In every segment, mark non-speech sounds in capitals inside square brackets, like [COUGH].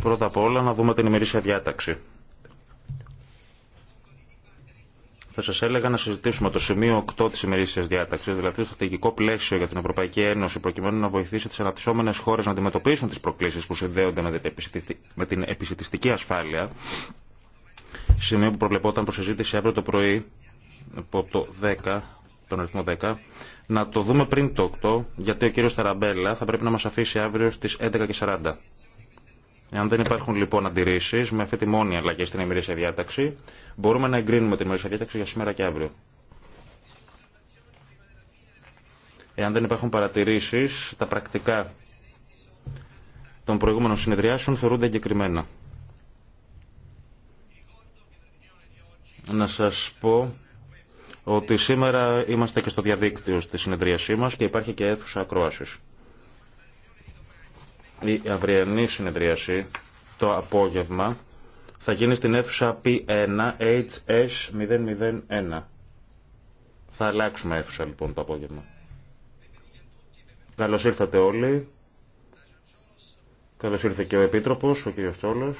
Πρώτα απ' όλα να δούμε την ημερήσια διάταξη. Θα σα έλεγα να συζητήσουμε το σημείο 8 τη ημερήσιας διάταξη, δηλαδή το στρατηγικό πλαίσιο για την Ευρωπαϊκή Ένωση, προκειμένου να βοηθήσει τι αναπτυσσόμενε χώρε να αντιμετωπίσουν τι προκλήσει που συνδέονται με την επισητιστική ασφάλεια, σημείο που προβλεπόταν προ συζήτηση αύριο το πρωί, από το 10 τον αριθμό 10, να το δούμε πριν το 8, γιατί ο κύριος Ταραμπέλα θα πρέπει να μας αφήσει αύριο στις 11.40. Εάν δεν υπάρχουν λοιπόν αντιρρήσει, με αυτή τη μόνη αλλαγή στην ημερήσια διάταξη, μπορούμε να εγκρίνουμε την ημερήσια διάταξη για σήμερα και αύριο. Εάν δεν υπάρχουν παρατηρήσει, τα πρακτικά των προηγούμενων συνεδριάσεων θεωρούνται εγκεκριμένα. Να σας πω ότι σήμερα είμαστε και στο διαδίκτυο στη συνεδρίασή μας και υπάρχει και αίθουσα ακρόασης. Η αυριανή συνεδρίαση το απόγευμα θα γίνει στην αίθουσα P1HS001. Θα αλλάξουμε αίθουσα λοιπόν το απόγευμα. Καλώς ήρθατε όλοι. Καλώς ήρθε και ο Επίτροπος, ο κ. Τσόλος.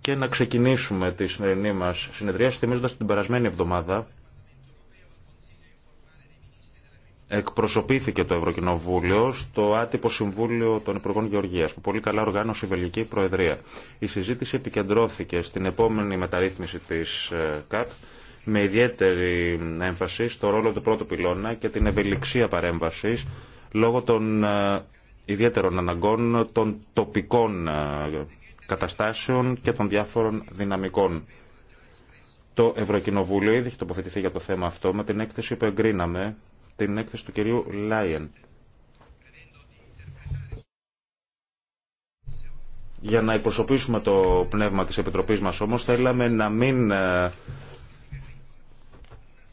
Και να ξεκινήσουμε τη σημερινή μας συνεδρία, θυμίζοντας την περασμένη εβδομάδα εκπροσωπήθηκε το Ευρωκοινοβούλιο στο άτυπο Συμβούλιο των Υπουργών Γεωργίας, που πολύ καλά οργάνωσε η Βελγική Προεδρία. Η συζήτηση επικεντρώθηκε στην επόμενη μεταρρύθμιση τη ε, ΚΑΠ, με ιδιαίτερη έμφαση στο ρόλο του πρώτου πυλώνα και την ευελιξία παρέμβαση λόγω των ε, ιδιαίτερων αναγκών των τοπικών ε, καταστάσεων και των διάφορων δυναμικών. Το Ευρωκοινοβούλιο ήδη έχει τοποθετηθεί για το θέμα αυτό με την έκθεση που εγκρίναμε την έκθεση του κυρίου Λάιεν. Για να εκπροσωπήσουμε το πνεύμα της Επιτροπής μας όμως θέλαμε να μην ε,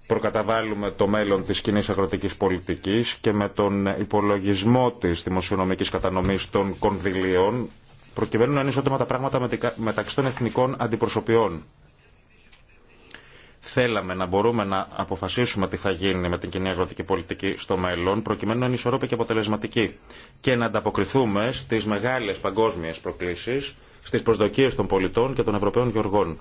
προκαταβάλουμε το μέλλον της κοινή αγροτικής πολιτικής και με τον υπολογισμό της δημοσιονομικής κατανομής των κονδυλίων προκειμένου να είναι τα πράγματα μεταξύ των εθνικών αντιπροσωπιών θέλαμε να μπορούμε να αποφασίσουμε τι θα γίνει με την κοινή αγροτική πολιτική στο μέλλον, προκειμένου να είναι ισορρόπη και αποτελεσματική και να ανταποκριθούμε στι μεγάλε παγκόσμιε προκλήσει, στι προσδοκίε των πολιτών και των Ευρωπαίων γεωργών.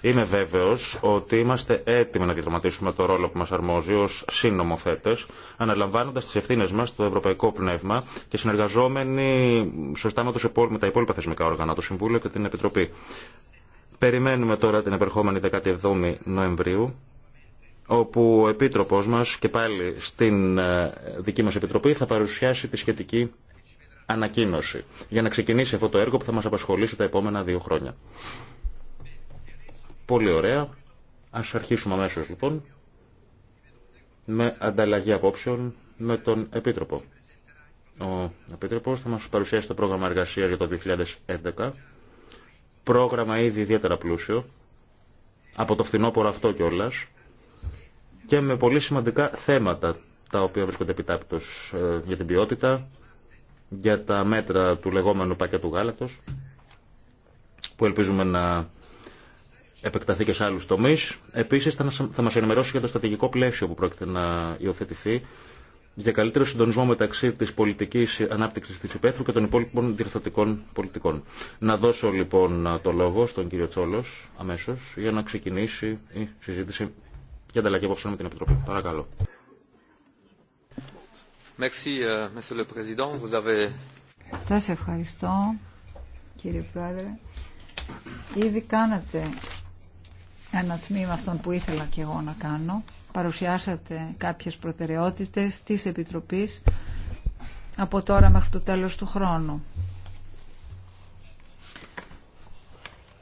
Είμαι βέβαιο ότι είμαστε έτοιμοι να διαδραματίσουμε το ρόλο που μα αρμόζει ω συνομοθέτε, αναλαμβάνοντα τι ευθύνε μα στο ευρωπαϊκό πνεύμα και συνεργαζόμενοι σωστά με, με τα υπόλοιπα θεσμικά όργανα, το Συμβούλιο και την Επιτροπή. Περιμένουμε τώρα την επερχόμενη 17η Νοεμβρίου, όπου ο Επίτροπος μας και πάλι στην ε, δική μας Επιτροπή θα παρουσιάσει τη σχετική ανακοίνωση για να ξεκινήσει αυτό το έργο που θα μας απασχολήσει τα επόμενα δύο χρόνια. Πολύ ωραία. Ας αρχίσουμε αμέσω λοιπόν με ανταλλαγή απόψεων με τον Επίτροπο. Ο Επίτροπος θα μας παρουσιάσει το πρόγραμμα εργασίας για το 2011 πρόγραμμα ήδη ιδιαίτερα πλούσιο, από το φθινόπωρο αυτό κιόλα, και με πολύ σημαντικά θέματα τα οποία βρίσκονται επιτάπητος ε, για την ποιότητα, για τα μέτρα του λεγόμενου πακέτου γάλακτος, που ελπίζουμε να επεκταθεί και σε άλλους τομείς. Επίσης θα μας ενημερώσει για το στρατηγικό πλαίσιο που πρόκειται να υιοθετηθεί για καλύτερο συντονισμό μεταξύ της πολιτικής ανάπτυξης της υπαίθρου και των υπόλοιπων διορθωτικών πολιτικών. Να δώσω λοιπόν το λόγο στον κύριο Τσόλος αμέσως για να ξεκινήσει η συζήτηση για ανταλλαγή απόψεων με την Επιτροπή. Παρακαλώ. Euh, Σας ευχαριστώ κύριε Πρόεδρε. Ήδη κάνατε ένα τμήμα αυτών που ήθελα και εγώ να κάνω παρουσιάσατε κάποιες προτεραιότητες της Επιτροπής από τώρα μέχρι το τέλος του χρόνου.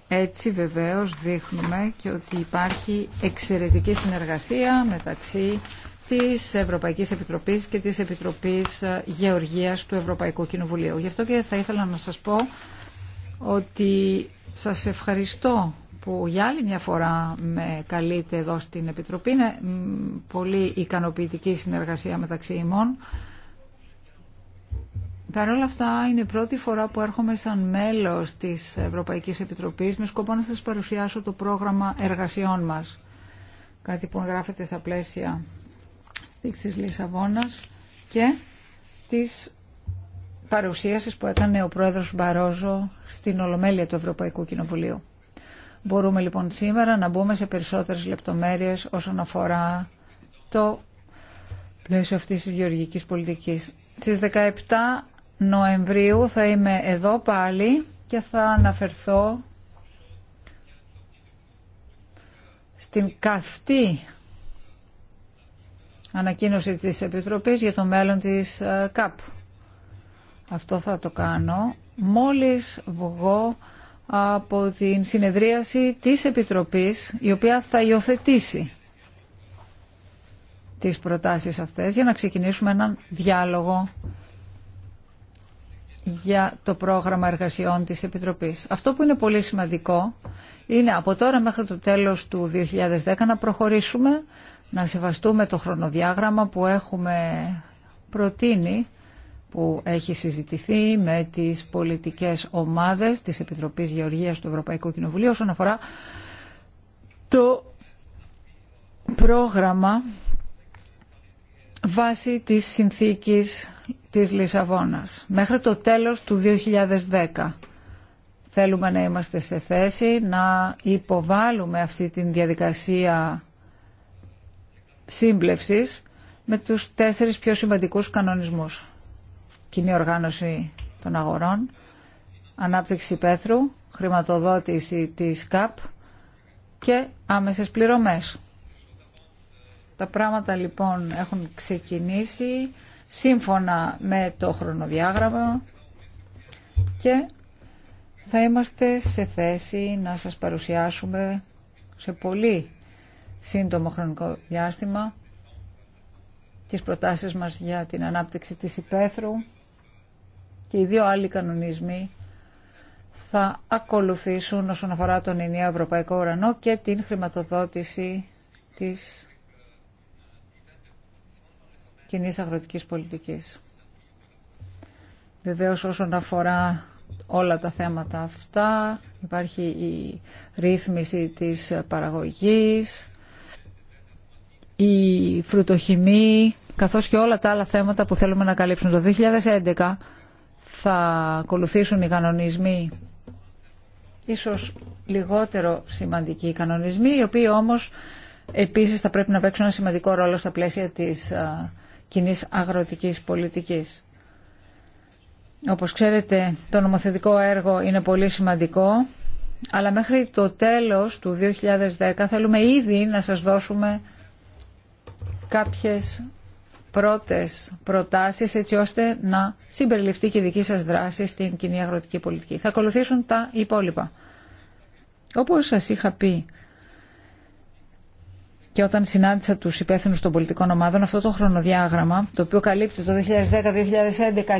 Έτσι βεβαίως δείχνουμε και ότι υπάρχει εξαιρετική συνεργασία μεταξύ της Ευρωπαϊκής Επιτροπής και της Επιτροπής Γεωργίας του Ευρωπαϊκού Κοινοβουλίου. Γι' αυτό και θα ήθελα να σας πω ότι σας ευχαριστώ που για άλλη μια φορά με καλείτε εδώ στην Επιτροπή. Είναι πολύ ικανοποιητική συνεργασία μεταξύ ημών. Παρ' όλα αυτά είναι η πρώτη φορά που έρχομαι σαν μέλος της Ευρωπαϊκής Επιτροπής με σκοπό να σας παρουσιάσω το πρόγραμμα εργασιών μας. Κάτι που εγγράφεται στα πλαίσια της Λισαβόνας και της παρουσίασης που έκανε ο πρόεδρος Μπαρόζο στην Ολομέλεια του Ευρωπαϊκού Κοινοβουλίου. Μπορούμε λοιπόν σήμερα να μπούμε σε περισσότερες λεπτομέρειες όσον αφορά το πλαίσιο αυτής της γεωργικής πολιτικής. Στις 17 Νοεμβρίου θα είμαι εδώ πάλι και θα αναφερθώ στην καυτή ανακοίνωση της Επιτροπής για το μέλλον της ε, ΚΑΠ. Αυτό θα το κάνω μόλις βγω από την συνεδρίαση της Επιτροπής η οποία θα υιοθετήσει τις προτάσεις αυτές για να ξεκινήσουμε έναν διάλογο για το πρόγραμμα εργασιών της Επιτροπής. Αυτό που είναι πολύ σημαντικό είναι από τώρα μέχρι το τέλος του 2010 να προχωρήσουμε, να σεβαστούμε το χρονοδιάγραμμα που έχουμε προτείνει που έχει συζητηθεί με τις πολιτικές ομάδες της Επιτροπής Γεωργίας του Ευρωπαϊκού Κοινοβουλίου όσον αφορά το πρόγραμμα βάση της συνθήκης της Λισαβόνας μέχρι το τέλος του 2010. Θέλουμε να είμαστε σε θέση να υποβάλουμε αυτή την διαδικασία σύμπλευσης με τους τέσσερις πιο σημαντικούς κανονισμούς κοινή οργάνωση των αγορών, ανάπτυξη πέθρου, χρηματοδότηση της ΚΑΠ και άμεσες πληρωμές. Τα πράγματα λοιπόν έχουν ξεκινήσει σύμφωνα με το χρονοδιάγραμμα και θα είμαστε σε θέση να σας παρουσιάσουμε σε πολύ σύντομο χρονικό διάστημα τις προτάσεις μας για την ανάπτυξη της υπαίθρου και οι δύο άλλοι κανονισμοί θα ακολουθήσουν όσον αφορά τον ενιαίο ευρωπαϊκό ουρανό και την χρηματοδότηση της κοινή αγροτικής πολιτικής. Βεβαίως όσον αφορά όλα τα θέματα αυτά υπάρχει η ρύθμιση της παραγωγής, η φρουτοχημή, καθώς και όλα τα άλλα θέματα που θέλουμε να καλύψουμε Το 2011 θα ακολουθήσουν οι κανονισμοί, ίσως λιγότερο σημαντικοί οι κανονισμοί, οι οποίοι όμως επίσης θα πρέπει να παίξουν ένα σημαντικό ρόλο στα πλαίσια της κοινή αγροτικής πολιτικής. Όπως ξέρετε, το νομοθετικό έργο είναι πολύ σημαντικό, αλλά μέχρι το τέλος του 2010 θέλουμε ήδη να σας δώσουμε κάποιες πρώτες προτάσεις έτσι ώστε να συμπεριληφθεί και η δική σας δράση στην κοινή αγροτική πολιτική. Θα ακολουθήσουν τα υπόλοιπα. Όπως σας είχα πει και όταν συνάντησα τους υπεύθυνους των πολιτικών ομάδων αυτό το χρονοδιάγραμμα το οποίο καλύπτει το 2010-2011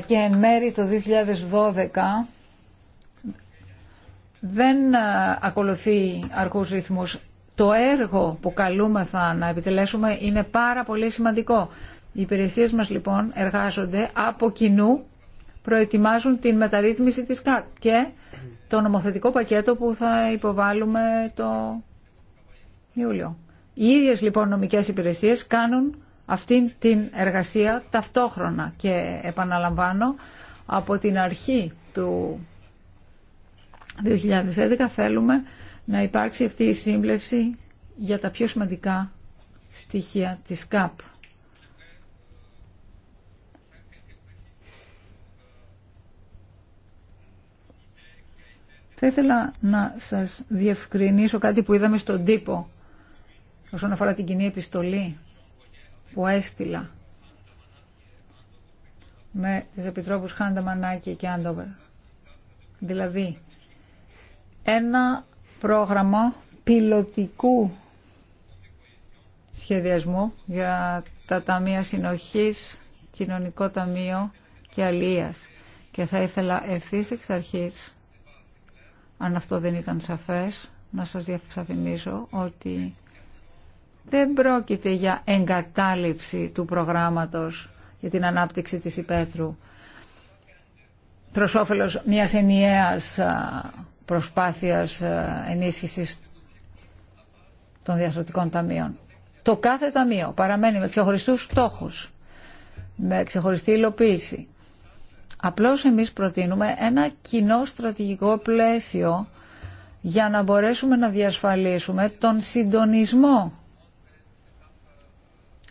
και εν μέρη το 2012 δεν ακολουθεί αρκούς ρυθμούς. Το έργο που καλούμεθα να επιτελέσουμε είναι πάρα πολύ σημαντικό. Οι υπηρεσίες μας λοιπόν εργάζονται από κοινού, προετοιμάζουν την μεταρρύθμιση της ΚΑΠ και το νομοθετικό πακέτο που θα υποβάλουμε το Ιούλιο. Οι ίδιες λοιπόν νομικές υπηρεσίες κάνουν αυτή την εργασία ταυτόχρονα και επαναλαμβάνω από την αρχή του 2011 θέλουμε να υπάρξει αυτή η σύμπλευση για τα πιο σημαντικά στοιχεία της ΚΑΠ. Θα ήθελα να σας διευκρινίσω κάτι που είδαμε στον τύπο όσον αφορά την κοινή επιστολή που έστειλα με τους επιτρόπους Χάντα Μανάκη και Άντοβερ. Δηλαδή, ένα πρόγραμμα πιλωτικού σχεδιασμού για τα Ταμεία Συνοχής, Κοινωνικό Ταμείο και Αλίας. Και θα ήθελα ευθύς εξ αρχής αν αυτό δεν ήταν σαφές, να σας διαφημίσω ότι δεν πρόκειται για εγκατάληψη του προγράμματος για την ανάπτυξη της υπαίθρου προς όφελος μιας ενιαίας προσπάθειας ενίσχυσης των διαστροτικών ταμείων. Το κάθε ταμείο παραμένει με ξεχωριστούς στόχους, με ξεχωριστή υλοποίηση. Απλώς εμείς προτείνουμε ένα κοινό στρατηγικό πλαίσιο για να μπορέσουμε να διασφαλίσουμε τον συντονισμό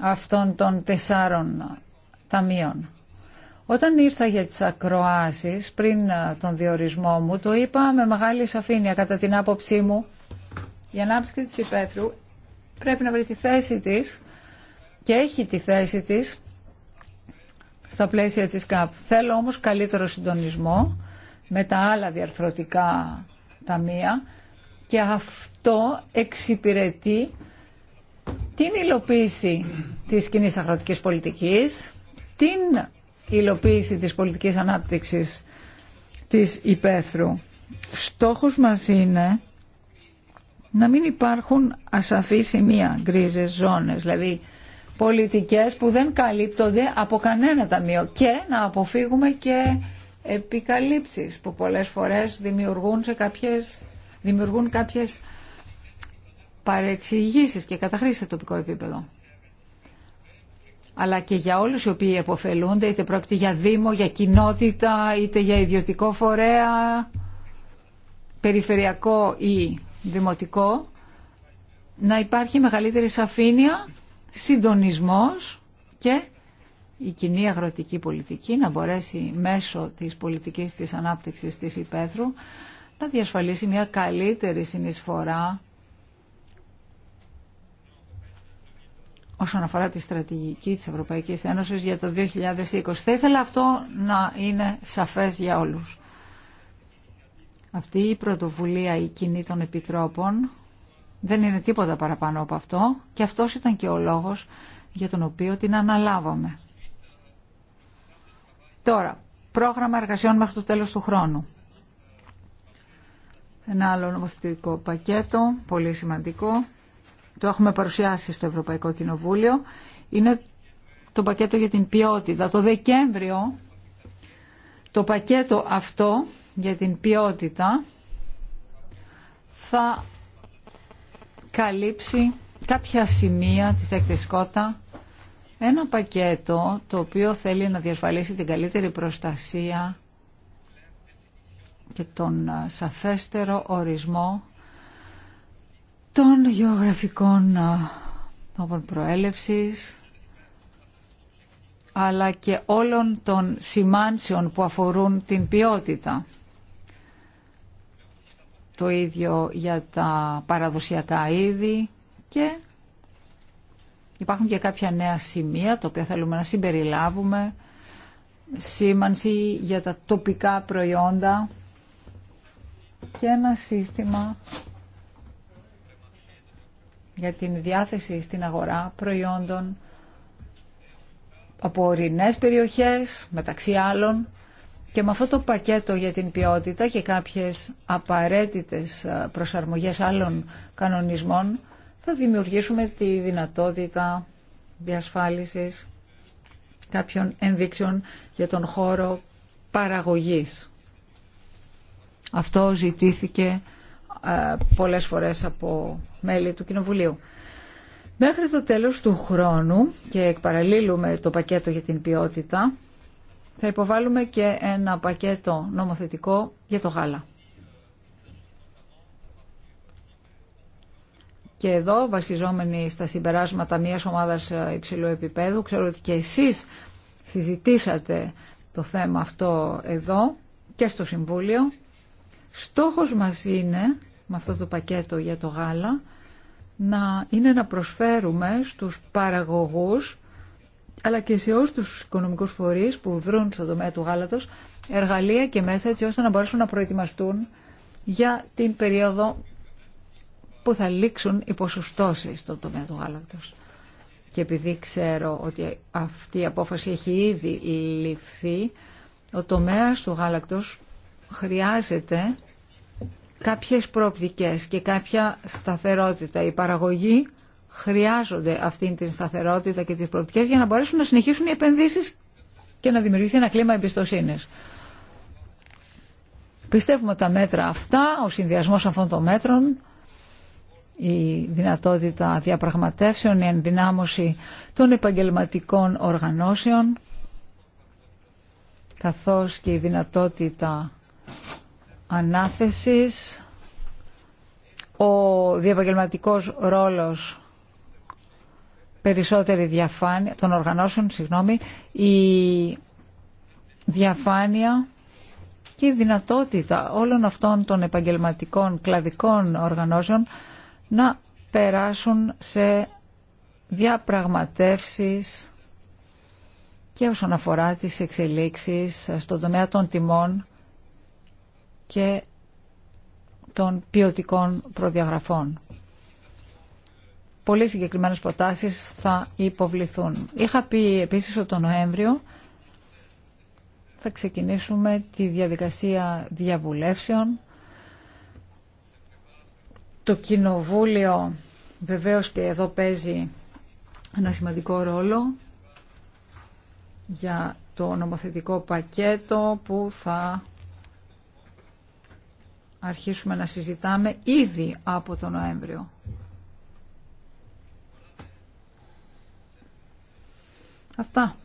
αυτών των τεσσάρων ταμείων. Όταν ήρθα για τις ακροάσεις πριν ε, τον διορισμό μου, το είπα με μεγάλη σαφήνεια κατά την άποψή μου, η ανάπτυξη της υπαίθρου πρέπει να βρει τη θέση της και έχει τη θέση της στα πλαίσια της ΚΑΠ. Θέλω όμως καλύτερο συντονισμό με τα άλλα διαρθρωτικά ταμεία και αυτό εξυπηρετεί την υλοποίηση της κοινή αγροτικής πολιτικής, την υλοποίηση της πολιτικής ανάπτυξης της υπαίθρου. Στόχος μας είναι να μην υπάρχουν ασαφή σημεία, γκρίζες ζώνες, δηλαδή πολιτικές που δεν καλύπτονται από κανένα ταμείο και να αποφύγουμε και επικαλύψεις που πολλές φορές δημιουργούν, σε κάποιες, δημιουργούν κάποιες παρεξηγήσεις και καταχρήσεις σε τοπικό επίπεδο. Αλλά και για όλους οι οποίοι αποφελούνται είτε πρόκειται για δήμο, για κοινότητα, είτε για ιδιωτικό φορέα, περιφερειακό ή δημοτικό, να υπάρχει μεγαλύτερη σαφήνεια συντονισμός και η κοινή αγροτική πολιτική να μπορέσει μέσω της πολιτικής της ανάπτυξης της υπαίθρου να διασφαλίσει μια καλύτερη συνεισφορά όσον αφορά τη στρατηγική της Ευρωπαϊκής Ένωσης για το 2020. Θα ήθελα αυτό να είναι σαφές για όλους. Αυτή η πρωτοβουλία η κοινή των επιτρόπων δεν είναι τίποτα παραπάνω από αυτό και αυτός ήταν και ο λόγος για τον οποίο την αναλάβαμε. Τώρα, πρόγραμμα εργασιών μέχρι το τέλος του χρόνου. Ένα άλλο νομοθετικό πακέτο, πολύ σημαντικό, το έχουμε παρουσιάσει στο Ευρωπαϊκό Κοινοβούλιο, είναι το πακέτο για την ποιότητα. Το Δεκέμβριο το πακέτο αυτό για την ποιότητα θα καλύψει κάποια σημεία της έκθεσης ένα πακέτο το οποίο θέλει να διασφαλίσει την καλύτερη προστασία και τον σαφέστερο ορισμό των γεωγραφικών τόπων προέλευσης αλλά και όλων των σημάνσεων που αφορούν την ποιότητα το ίδιο για τα παραδοσιακά είδη και υπάρχουν και κάποια νέα σημεία τα οποία θέλουμε να συμπεριλάβουμε σήμανση για τα τοπικά προϊόντα και ένα σύστημα για την διάθεση στην αγορά προϊόντων από ορεινές περιοχές μεταξύ άλλων και με αυτό το πακέτο για την ποιότητα και κάποιες απαραίτητες προσαρμογές άλλων κανονισμών θα δημιουργήσουμε τη δυνατότητα διασφάλισης κάποιων ενδείξεων για τον χώρο παραγωγής. Αυτό ζητήθηκε πολλές φορές από μέλη του Κοινοβουλίου. Μέχρι το τέλος του χρόνου και εκ το πακέτο για την ποιότητα θα υποβάλουμε και ένα πακέτο νομοθετικό για το γάλα. Και εδώ, βασιζόμενοι στα συμπεράσματα μιας ομάδας ε, υψηλού επίπεδου, ξέρω ότι και εσείς συζητήσατε το θέμα αυτό εδώ και στο Συμβούλιο. Στόχος μας είναι, με αυτό το πακέτο για το γάλα, να είναι να προσφέρουμε στους παραγωγούς αλλά και σε όλου του οικονομικούς φορείς που δρούν στον τομέα του γάλατος εργαλεία και μέσα έτσι ώστε να μπορέσουν να προετοιμαστούν για την περίοδο που θα λήξουν οι ποσοστώσεις στον τομέα του γάλακτος. Και επειδή ξέρω ότι αυτή η απόφαση έχει ήδη ληφθεί, ο τομέας του γάλακτος χρειάζεται κάποιες προοπτικές και κάποια σταθερότητα. Η παραγωγή χρειάζονται αυτήν την σταθερότητα και τις προοπτικές για να μπορέσουν να συνεχίσουν οι επενδύσεις και να δημιουργηθεί ένα κλίμα εμπιστοσύνης. Πιστεύουμε τα μέτρα αυτά, ο συνδυασμός αυτών των μέτρων, η δυνατότητα διαπραγματεύσεων, η ενδυνάμωση των επαγγελματικών οργανώσεων, καθώς και η δυνατότητα ανάθεσης, ο διαπαγγελματικός ρόλος περισσότερη διαφάνεια των οργανώσεων, συγγνώμη, η διαφάνεια και η δυνατότητα όλων αυτών των επαγγελματικών κλαδικών οργανώσεων να περάσουν σε διαπραγματεύσεις και όσον αφορά τις εξελίξεις στον τομέα των τιμών και των ποιοτικών προδιαγραφών πολύ συγκεκριμένες προτάσεις θα υποβληθούν. Είχα πει επίσης ότι το Νοέμβριο θα ξεκινήσουμε τη διαδικασία διαβουλεύσεων. Το Κοινοβούλιο βεβαίως και εδώ παίζει ένα σημαντικό ρόλο για το νομοθετικό πακέτο που θα αρχίσουμε να συζητάμε ήδη από τον Νοέμβριο. Αυτά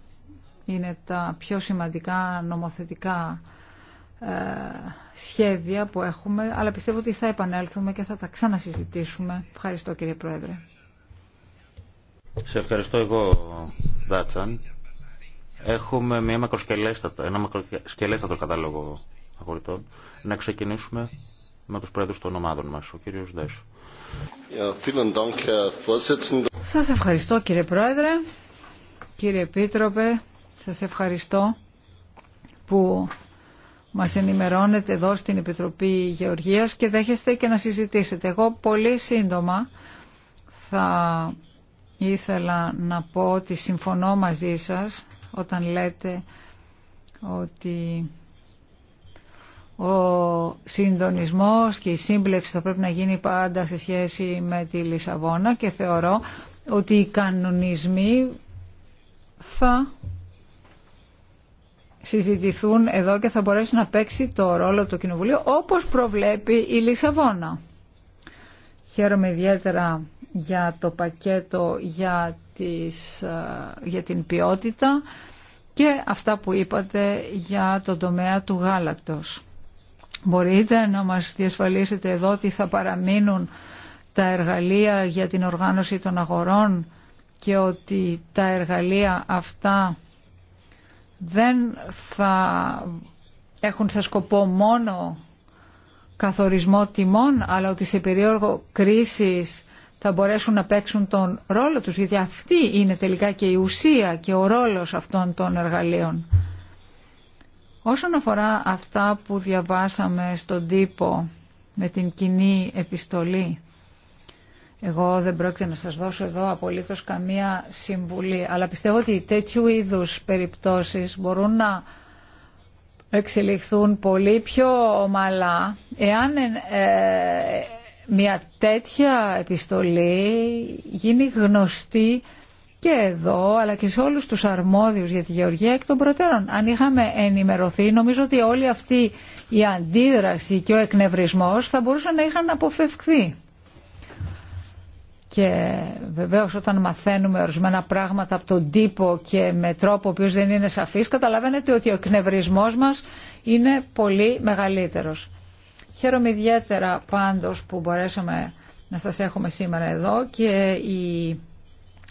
είναι τα πιο σημαντικά νομοθετικά ε, σχέδια που έχουμε, αλλά πιστεύω ότι θα επανέλθουμε και θα τα ξανασυζητήσουμε. Ευχαριστώ κύριε Πρόεδρε. Σε ευχαριστώ εγώ, Δάτσαν. Έχουμε μια μακροσκελέστατο, ένα μακροσκελέστατο κατάλογο αγορητών. Να ξεκινήσουμε με τους πρόεδρους των ομάδων μας, ο κύριος Δέσου. Σας ευχαριστώ κύριε Πρόεδρε. Κύριε Επίτροπε, σας ευχαριστώ που μας ενημερώνετε εδώ στην Επιτροπή Γεωργίας και δέχεστε και να συζητήσετε. Εγώ πολύ σύντομα θα ήθελα να πω ότι συμφωνώ μαζί σας όταν λέτε ότι ο συντονισμός και η σύμπλευση θα πρέπει να γίνει πάντα σε σχέση με τη Λισαβόνα και θεωρώ ότι οι κανονισμοί θα συζητηθούν εδώ και θα μπορέσει να παίξει το ρόλο του Κοινοβουλίου όπως προβλέπει η Λισαβόνα. Χαίρομαι ιδιαίτερα για το πακέτο για, για την ποιότητα και αυτά που είπατε για τον τομέα του γάλακτος. Μπορείτε να μας διασφαλίσετε εδώ ότι θα παραμείνουν τα εργαλεία για την οργάνωση των αγορών και ότι τα εργαλεία αυτά δεν θα έχουν σε σκοπό μόνο καθορισμό τιμών, αλλά ότι σε περίοργο κρίσης θα μπορέσουν να παίξουν τον ρόλο τους, γιατί αυτή είναι τελικά και η ουσία και ο ρόλος αυτών των εργαλείων. Όσον αφορά αυτά που διαβάσαμε στον τύπο με την κοινή επιστολή, εγώ δεν πρόκειται να σας δώσω εδώ απολύτως καμία συμβουλή, αλλά πιστεύω ότι τέτοιου είδους περιπτώσεις μπορούν να εξελιχθούν πολύ πιο ομαλά εάν ε, ε, μια τέτοια επιστολή γίνει γνωστή και εδώ αλλά και σε όλους τους αρμόδιους για τη γεωργία εκ των προτέρων. Αν είχαμε ενημερωθεί νομίζω ότι όλη αυτή η αντίδραση και ο εκνευρισμός θα μπορούσαν να είχαν αποφευκθεί. Και βεβαίως όταν μαθαίνουμε ορισμένα πράγματα από τον τύπο και με τρόπο ο οποίος δεν είναι σαφής, καταλαβαίνετε ότι ο εκνευρισμό μας είναι πολύ μεγαλύτερος. Χαίρομαι ιδιαίτερα πάντως που μπορέσαμε να σας έχουμε σήμερα εδώ και η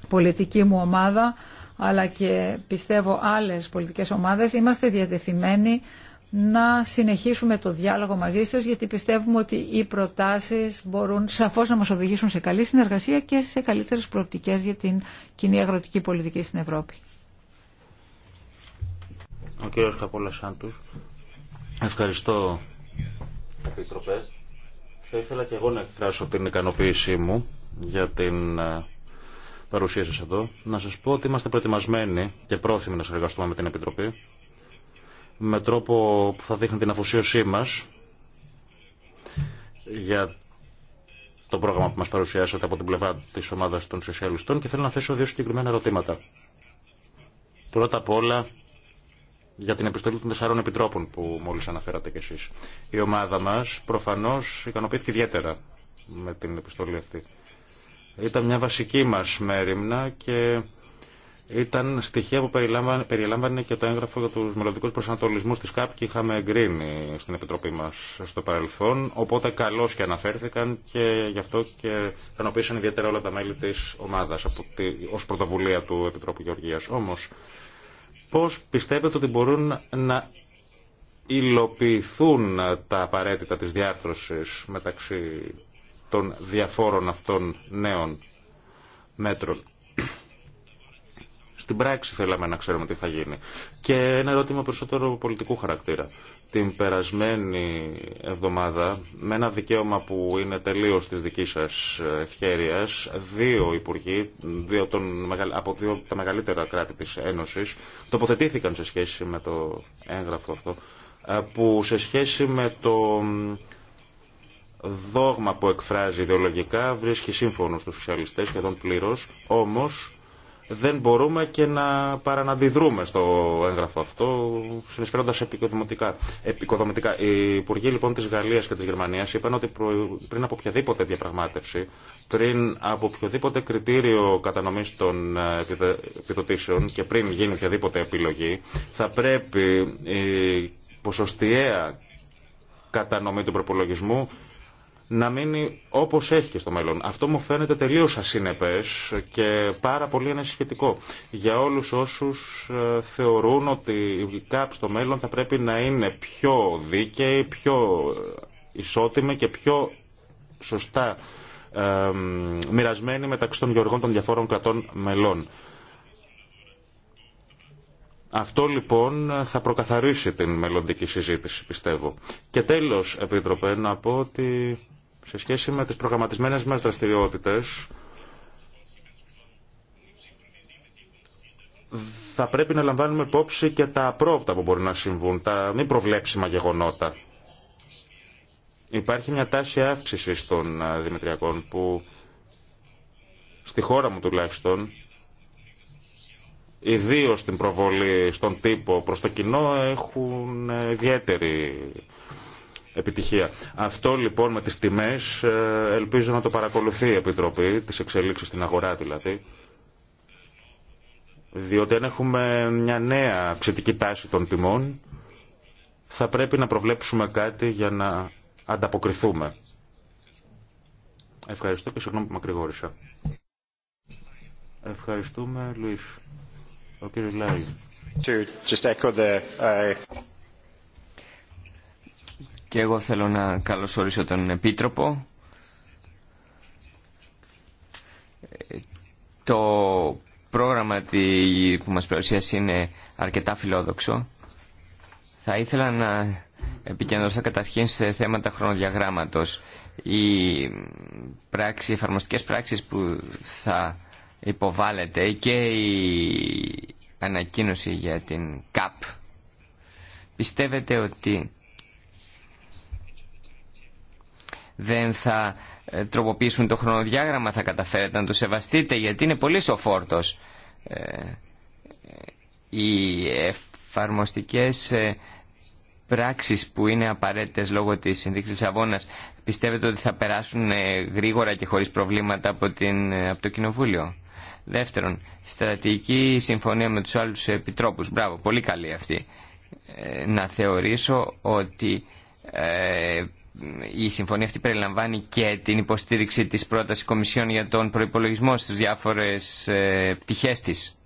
πολιτική μου ομάδα αλλά και πιστεύω άλλες πολιτικές ομάδες είμαστε διατεθειμένοι να συνεχίσουμε το διάλογο μαζί σας γιατί πιστεύουμε ότι οι προτάσεις μπορούν σαφώς να μας οδηγήσουν σε καλή συνεργασία και σε καλύτερες προοπτικές για την κοινή αγροτική πολιτική στην Ευρώπη. Ο κύριος Καπολασάντους. Ευχαριστώ, επιτροπές. Θα ήθελα και εγώ να εκφράσω την ικανοποίησή μου για την ε, παρουσία σας εδώ. Να σας πω ότι είμαστε προετοιμασμένοι και πρόθυμοι να συνεργαστούμε με την Επιτροπή με τρόπο που θα δείχνει την αφοσίωσή μας για το πρόγραμμα που μας παρουσιάσατε από την πλευρά της ομάδας των σοσιαλιστών και θέλω να θέσω δύο συγκεκριμένα ερωτήματα. Πρώτα απ' όλα για την επιστολή των τεσσάρων επιτρόπων που μόλις αναφέρατε κι εσείς. Η ομάδα μας προφανώς ικανοποιήθηκε ιδιαίτερα με την επιστολή αυτή. Ήταν μια βασική μας μέρημνα και ήταν στοιχεία που περιλάμβανε, περιλάμβανε και το έγγραφο για τους μελλοντικούς προσανατολισμούς της ΚΑΠ και είχαμε εγκρίνει στην Επιτροπή μας στο παρελθόν, οπότε καλώς και αναφέρθηκαν και γι' αυτό και ικανοποίησαν ιδιαίτερα όλα τα μέλη της ομάδας από ως πρωτοβουλία του Επιτρόπου Γεωργίας. Όμως, πώς πιστεύετε ότι μπορούν να υλοποιηθούν τα απαραίτητα της διάρθρωσης μεταξύ των διαφόρων αυτών νέων μέτρων. Στην πράξη θέλαμε να ξέρουμε τι θα γίνει. Και ένα ερώτημα περισσότερο πολιτικού χαρακτήρα. Την περασμένη εβδομάδα, με ένα δικαίωμα που είναι τελείως της δικής σας ευχέρεια, δύο υπουργοί δύο των, από δύο τα μεγαλύτερα κράτη της Ένωσης τοποθετήθηκαν σε σχέση με το έγγραφο αυτό, που σε σχέση με το δόγμα που εκφράζει ιδεολογικά βρίσκει σύμφωνο στους σοσιαλιστές σχεδόν πλήρως, όμως δεν μπορούμε και να παραναδιδρούμε στο έγγραφο αυτό, συνεισφέροντα επικοδομητικά. Οι υπουργοί λοιπόν τη Γαλλία και τη Γερμανία είπαν ότι πριν από οποιαδήποτε διαπραγμάτευση, πριν από οποιοδήποτε κριτήριο κατανομή των ε, επιδοτήσεων και πριν γίνει οποιαδήποτε επιλογή, θα πρέπει η ποσοστιαία κατανομή του προπολογισμού να μείνει όπω έχει και στο μέλλον. Αυτό μου φαίνεται τελείω ασυνεπε και πάρα πολύ είναι για όλους όσους ε, θεωρούν ότι η ΚΑΠ στο μέλλον θα πρέπει να είναι πιο δίκαιη, πιο ε, ισότιμη και πιο σωστά ε, μοιρασμένη μεταξύ των γεωργών των διαφόρων κρατών μελών. Αυτό λοιπόν θα προκαθαρίσει την μελλοντική συζήτηση, πιστεύω. Και τέλος, Επίτροπε, να πω ότι σε σχέση με τις προγραμματισμένες μας δραστηριότητες θα πρέπει να λαμβάνουμε υπόψη και τα απρόπτα που μπορεί να συμβούν, τα μη προβλέψιμα γεγονότα. Υπάρχει μια τάση αύξησης των δημητριακών που στη χώρα μου τουλάχιστον ιδίω στην προβολή στον τύπο προς το κοινό έχουν ε, ιδιαίτερη επιτυχία. Αυτό λοιπόν με τις τιμές ε, ελπίζω να το παρακολουθεί η Επιτροπή, τις εξελίξεις στην αγορά δηλαδή. Διότι αν έχουμε μια νέα αυξητική τάση των τιμών, θα πρέπει να προβλέψουμε κάτι για να ανταποκριθούμε. Ευχαριστώ και συγγνώμη που μακρηγόρησα. Ευχαριστούμε, Λουίς. Ο κύριος uh, και εγώ θέλω να καλωσορίσω τον Επίτροπο. Το πρόγραμμα που μας παρουσίασε είναι αρκετά φιλόδοξο. Θα ήθελα να επικεντρωθώ καταρχήν σε θέματα χρονοδιαγράμματος. Οι, πράξεις, πράξει εφαρμοστικές πράξεις που θα υποβάλλεται και η ανακοίνωση για την ΚΑΠ πιστεύετε ότι δεν θα ε, τροποποιήσουν το χρονοδιάγραμμα, θα καταφέρετε να το σεβαστείτε, γιατί είναι πολύ σοφόρτος. Ε, ε, οι εφαρμοστικές πράξεις που είναι απαραίτητες λόγω της συνδίκης Λισαβόνας πιστεύετε ότι θα περάσουν γρήγορα και χωρίς προβλήματα από, το Κοινοβούλιο. Δεύτερον, στρατηγική συμφωνία με τους άλλους επιτρόπους. Μπράβο, πολύ καλή αυτή. Να θεωρήσω ότι η συμφωνία αυτή περιλαμβάνει και την υποστήριξη της πρότασης Κομισιόν για τον προϋπολογισμό στις διάφορες ε, πτυχές της.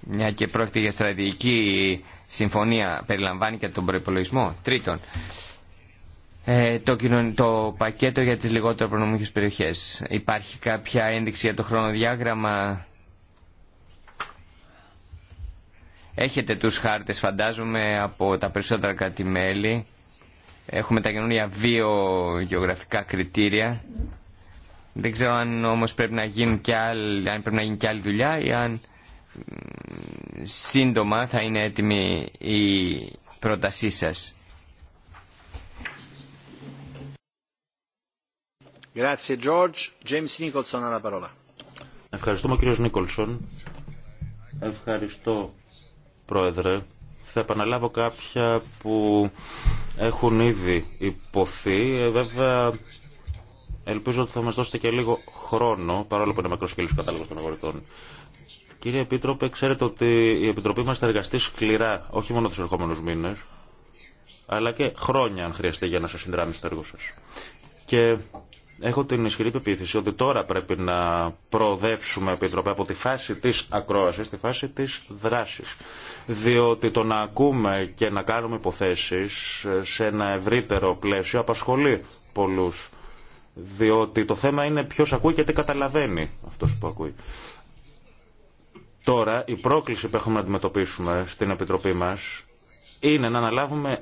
Μια και πρόκειται για στρατηγική συμφωνία περιλαμβάνει και τον προϋπολογισμό. Τρίτον, ε, το, πακέτο για τις λιγότερο προνομικές περιοχές. Υπάρχει κάποια ένδειξη για το χρονοδιάγραμμα Έχετε τους χάρτες φαντάζομαι από τα περισσοτερα κρατημέλη. Έχουμε τα καινούργια δύο γεωγραφικά κριτήρια. Δεν ξέρω αν όμως πρέπει να, γίνουν και αν πρέπει να γίνει και άλλη δουλειά ή αν σύντομα θα είναι έτοιμη η πρότασή σας. Grazie George. James Nicholson parola. Ευχαριστούμε κύριος Νίκολσον. Ευχαριστώ Πρόεδρε. Θα επαναλάβω κάποια που έχουν ήδη υποθεί. Ε, βέβαια, ελπίζω ότι θα μας δώσετε και λίγο χρόνο, παρόλο που είναι μακρός και κατάλογος των αγορητών. Κύριε Επίτροπε, ξέρετε ότι η Επιτροπή μας θα εργαστεί σκληρά, όχι μόνο τους ερχόμενους μήνες, αλλά και χρόνια αν χρειαστεί για να σας συνδράμει στο έργο σας. Και Έχω την ισχυρή πεποίθηση ότι τώρα πρέπει να προοδεύσουμε, Επιτροπή, από τη φάση της ακρόασης, τη φάση της δράσης. Διότι το να ακούμε και να κάνουμε υποθέσεις σε ένα ευρύτερο πλαίσιο απασχολεί πολλούς. Διότι το θέμα είναι ποιος ακούει και τι καταλαβαίνει αυτός που ακούει. Τώρα η πρόκληση που έχουμε να αντιμετωπίσουμε στην Επιτροπή μας είναι να αναλάβουμε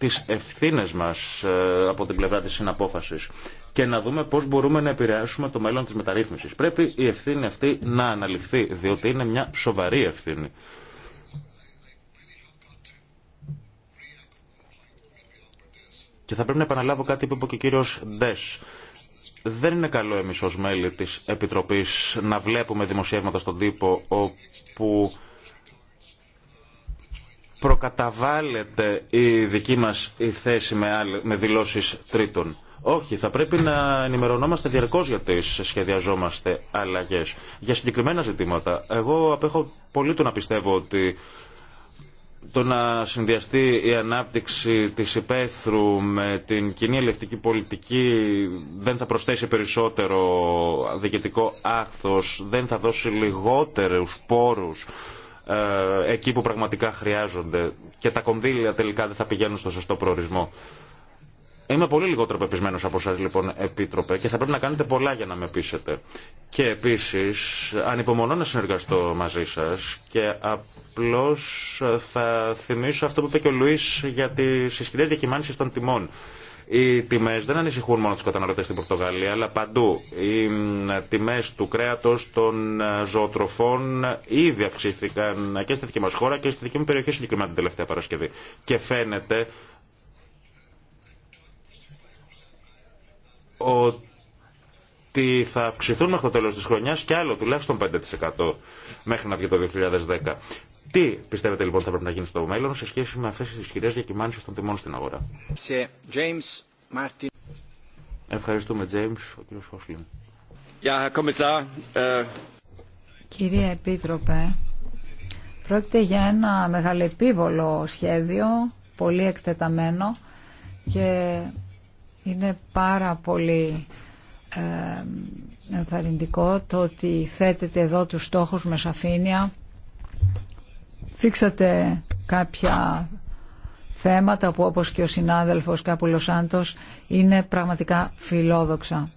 τις ευθύνες μας ε, από την πλευρά της συναπόφασης και να δούμε πώς μπορούμε να επηρεάσουμε το μέλλον της μεταρρύθμισης. Πρέπει η ευθύνη αυτή να αναλυφθεί, διότι είναι μια σοβαρή ευθύνη. Και θα πρέπει να επαναλάβω κάτι που είπε και ο κύριος Ντες. Δεν είναι καλό εμείς ως μέλη της Επιτροπής να βλέπουμε δημοσιεύματα στον τύπο όπου προκαταβάλλεται η δική μας η θέση με, άλλη, με δηλώσεις τρίτων. Όχι, θα πρέπει να ενημερωνόμαστε διαρκώς για σχεδιαζόμαστε αλλαγές. Για συγκεκριμένα ζητήματα. Εγώ απέχω πολύ το να πιστεύω ότι το να συνδυαστεί η ανάπτυξη της υπαίθρου με την κοινή ελευτική πολιτική δεν θα προσθέσει περισσότερο διοικητικό άχθος, δεν θα δώσει λιγότερους πόρους ε, εκεί που πραγματικά χρειάζονται και τα κονδύλια τελικά δεν θα πηγαίνουν στο σωστό προορισμό. Είμαι πολύ λιγότερο πεπισμένο από εσά, λοιπόν, Επίτροπε, και θα πρέπει να κάνετε πολλά για να με πείσετε. Και επίση, ανυπομονώ να συνεργαστώ μαζί σα και απλώ θα θυμίσω αυτό που είπε και ο Λουί για τι ισχυρέ διακυμάνσει των τιμών. Οι τιμέ δεν ανησυχούν μόνο του καταναλωτέ στην Πορτογαλία, αλλά παντού. Οι τιμέ του κρέατο των ε, ζωοτροφών ήδη αυξήθηκαν και στη δική μα χώρα και στη δική μου περιοχή συγκεκριμένα την τελευταία Παρασκευή. Και φαίνεται ότι θα αυξηθούν μέχρι το τέλος της χρονιάς και άλλο τουλάχιστον 5% μέχρι να βγει το 2010. Τι πιστεύετε λοιπόν θα πρέπει να γίνει στο μέλλον σε σχέση με αυτέ τι ισχυρέ διακυμάνσεις των τιμών στην αγορά. James Martin. Ευχαριστούμε, James, ο κύριος Γεια, Κύριε Κυρία Επίτροπε, πρόκειται για ένα μεγαλεπίβολο σχέδιο, πολύ εκτεταμένο και είναι πάρα πολύ ε, ενθαρρυντικό το ότι θέτεται εδώ τους στόχους με σαφήνεια Θίξατε κάποια θέματα που όπως και ο συνάδελφος Κάπουλος Σάντος είναι πραγματικά φιλόδοξα.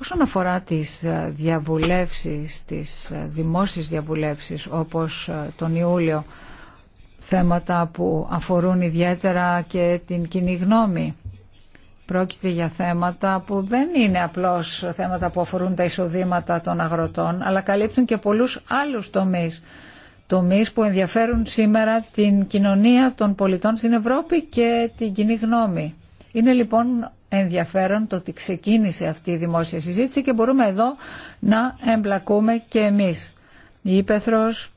Όσον αφορά τις διαβουλεύσεις, τις δημόσιες διαβουλεύσεις όπως τον Ιούλιο, θέματα που αφορούν ιδιαίτερα και την κοινή γνώμη. Πρόκειται για θέματα που δεν είναι απλώς θέματα που αφορούν τα εισοδήματα των αγροτών, αλλά καλύπτουν και πολλούς άλλους τομείς τομείς που ενδιαφέρουν σήμερα την κοινωνία των πολιτών στην Ευρώπη και την κοινή γνώμη. Είναι λοιπόν ενδιαφέρον το ότι ξεκίνησε αυτή η δημόσια συζήτηση και μπορούμε εδώ να εμπλακούμε και εμείς. Η Ήπεθρος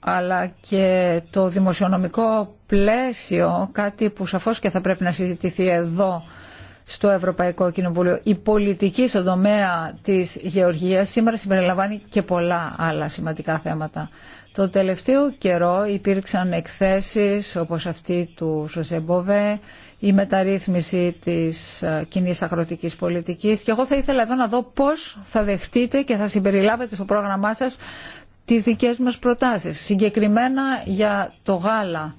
αλλά και το δημοσιονομικό πλαίσιο, κάτι που σαφώς και θα πρέπει να συζητηθεί εδώ στο Ευρωπαϊκό Κοινοβούλιο. Η πολιτική στον τομέα της γεωργίας σήμερα συμπεριλαμβάνει και πολλά άλλα σημαντικά θέματα. Το τελευταίο καιρό υπήρξαν εκθέσεις όπως αυτή του Σοσεμποβέ, η μεταρρύθμιση της ε, κοινή αγροτικής πολιτικής και εγώ θα ήθελα εδώ να δω πώς θα δεχτείτε και θα συμπεριλάβετε στο πρόγραμμά σας τις δικές μας προτάσεις, συγκεκριμένα για το γάλα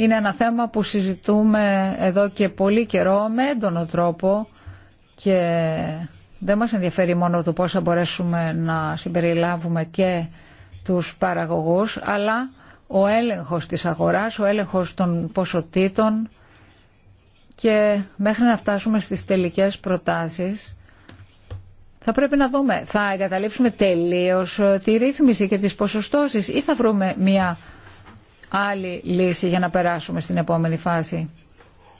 είναι ένα θέμα που συζητούμε εδώ και πολύ καιρό με έντονο τρόπο και δεν μας ενδιαφέρει μόνο το πώς θα μπορέσουμε να συμπεριλάβουμε και τους παραγωγούς, αλλά ο έλεγχος της αγοράς, ο έλεγχος των ποσοτήτων και μέχρι να φτάσουμε στις τελικές προτάσεις θα πρέπει να δούμε, θα εγκαταλείψουμε τελείως ε, τη ρύθμιση και τις ποσοστώσεις ή θα βρούμε μια άλλη λύση για να περάσουμε στην επόμενη φάση.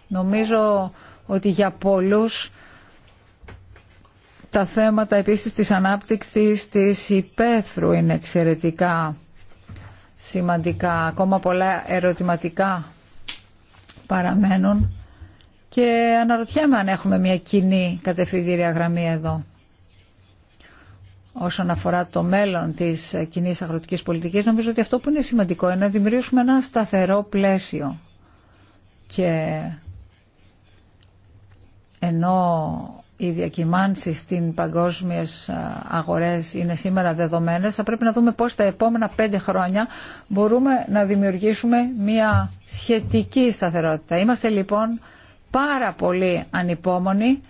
Νομίζω ότι για πολλούς τα θέματα επίσης της ανάπτυξης της υπαίθρου είναι εξαιρετικά σημαντικά. Ακόμα πολλά ερωτηματικά παραμένουν και αναρωτιέμαι αν έχουμε μια κοινή κατευθυντήρια γραμμή εδώ όσον αφορά το μέλλον της κοινή αγροτικής πολιτικής, νομίζω ότι αυτό που είναι σημαντικό είναι να δημιουργήσουμε ένα σταθερό πλαίσιο. Και ενώ οι διακυμάνσεις στην παγκόσμιες αγορές είναι σήμερα δεδομένες, θα πρέπει να δούμε πώς τα επόμενα πέντε χρόνια μπορούμε να δημιουργήσουμε μια σχετική σταθερότητα. Είμαστε λοιπόν πάρα πολύ ανυπόμονοι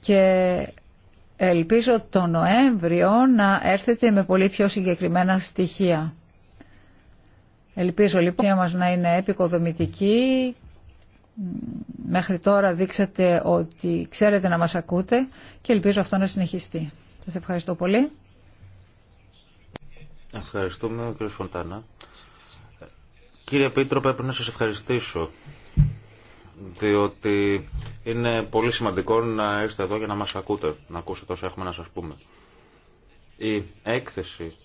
και Ελπίζω το Νοέμβριο να έρθετε με πολύ πιο συγκεκριμένα στοιχεία. Ελπίζω λοιπόν μας να είναι επικοδομητική. Μέχρι τώρα δείξατε ότι ξέρετε να μας ακούτε και ελπίζω αυτό να συνεχιστεί. Σας ευχαριστώ πολύ. Ευχαριστούμε κύριε Φοντάνα. Κύριε Πίτρο, πρέπει να σας ευχαριστήσω διότι είναι πολύ σημαντικό να είστε εδώ για να μας ακούτε, να ακούσετε όσα έχουμε να σας πούμε. Η έκθεση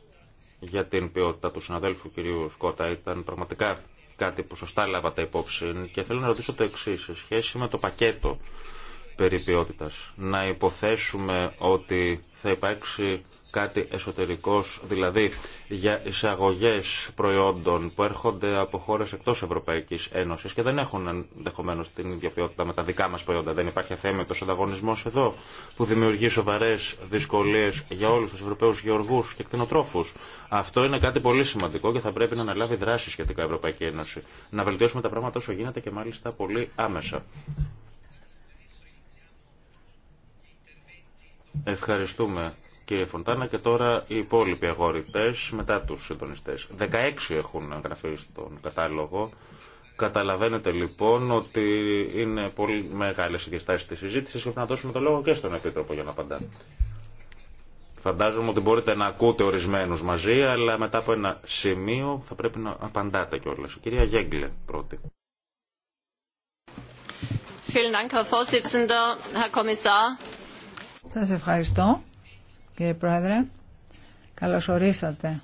για την ποιότητα του συναδέλφου κυρίου Σκότα ήταν πραγματικά κάτι που σωστά λάβατε υπόψη και θέλω να ρωτήσω το εξή σε σχέση με το πακέτο περί Να υποθέσουμε ότι θα υπάρξει κάτι εσωτερικός, δηλαδή για εισαγωγέ προϊόντων που έρχονται από χώρες εκτός Ευρωπαϊκής Ένωσης και δεν έχουν ενδεχομένω την ίδια ποιότητα με τα δικά μας προϊόντα. Δεν υπάρχει αθέμητος ανταγωνισμός εδώ που δημιουργεί σοβαρές δυσκολίες για όλους τους Ευρωπαίους γεωργούς και κτηνοτρόφους. Αυτό είναι κάτι πολύ σημαντικό και θα πρέπει να αναλάβει δράση σχετικά η Ευρωπαϊκή Ένωση. Να βελτιώσουμε τα πράγματα όσο γίνεται και μάλιστα πολύ άμεσα. Ευχαριστούμε κύριε Φοντάνα και τώρα οι υπόλοιποι αγορητές μετά τους συντονιστές. 16 έχουν γραφεί στον κατάλογο. Καταλαβαίνετε λοιπόν ότι είναι πολύ μεγάλες οι διαστάσεις της συζήτησης και να δώσουμε το λόγο και στον Επίτροπο για να απαντά. Φαντάζομαι ότι μπορείτε να ακούτε ορισμένους μαζί, αλλά μετά από ένα σημείο θα πρέπει να απαντάτε κιόλας. κυρία Γέγκλε πρώτη. Vielen Dank, Herr Vorsitzender, Herr Kommissar. Σας ευχαριστώ κύριε Πρόεδρε. Καλώς ορίσατε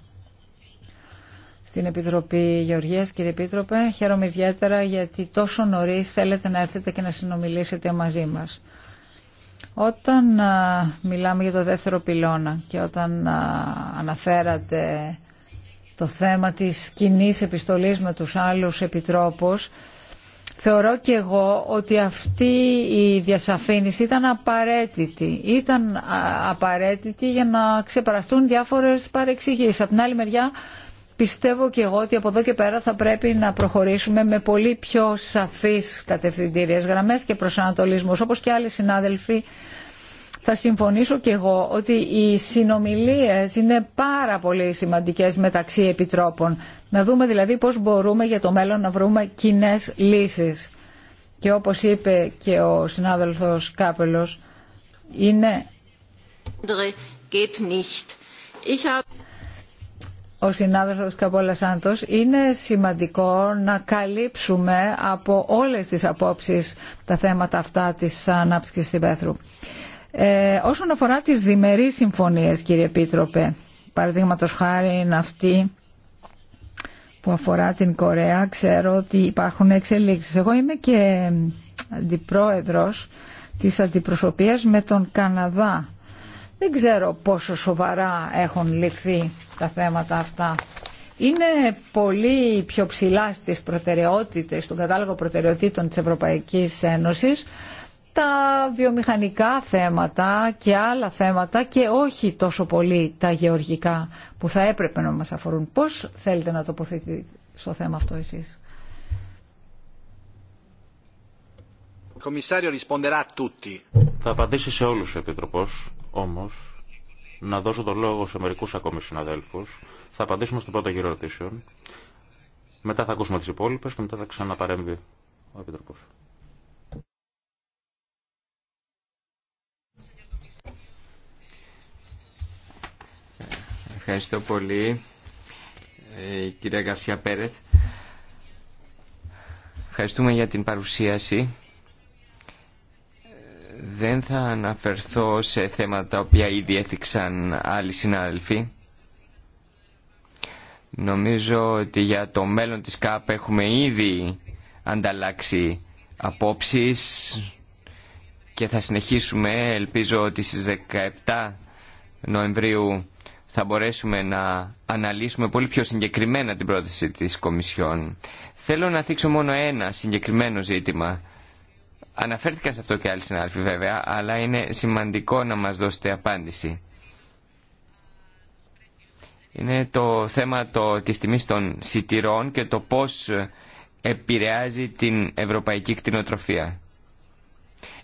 στην Επιτροπή Γεωργίας κύριε Επίτροπε. Χαίρομαι ιδιαίτερα γιατί τόσο νωρίς θέλετε να έρθετε και να συνομιλήσετε μαζί μας. Όταν μιλάμε για το δεύτερο πυλώνα και όταν αναφέρατε το θέμα της κοινή επιστολής με τους άλλους επιτρόπους Θεωρώ και εγώ ότι αυτή η διασαφήνιση ήταν απαραίτητη. Ήταν απαραίτητη για να ξεπεραστούν διάφορες παρεξηγήσεις. Από την άλλη μεριά πιστεύω και εγώ ότι από εδώ και πέρα θα πρέπει να προχωρήσουμε με πολύ πιο σαφείς κατευθυντήριες γραμμές και προσανατολισμούς. Όπως και άλλοι συνάδελφοι θα συμφωνήσω και εγώ ότι οι συνομιλίες είναι πάρα πολύ σημαντικές μεταξύ επιτρόπων να δούμε δηλαδή πώς μπορούμε για το μέλλον να βρούμε κοινέ λύσεις. Και όπως είπε και ο συνάδελφος Κάπελος, είναι... Ο συνάδελφος Καπόλα Σάντος είναι σημαντικό να καλύψουμε από όλες τις απόψεις τα θέματα αυτά της ανάπτυξης στην Πέθρου. Ε, όσον αφορά τις διμερείς συμφωνίες, κύριε Πίτροπε, παραδείγματος χάρη είναι αυτή που αφορά την Κορέα ξέρω ότι υπάρχουν εξελίξεις. Εγώ είμαι και αντιπρόεδρος της αντιπροσωπείας με τον Καναδά. Δεν ξέρω πόσο σοβαρά έχουν ληφθεί τα θέματα αυτά. Είναι πολύ πιο ψηλά στις προτεραιότητες, στον κατάλογο προτεραιοτήτων της Ευρωπαϊκής Ένωσης τα βιομηχανικά θέματα και άλλα θέματα και όχι τόσο πολύ τα γεωργικά που θα έπρεπε να μας αφορούν. Πώς θέλετε να τοποθετηθείτε στο θέμα αυτό εσείς. Θα απαντήσει σε όλους ο Επιτροπός, όμως να δώσω το λόγο σε μερικούς ακόμη συναδέλφους. Θα απαντήσουμε στο πρώτο γύρο ερωτήσεων. Μετά θα ακούσουμε τις υπόλοιπες και μετά θα ξαναπαρέμβει ο Επιτροπός. Ευχαριστώ πολύ, η ε, κυρία Γκαρσία Πέρεθ. Ευχαριστούμε για την παρουσίαση. Δεν θα αναφερθώ σε θέματα τα οποία ήδη έθιξαν άλλοι συνάδελφοι. Νομίζω ότι για το μέλλον της ΚΑΠ έχουμε ήδη ανταλλάξει απόψεις και θα συνεχίσουμε. Ελπίζω ότι στις 17 Νοεμβρίου θα μπορέσουμε να αναλύσουμε πολύ πιο συγκεκριμένα την πρόταση της Κομισιόν. Θέλω να θίξω μόνο ένα συγκεκριμένο ζήτημα. Αναφέρθηκα σε αυτό και άλλοι συνάδελφοι βέβαια, αλλά είναι σημαντικό να μας δώσετε απάντηση. Είναι το θέμα το, της τιμής των σιτηρών και το πώς επηρεάζει την ευρωπαϊκή κτηνοτροφία.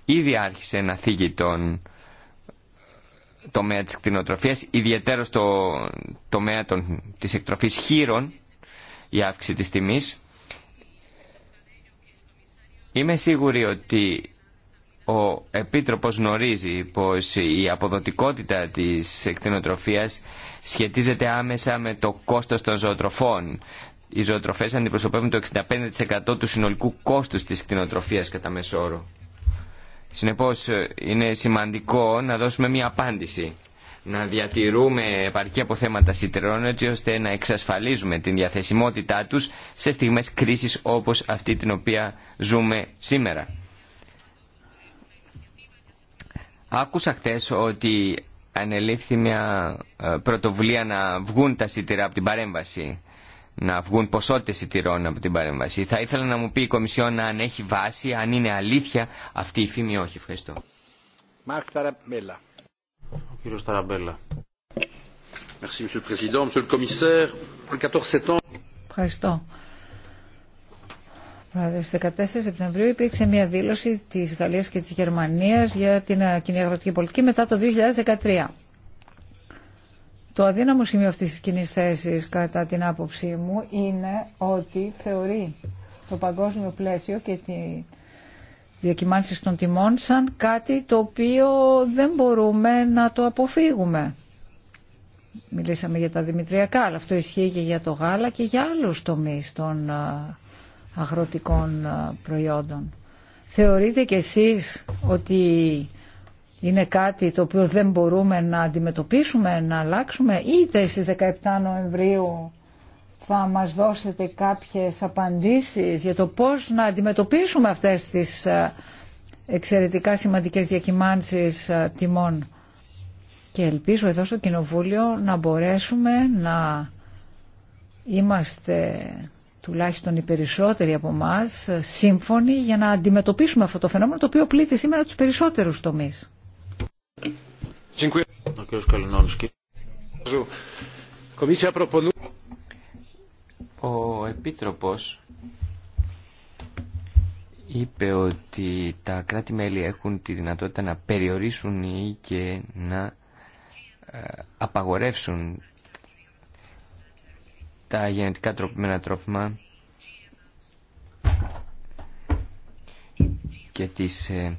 Ήδη άρχισε να θίγει τον τομέα της κτηνοτροφίας, ιδιαίτερα στο τομέα των, της εκτροφής χείρων, η αύξηση της τιμής. Είμαι σίγουρη ότι ο Επίτροπος γνωρίζει πως η αποδοτικότητα της εκτινοτροφίας σχετίζεται άμεσα με το κόστος των ζωοτροφών. Οι ζωοτροφές αντιπροσωπεύουν το 65% του συνολικού κόστους της εκτινοτροφίας κατά μέσο όρο. Συνεπώς ε, είναι σημαντικό να δώσουμε μια απάντηση. Να διατηρούμε επαρκή αποθέματα σιτρών έτσι ώστε να εξασφαλίζουμε την διαθεσιμότητά τους σε στιγμές κρίσης όπως αυτή την οποία ζούμε σήμερα. Άκουσα χθε ότι ανελήφθη μια ε, πρωτοβουλία να βγουν τα σιτηρά από την παρέμβαση να βγουν ποσότητε εισιτηρών από την παρέμβαση. Θα ήθελα να μου πει η Κομισιόν αν έχει βάση, αν είναι αλήθεια αυτή η φήμη όχι. Ευχαριστώ. Μάρκ Ταραμπέλα. Ο κύριος Ταραμπέλα. Ευχαριστώ. Στι 14 Σεπτεμβρίου υπήρξε μια δήλωση τη Γαλλία και τη Γερμανία για την ε, κοινή αγροτική πολιτική μετά το 2013. Το αδύναμο σημείο αυτής της κοινή θέση κατά την άποψή μου είναι ότι θεωρεί το παγκόσμιο πλαίσιο και τη διακυμάνσεις των τιμών σαν κάτι το οποίο δεν μπορούμε να το αποφύγουμε. Μιλήσαμε για τα δημητριακά, αλλά αυτό ισχύει και για το γάλα και για άλλους τομείς των αγροτικών προϊόντων. Θεωρείτε κι εσείς ότι είναι κάτι το οποίο δεν μπορούμε να αντιμετωπίσουμε, να αλλάξουμε, είτε στις 17 Νοεμβρίου θα μας δώσετε κάποιες απαντήσεις για το πώς να αντιμετωπίσουμε αυτές τις ε, εξαιρετικά σημαντικές διακυμάνσεις ε, τιμών. Και ελπίζω εδώ στο Κοινοβούλιο να μπορέσουμε να είμαστε τουλάχιστον οι περισσότεροι από εμά ε, σύμφωνοι για να αντιμετωπίσουμε αυτό το φαινόμενο το οποίο πλήττει σήμερα τους περισσότερους τομείς. Ο Επίτροπος είπε ότι τα κράτη-μέλη έχουν τη δυνατότητα να περιορίσουν ή και να ε, απαγορεύσουν τα γενετικά τροπημένα τρόφιμα και τις ε,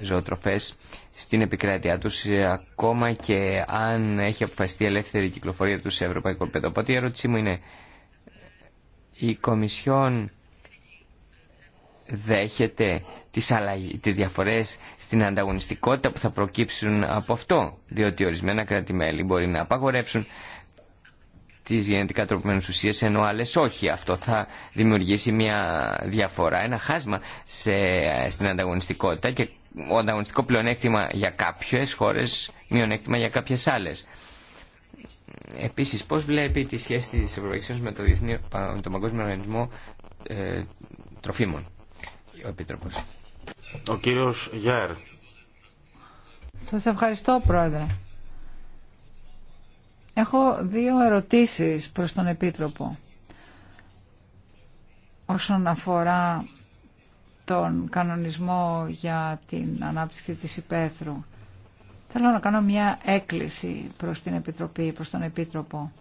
ζωοτροφές στην επικράτειά τους ε, ακόμα και αν έχει αποφασιστεί ελεύθερη κυκλοφορία τους σε ευρωπαϊκό πεδίο. Οπότε η ερώτησή μου είναι η Κομισιόν δέχεται τις, διαφορέ τις διαφορές στην ανταγωνιστικότητα που θα προκύψουν από αυτό διότι ορισμένα κράτη-μέλη μπορεί να απαγορεύσουν τι γενετικά τροπημένε ουσίε, ενώ άλλε όχι. Αυτό θα δημιουργήσει μια διαφορά, ένα χάσμα σε, στην ανταγωνιστικότητα ο ανταγωνιστικό πλεονέκτημα για κάποιες χώρες, μειονέκτημα για κάποιες άλλες. Επίσης, πώς βλέπει τη σχέση της Ευρωπαϊκής με το, Διεθνή, Παγκόσμιο Οργανισμό ε, Τροφίμων, ο Επίτροπος. Ο κύριος Γιάρ. Σας ευχαριστώ, Πρόεδρε. Έχω δύο ερωτήσεις προς τον Επίτροπο όσον αφορά τον κανονισμό για την ανάπτυξη της υπαίθρου. Θέλω να κάνω μια έκκληση προς την Επιτροπή, προς τον Επίτροπο.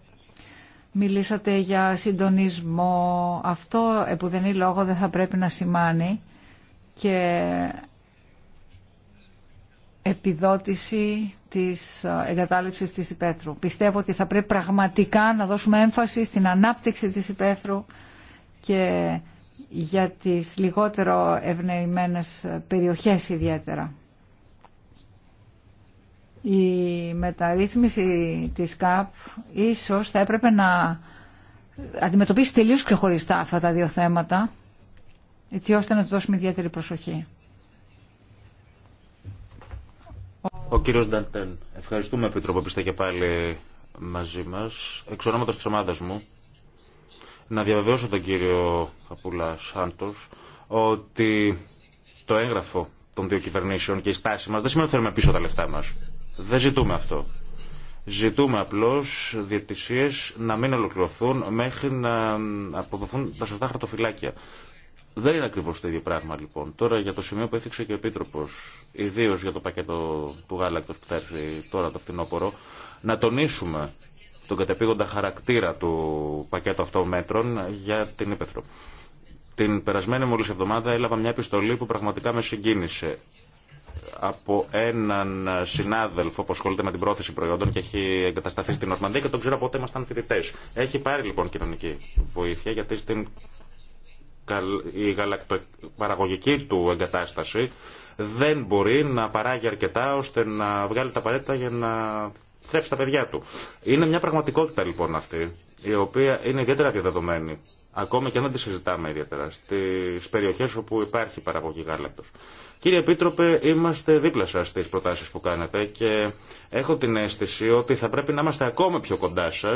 Μιλήσατε για συντονισμό. Αυτό επουδενή λόγο δεν θα πρέπει να σημάνει και επιδότηση της εγκατάλειψης της υπαίθρου. Πιστεύω ότι θα πρέπει πραγματικά να δώσουμε έμφαση στην ανάπτυξη της υπαίθρου και για τις λιγότερο ευνοημένες περιοχές ιδιαίτερα. Η μεταρρύθμιση της ΚΑΠ ίσως θα έπρεπε να αντιμετωπίσει τελείως ξεχωριστά αυτά τα δύο θέματα έτσι ώστε να του δώσουμε ιδιαίτερη προσοχή. Ο κύριος Νταντέν, ευχαριστούμε Επίτροπο που είστε και πάλι μαζί μας. Εξ ονόματος της ομάδας μου να διαβεβαιώσω τον κύριο Καπούλα Σάντος ότι το έγγραφο των δύο κυβερνήσεων και η στάση μας δεν σημαίνει ότι θέλουμε πίσω τα λεφτά μας. Δεν ζητούμε αυτό. Ζητούμε απλώς διαιτησίες να μην ολοκληρωθούν μέχρι να αποδοθούν τα σωστά χαρτοφυλάκια. Δεν είναι ακριβώς το ίδιο πράγμα λοιπόν. Τώρα για το σημείο που έθιξε και ο επίτροπο, ιδίως για το πακέτο του γάλακτος που θα έρθει τώρα το φθινόπωρο, να τονίσουμε τον κατεπήγοντα χαρακτήρα του πακέτου αυτών μέτρων για την Ήπεθρο. Την περασμένη μόλις εβδομάδα έλαβα μια επιστολή που πραγματικά με συγκίνησε από έναν συνάδελφο που ασχολείται με την πρόθεση προϊόντων και έχει εγκατασταθεί στην Ορμανδία και τον ξέρω από όταν ήμασταν φοιτητέ. Έχει πάρει λοιπόν κοινωνική βοήθεια γιατί στην η παραγωγική του εγκατάσταση δεν μπορεί να παράγει αρκετά ώστε να βγάλει τα απαραίτητα για να θρέψει τα παιδιά του. Είναι μια πραγματικότητα λοιπόν αυτή, η οποία είναι ιδιαίτερα διαδεδομένη. Ακόμη και αν δεν τη συζητάμε ιδιαίτερα στι περιοχέ όπου υπάρχει παραγωγή γάλακτο. Κύριε Επίτροπε, είμαστε δίπλα σα στι προτάσει που κάνετε και έχω την αίσθηση ότι θα πρέπει να είμαστε ακόμα πιο κοντά σα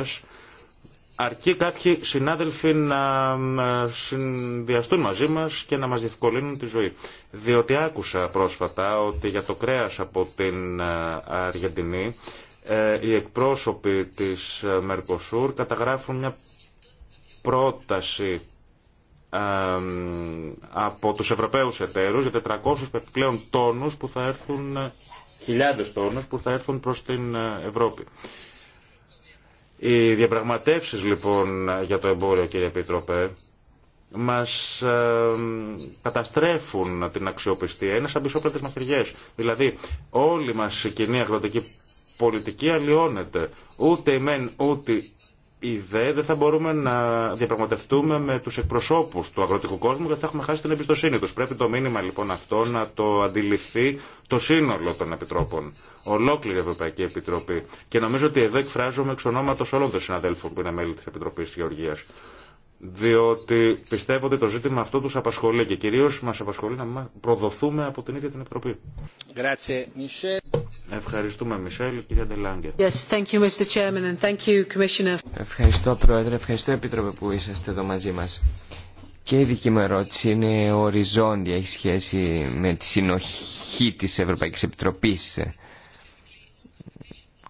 αρκεί κάποιοι συνάδελφοι να συνδυαστούν μαζί μας και να μας διευκολύνουν τη ζωή. Διότι άκουσα πρόσφατα ότι για το κρέας από την ε, Αργεντινή ε, οι εκπρόσωποι της ε, Μερκοσούρ καταγράφουν μια πρόταση ε, από τους Ευρωπαίους εταίρους για 400 επιπλέον τόνους που θα έρθουν χιλιάδες τόνους που θα έρθουν προς την Ευρώπη. Οι διαπραγματεύσεις λοιπόν για το εμπόριο κύριε Επίτροπε μας καταστρέφουν την αξιοπιστία. Είναι σαν πισόπλατες μαθηριές. Δηλαδή όλη μας η κοινή αγροτική πολιτική αλλοιώνεται. Ούτε η μεν ούτε η δε δεν θα μπορούμε να διαπραγματευτούμε με του εκπροσώπους του αγροτικού κόσμου γιατί θα έχουμε χάσει την εμπιστοσύνη του. Πρέπει το μήνυμα λοιπόν αυτό να το αντιληφθεί το σύνολο των επιτρόπων, ολόκληρη η Ευρωπαϊκή Επιτροπή. Και νομίζω ότι εδώ εκφράζομαι εξ ονόματο όλων των συναδέλφων που είναι μέλη τη Επιτροπή Γεωργία. διότι πιστεύω ότι το ζήτημα αυτό του απασχολεί και κυρίω μα απασχολεί να προδοθούμε από την ίδια την Επιτροπή. Ευχαριστούμε, Μισελ. Κυρία Ντελάγκερ. Yes, thank you, Mr. Chairman, and thank you, Commissioner. Ευχαριστώ, Πρόεδρε. Ευχαριστώ, Επίτροπε, που είσαστε εδώ μαζί μας. Και η δική μου ερώτηση είναι οριζόντια, έχει σχέση με τη συνοχή της Ευρωπαϊκής Επιτροπής.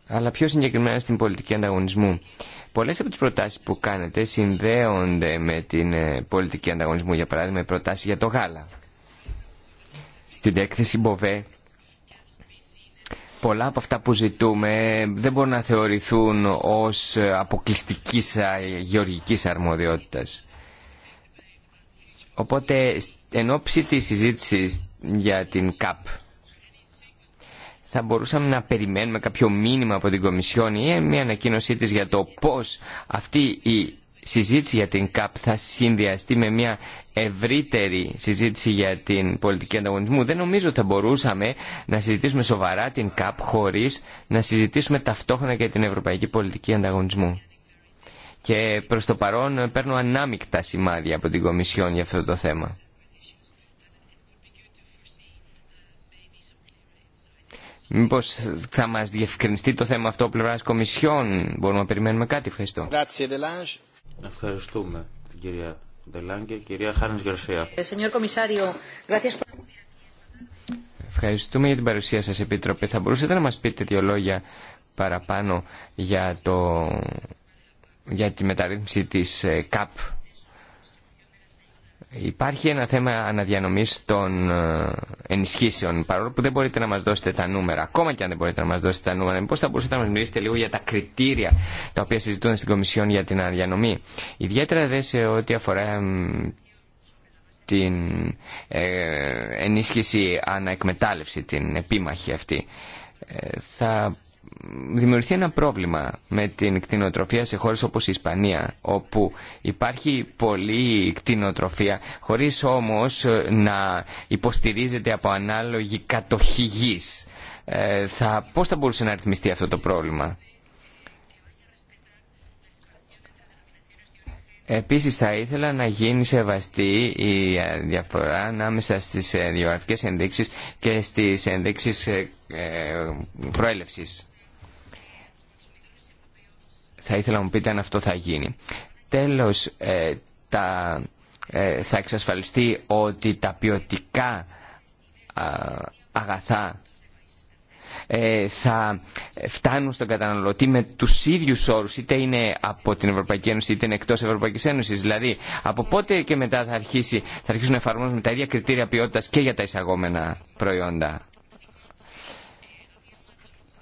Αλλά πιο συγκεκριμένα στην πολιτική ανταγωνισμού. Πολλές από τις προτάσεις που κάνετε συνδέονται με την ε, πολιτική ανταγωνισμού, για παράδειγμα, προτάση για το γάλα. Στην έκθεση Μποβέ πολλά από αυτά που ζητούμε δεν μπορούν να θεωρηθούν ως αποκλειστικής γεωργικής αρμοδιότητας. Οπότε, εν ώψη της συζήτησης για την ΚΑΠ, θα μπορούσαμε να περιμένουμε κάποιο μήνυμα από την Κομισιόν ή μια ανακοίνωσή της για το πώς αυτή η συζήτηση για την ΚΑΠ θα συνδυαστεί με μια ευρύτερη συζήτηση για την πολιτική ανταγωνισμού. Δεν νομίζω ότι θα μπορούσαμε να συζητήσουμε σοβαρά την ΚΑΠ χωρίς να συζητήσουμε ταυτόχρονα για την ευρωπαϊκή πολιτική ανταγωνισμού. Και προς το παρόν παίρνω ανάμεικτα σημάδια από την Κομισιόν για αυτό το θέμα. Μήπω θα μα διευκρινιστεί το θέμα αυτό πλευρά Κομισιόν, μπορούμε να περιμένουμε κάτι. Ευχαριστώ. Ευχαριστούμε την κυρία Ντελάνγκε. Κυρία Χάνης Γερσία. Ε, Ευχαριστούμε για την παρουσία σας, Επίτροπε. Θα μπορούσατε να μας πείτε δύο λόγια παραπάνω για, το... για τη μεταρρύθμιση της ε, ΚΑΠ Υπάρχει ένα θέμα αναδιανομής των ε, ενισχύσεων, παρόλο που δεν μπορείτε να μας δώσετε τα νούμερα. Ακόμα και αν δεν μπορείτε να μας δώσετε τα νούμερα, μήπως θα μπορούσατε να μας μιλήσετε λίγο για τα κριτήρια τα οποία συζητούν στην Κομισιόν για την αναδιανομή. Ιδιαίτερα δε σε ό,τι αφορά την ε, ενίσχυση αναεκμετάλλευση, την επίμαχη αυτή. Ε, θα δημιουργηθεί ένα πρόβλημα με την κτηνοτροφία σε χώρες όπως η Ισπανία όπου υπάρχει πολλή κτηνοτροφία χωρίς όμως ε, να υποστηρίζεται από ανάλογη κατοχή γης. Ε, θα, πώς θα μπορούσε να ρυθμιστεί αυτό το πρόβλημα. Επίσης θα ήθελα να γίνει σεβαστή η ε, διαφορά ανάμεσα στις διογραφικές ενδείξεις και στις ενδείξεις προέλευσης. Θα ήθελα να μου πείτε αν αυτό θα γίνει. Τέλος, ε, τα, ε, θα εξασφαλιστεί ότι τα ποιοτικά αγαθά ε, θα φτάνουν στον καταναλωτή με τους ίδιους όρους είτε είναι από την Ευρωπαϊκή Ένωση είτε είναι εκτός Ευρωπαϊκής Ένωσης δηλαδή από πότε και μετά θα, αρχίσει, θα αρχίσουν να εφαρμόζουν τα ίδια κριτήρια ποιότητας και για τα εισαγόμενα προϊόντα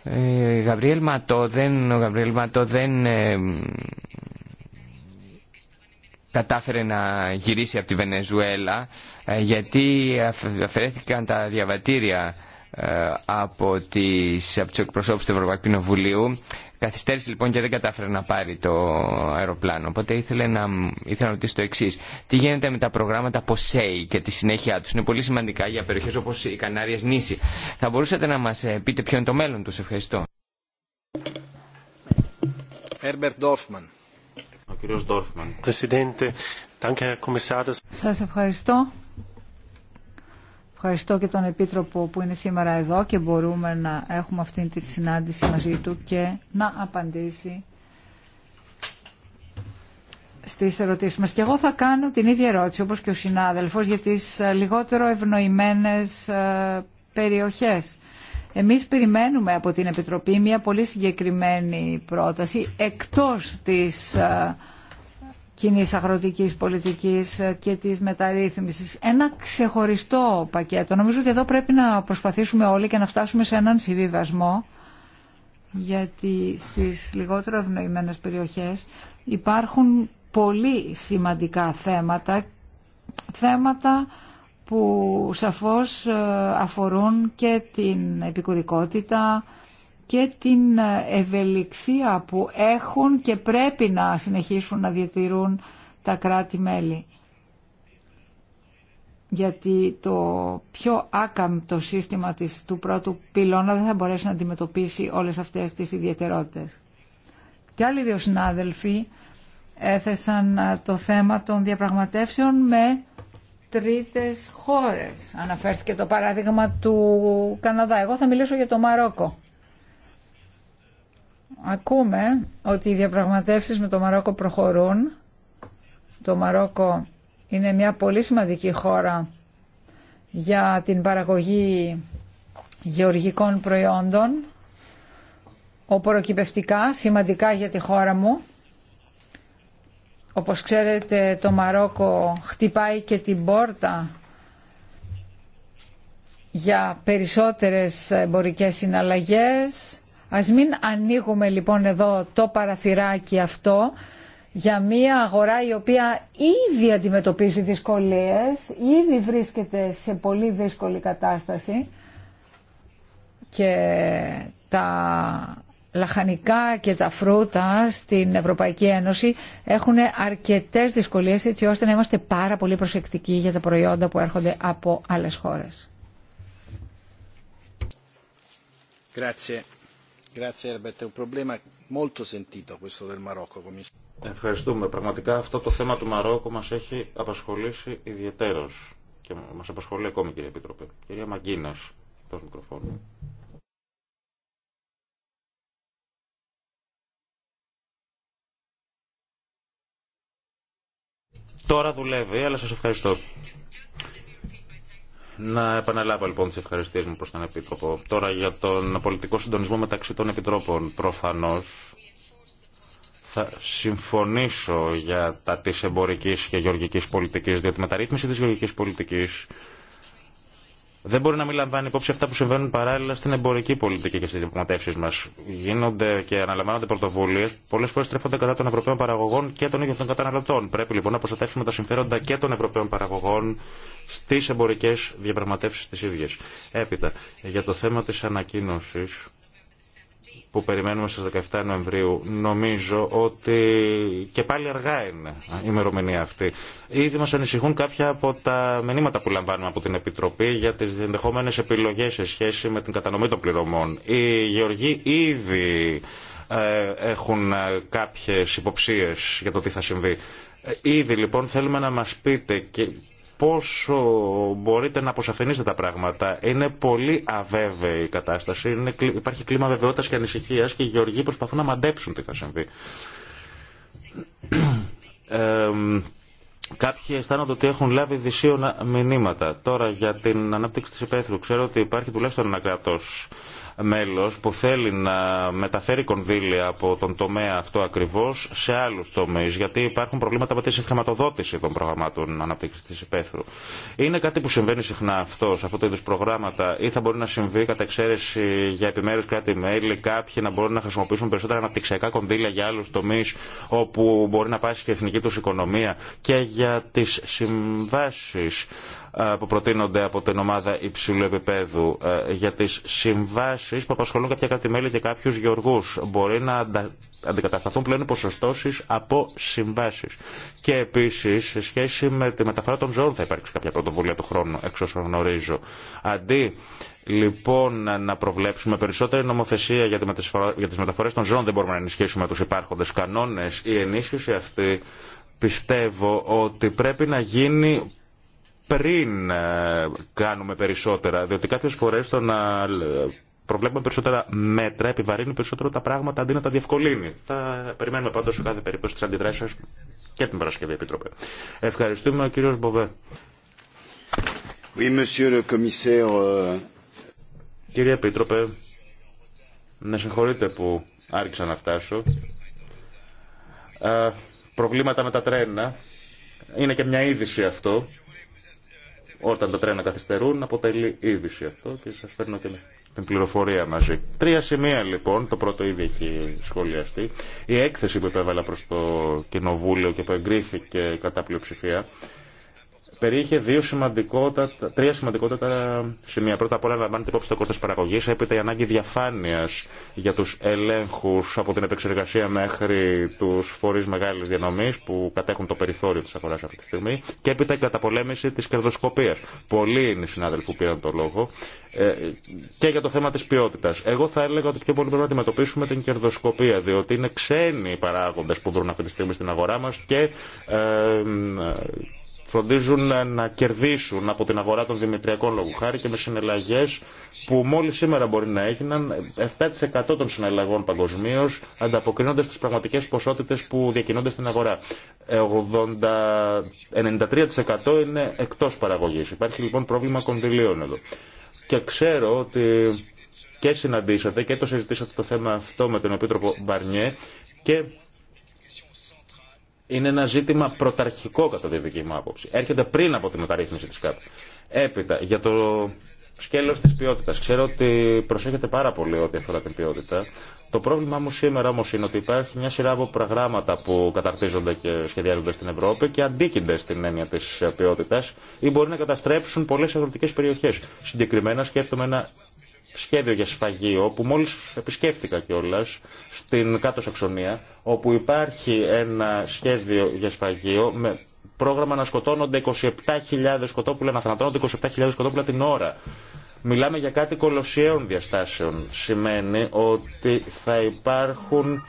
ε, Γαβριέλ Ματώ δεν, ο Γαβριέλ Ματώ δεν ε, κατάφερε να γυρίσει από τη Βενεζουέλα ε, γιατί αφαιρέθηκαν τα διαβατήρια ε, από, τις, από του Ευρωπαϊκού Κοινοβουλίου. Καθυστέρησε λοιπόν και δεν κατάφερε να πάρει το αεροπλάνο. Οπότε ήθελε να, ήθελα να ρωτήσω το εξή. Τι γίνεται με τα προγράμματα ΠΟΣΕΙ και τη συνέχεια του. Είναι πολύ σημαντικά για περιοχέ όπω οι Κανάριε νήσι. Θα μπορούσατε να μα ε, πείτε ποιο είναι το μέλλον του. Ευχαριστώ. Ο Σας ευχαριστώ. Ευχαριστώ και τον Επίτροπο που είναι σήμερα εδώ και μπορούμε να έχουμε αυτή τη συνάντηση μαζί του και να απαντήσει στις ερωτήσεις μας. Και εγώ θα κάνω την ίδια ερώτηση όπως και ο συνάδελφος για τις ε, λιγότερο ευνοημένες ε, περιοχές. Εμείς περιμένουμε από την Επιτροπή μια πολύ συγκεκριμένη πρόταση εκτός της ε, κοινή αγροτική πολιτική και της μεταρρύθμισης. Ένα ξεχωριστό πακέτο. Νομίζω ότι εδώ πρέπει να προσπαθήσουμε όλοι και να φτάσουμε σε έναν συμβιβασμό γιατί στις λιγότερο ευνοημένε περιοχές υπάρχουν πολύ σημαντικά θέματα, θέματα που σαφώς ε, αφορούν και την επικουρικότητα, και την ευελιξία που έχουν και πρέπει να συνεχίσουν να διατηρούν τα κράτη-μέλη. Γιατί το πιο άκαμπτο σύστημα της, του πρώτου πυλώνα δεν θα μπορέσει να αντιμετωπίσει όλες αυτές τις ιδιαιτερότητες. Και άλλοι δύο συνάδελφοι έθεσαν ε, το θέμα των διαπραγματεύσεων με τρίτες χώρες. Αναφέρθηκε το παράδειγμα του Καναδά. Εγώ θα μιλήσω για το Μαρόκο ακούμε ότι οι διαπραγματεύσεις με το Μαρόκο προχωρούν. Το Μαρόκο είναι μια πολύ σημαντική χώρα για την παραγωγή γεωργικών προϊόντων, οποροκυπευτικά, σημαντικά για τη χώρα μου. Όπως ξέρετε το Μαρόκο χτυπάει και την πόρτα για περισσότερες εμπορικές συναλλαγές Ας μην ανοίγουμε λοιπόν εδώ το παραθυράκι αυτό για μια αγορά η οποία ήδη αντιμετωπίζει δυσκολίες, ήδη βρίσκεται σε πολύ δύσκολη κατάσταση και τα λαχανικά και τα φρούτα στην Ευρωπαϊκή Ένωση έχουν αρκετές δυσκολίες έτσι ώστε να είμαστε πάρα πολύ προσεκτικοί για τα προϊόντα που έρχονται από άλλες χώρες. Grazie. Ευχαριστούμε. Πραγματικά αυτό το θέμα του Μαρόκου μας έχει απασχολήσει ιδιαιτέρως και μας απασχολεί ακόμη κύριε Επίτροπε. Κυρία Μαγκίνας, το μικροφόνο. Τώρα δουλεύει, αλλά σας ευχαριστώ. Να επαναλάβω λοιπόν τι ευχαριστίες μου προς τον Επίτροπο. Τώρα για τον πολιτικό συντονισμό μεταξύ των Επιτρόπων. Προφανώ θα συμφωνήσω για τα τη εμπορική και γεωργική πολιτική, διότι μεταρρύθμιση τη γεωργική πολιτική δεν μπορεί να μην λαμβάνει υπόψη αυτά που συμβαίνουν παράλληλα στην εμπορική πολιτική και στι διαπραγματεύσει μα. Γίνονται και αναλαμβάνονται πρωτοβουλίε πολλέ φορέ τρέφονται κατά των Ευρωπαίων παραγωγών και των ίδιων των καταναλωτών. Πρέπει λοιπόν να προστατεύσουμε τα συμφέροντα και των Ευρωπαίων παραγωγών στι εμπορικέ διαπραγματεύσει τι ίδιε. Έπειτα, για το θέμα τη ανακοίνωση που περιμένουμε στις 17 Νοεμβρίου, νομίζω ότι και πάλι αργά είναι η ημερομηνία αυτή. Ήδη μας ανησυχούν κάποια από τα μηνύματα που λαμβάνουμε από την Επιτροπή για τις ενδεχόμενε επιλογές σε σχέση με την κατανομή των πληρωμών. Οι Γεωργοί ήδη ε, έχουν ε, κάποιες υποψίες για το τι θα συμβεί. Ε, ήδη λοιπόν θέλουμε να μας πείτε πόσο μπορείτε να αποσαφηνίσετε τα πράγματα. Είναι πολύ αβέβαιη η κατάσταση. Είναι, υπάρχει κλίμα βεβαιότητας και ανησυχίας και οι γεωργοί προσπαθούν να μαντέψουν τι θα συμβεί. Ε, κάποιοι αισθάνονται ότι έχουν λάβει δυσίωνα μηνύματα. Τώρα για την ανάπτυξη της υπαίθρου. Ξέρω ότι υπάρχει τουλάχιστον ένα κρατός μέλος που θέλει να μεταφέρει κονδύλια από τον τομέα αυτό ακριβώς σε άλλους τομείς, γιατί υπάρχουν προβλήματα με τη συγχρηματοδότηση των προγραμμάτων αναπτύξης της υπαίθρου. Είναι κάτι που συμβαίνει συχνά αυτό, σε αυτό το είδους προγράμματα, ή θα μπορεί να συμβεί κατά εξαίρεση για επιμέρους κράτη-μέλη, κάποιοι να μπορούν να χρησιμοποιήσουν περισσότερα αναπτυξιακά κονδύλια για άλλους τομείς, όπου μπορεί να πάσει και η εθνική τους οικονομία και για τις συμβάσεις ε, που προτείνονται από την ομάδα υψηλού επίπεδου ε, για τις συμβάσεις που απασχολούν κάποια κράτη-μέλη και κάποιους γεωργούς. Μπορεί να αντικατασταθούν πλέον ποσοστώσει από συμβάσεις. Και επίσης, σε σχέση με τη μεταφορά των ζώων θα υπάρξει κάποια πρωτοβουλία του χρόνου, εξ όσων γνωρίζω. Αντί λοιπόν να προβλέψουμε περισσότερη νομοθεσία για τις μεταφορές των ζώων, δεν μπορούμε να ενισχύσουμε τους υπάρχοντες κανόνες. Η ενίσχυση αυτή πιστεύω ότι πρέπει να γίνει πριν ε, κάνουμε περισσότερα, διότι κάποιε φορέ το να προβλέπουμε περισσότερα μέτρα επιβαρύνει περισσότερο τα πράγματα αντί να τα διευκολύνει. Θα περιμένουμε πάντω σε κάθε περίπτωση τι αντιδράσει σα και την Παρασκευή Επίτροπε. Ευχαριστούμε ο κύριο Μποβέ. Oui, monsieur le commissaire. Euh, Κύριε Επίτροπε, με συγχωρείτε που άρχισα να φτάσω. Ε, προβλήματα με τα τρένα. Είναι και μια είδηση αυτό όταν τα τρένα καθυστερούν αποτελεί είδηση αυτό και σα φέρνω και την πληροφορία μαζί. Τρία σημεία λοιπόν, το πρώτο ήδη έχει σχολιαστεί. Η έκθεση που επέβαλα προς το Κοινοβούλιο και που εγκρίθηκε κατά πλειοψηφία περιείχε δύο σημαντικότατα, τρία σημαντικότατα σημεία. Πρώτα απ' όλα λαμβάνεται υπόψη το κόστος παραγωγής, έπειτα η ανάγκη διαφάνειας για τους ελέγχους από την επεξεργασία μέχρι τους φορείς μεγάλης διανομής που κατέχουν το περιθώριο της αγοράς αυτή τη στιγμή και έπειτα η καταπολέμηση της κερδοσκοπίας. Πολλοί είναι οι συνάδελφοι που πήραν το λόγο ε, και για το θέμα της ποιότητας. Εγώ θα έλεγα ότι πιο πολύ πρέπει να αντιμετωπίσουμε την κερδοσκοπία, διότι είναι ξένοι οι που δρούν αυτή τη στιγμή στην αγορά μας και ε, φροντίζουν να κερδίσουν από την αγορά των δημητριακών λόγου χάρη και με συνελλαγέ που μόλι σήμερα μπορεί να έγιναν. 7% των συναλλαγών παγκοσμίω ανταποκρίνονται στι πραγματικέ ποσότητε που διακινούνται στην αγορά. 80, 93% είναι εκτό παραγωγή. Υπάρχει λοιπόν πρόβλημα κονδυλίων εδώ. Και ξέρω ότι και συναντήσατε και το συζητήσατε το θέμα αυτό με τον Επίτροπο Μπαρνιέ και είναι ένα ζήτημα πρωταρχικό κατά τη δική μου άποψη. Έρχεται πριν από τη μεταρρύθμιση της ΚΑΠ. Έπειτα, για το σκέλος της ποιότητας. Ξέρω ότι προσέχετε πάρα πολύ ό,τι αφορά την ποιότητα. Το πρόβλημά μου σήμερα όμως είναι ότι υπάρχει μια σειρά από προγράμματα που καταρτίζονται και σχεδιάζονται στην Ευρώπη και αντίκυνται στην έννοια της ποιότητας ή μπορεί να καταστρέψουν πολλές αγροτικές περιοχές. Συγκεκριμένα σκέφτομαι ένα σχέδιο για σφαγείο που μόλις επισκέφθηκα κιόλα στην κάτω Σαξονία όπου υπάρχει ένα σχέδιο για σφαγείο με πρόγραμμα να σκοτώνονται 27.000 κοτόπουλα, να θανατώνονται 27.000 κοτόπουλα την ώρα. Μιλάμε για κάτι κολοσιαίων διαστάσεων. Σημαίνει ότι θα υπάρχουν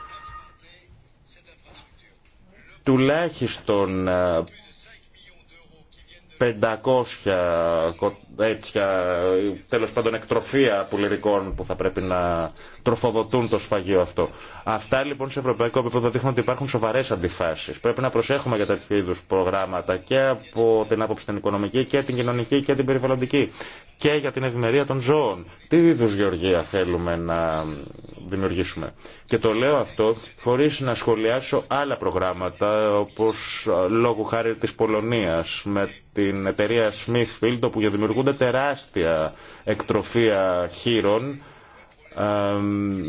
τουλάχιστον ε, 500 έτσι, τέλος πάντων εκτροφία πουλερικών που θα πρέπει να τροφοδοτούν το σφαγείο αυτό. Αυτά λοιπόν σε ευρωπαϊκό επίπεδο δείχνουν ότι υπάρχουν σοβαρές αντιφάσεις. Πρέπει να προσέχουμε για τέτοιου είδους προγράμματα και από την άποψη την οικονομική και την κοινωνική και την περιβαλλοντική και για την ευημερία των ζώων. Τι είδου γεωργία θέλουμε να δημιουργήσουμε. Και το λέω αυτό χωρίς να σχολιάσω άλλα προγράμματα όπως λόγω χάρη τη Πολωνία, με την εταιρεία Smithfield όπου δημιουργούνται τεράστια εκτροφία χείρων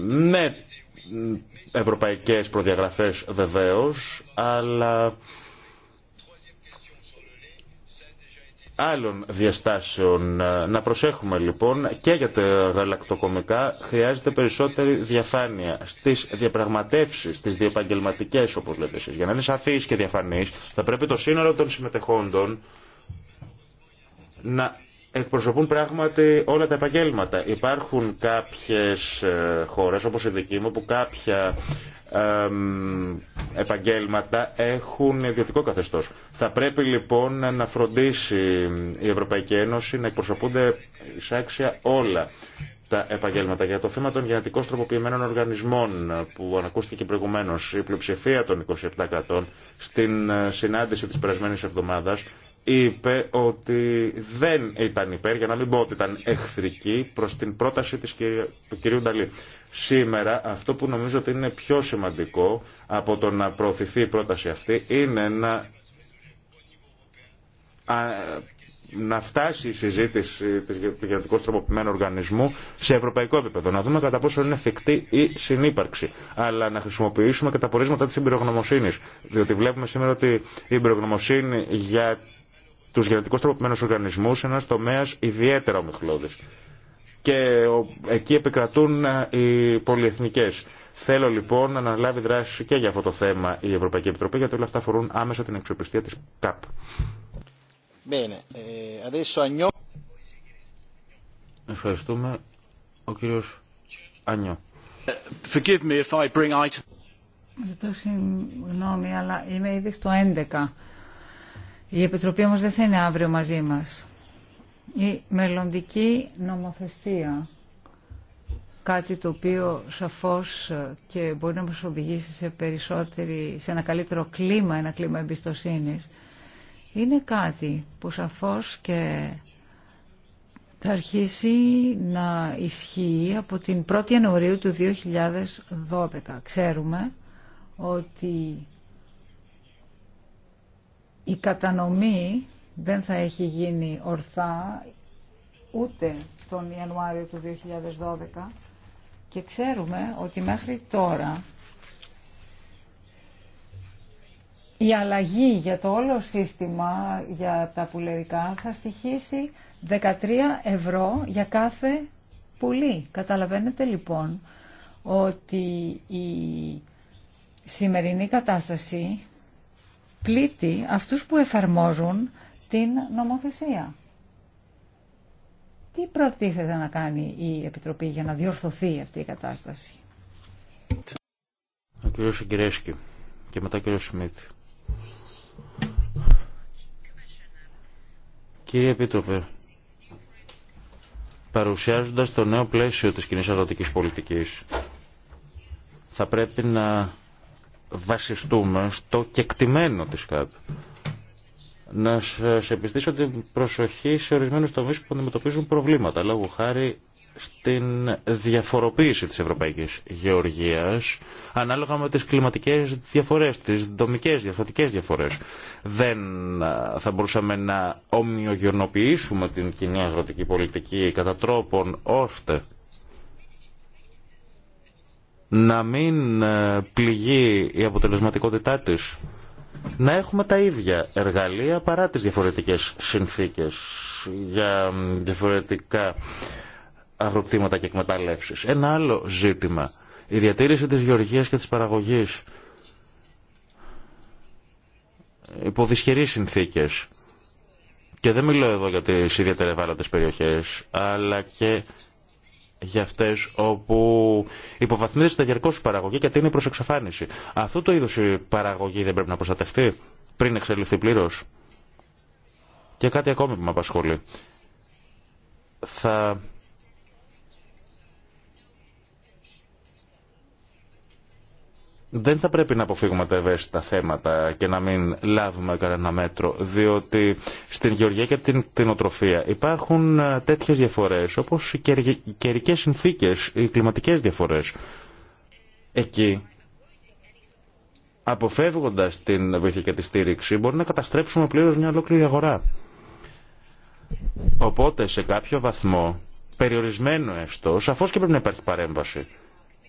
με ευρωπαϊκές προδιαγραφές βεβαίως αλλά άλλων διαστάσεων. Να προσέχουμε λοιπόν και για τα γαλακτοκομικά χρειάζεται περισσότερη διαφάνεια στις διαπραγματεύσεις, στις διεπαγγελματικές όπως λέτε εσείς. Για να είναι σαφή και διαφανείς θα πρέπει το σύνολο των συμμετεχόντων να εκπροσωπούν πράγματι όλα τα επαγγέλματα. Υπάρχουν κάποιες ε, χώρες όπως η δική μου που κάποια επαγγέλματα έχουν ιδιωτικό καθεστώ. Θα πρέπει λοιπόν να φροντίσει η Ευρωπαϊκή Ένωση να εκπροσωπούνται άξια όλα τα επαγγέλματα. Για το θέμα των γενετικώ τροποποιημένων οργανισμών που ανακούστηκε προηγουμένω, η πλειοψηφία των 27 κρατών στην συνάντηση τη περασμένη εβδομάδα είπε ότι δεν ήταν υπέρ, για να μην πω ότι ήταν εχθρική προς την πρόταση της του κυρίου Νταλή. Σήμερα αυτό που νομίζω ότι είναι πιο σημαντικό από το να προωθηθεί η πρόταση αυτή είναι να, να φτάσει η συζήτηση του γενετικώς τροποποιημένου οργανισμού σε ευρωπαϊκό επίπεδο. Να δούμε κατά πόσο είναι εφικτή η συνύπαρξη. Αλλά να χρησιμοποιήσουμε και τα πορίσματα της εμπειρογνωμοσύνης. Διότι βλέπουμε σήμερα ότι η εμπειρογνωμοσύνη για τους γενετικούς τροποποιημένους οργανισμούς είναι ένας τομέας ιδιαίτερα ομιχλώδης και εκεί επικρατούν οι πολυεθνικές. Θέλω λοιπόν να αναλάβει δράση και για αυτό το θέμα η Ευρωπαϊκή Επιτροπή, γιατί όλα αυτά αφορούν άμεσα την αξιοπιστία της ΚΑΠ. Eh, Ευχαριστούμε. Ο κύριος Ανιώ. Ζητώ συγγνώμη, αλλά είμαι ήδη στο 11. Η Επιτροπή όμως δεν θα είναι αύριο μαζί μας η μελλοντική νομοθεσία. Κάτι το οποίο σαφώς ε, και μπορεί να μας οδηγήσει σε, περισσότερη, σε ένα καλύτερο κλίμα, ένα κλίμα εμπιστοσύνης, είναι κάτι που σαφώς και θα αρχίσει να ισχύει από την 1η Ιανουαρίου του 2012. Ξέρουμε ότι η κατανομή δεν θα έχει γίνει ορθά ούτε τον Ιανουάριο του 2012 και ξέρουμε ότι μέχρι τώρα η αλλαγή για το όλο σύστημα για τα πουλερικά θα στοιχήσει 13 ευρώ για κάθε πουλί. Καταλαβαίνετε λοιπόν ότι η σημερινή κατάσταση πλήττει αυτούς που εφαρμόζουν την νομοθεσία. Τι προτίθεται να κάνει η Επιτροπή για να διορθωθεί αυτή η κατάσταση. Ο και μετά ο κ. Κύριε Επίτροπε, παρουσιάζοντας το νέο πλαίσιο της κοινής αγροτικής πολιτικής, θα πρέπει να βασιστούμε στο κεκτημένο της ΚΑΠ να σα επιστήσω την προσοχή σε ορισμένους τομείς που αντιμετωπίζουν προβλήματα, λόγω χάρη στην διαφοροποίηση της ευρωπαϊκής γεωργίας ανάλογα με τις κλιματικές διαφορές, τις δομικές διαφορετικές διαφορές. Δεν θα μπορούσαμε να ομοιογενοποιήσουμε την κοινή αγροτική πολιτική κατά τρόπον ώστε να μην πληγεί η αποτελεσματικότητά της να έχουμε τα ίδια εργαλεία παρά τις διαφορετικές συνθήκες για διαφορετικά αγροκτήματα και εκμετάλλευσεις. Ένα άλλο ζήτημα, η διατήρηση της γεωργίας και της παραγωγής υπό δυσχερείς συνθήκες. Και δεν μιλώ εδώ για τις ιδιαίτερα ευάλωτες περιοχές, αλλά και για αυτέ όπου υποβαθμίζεται διαρκώ η παραγωγή και τίνει προ εξαφάνιση. Αυτό το είδο η παραγωγή δεν πρέπει να προστατευτεί πριν εξελιχθεί πλήρω. Και κάτι ακόμη που με απασχολεί. Θα δεν θα πρέπει να αποφύγουμε τα ευαίσθητα θέματα και να μην λάβουμε κανένα μέτρο, διότι στην γεωργία και την κτηνοτροφία υπάρχουν ε, τέτοιες διαφορές, όπως οι καιρικές συνθήκες, οι κλιματικές διαφορές. Εκεί, αποφεύγοντας την βοήθεια και τη στήριξη, μπορεί να καταστρέψουμε πλήρως μια ολόκληρη αγορά. Οπότε, σε κάποιο βαθμό, περιορισμένο έστω, σαφώς και πρέπει να υπάρχει παρέμβαση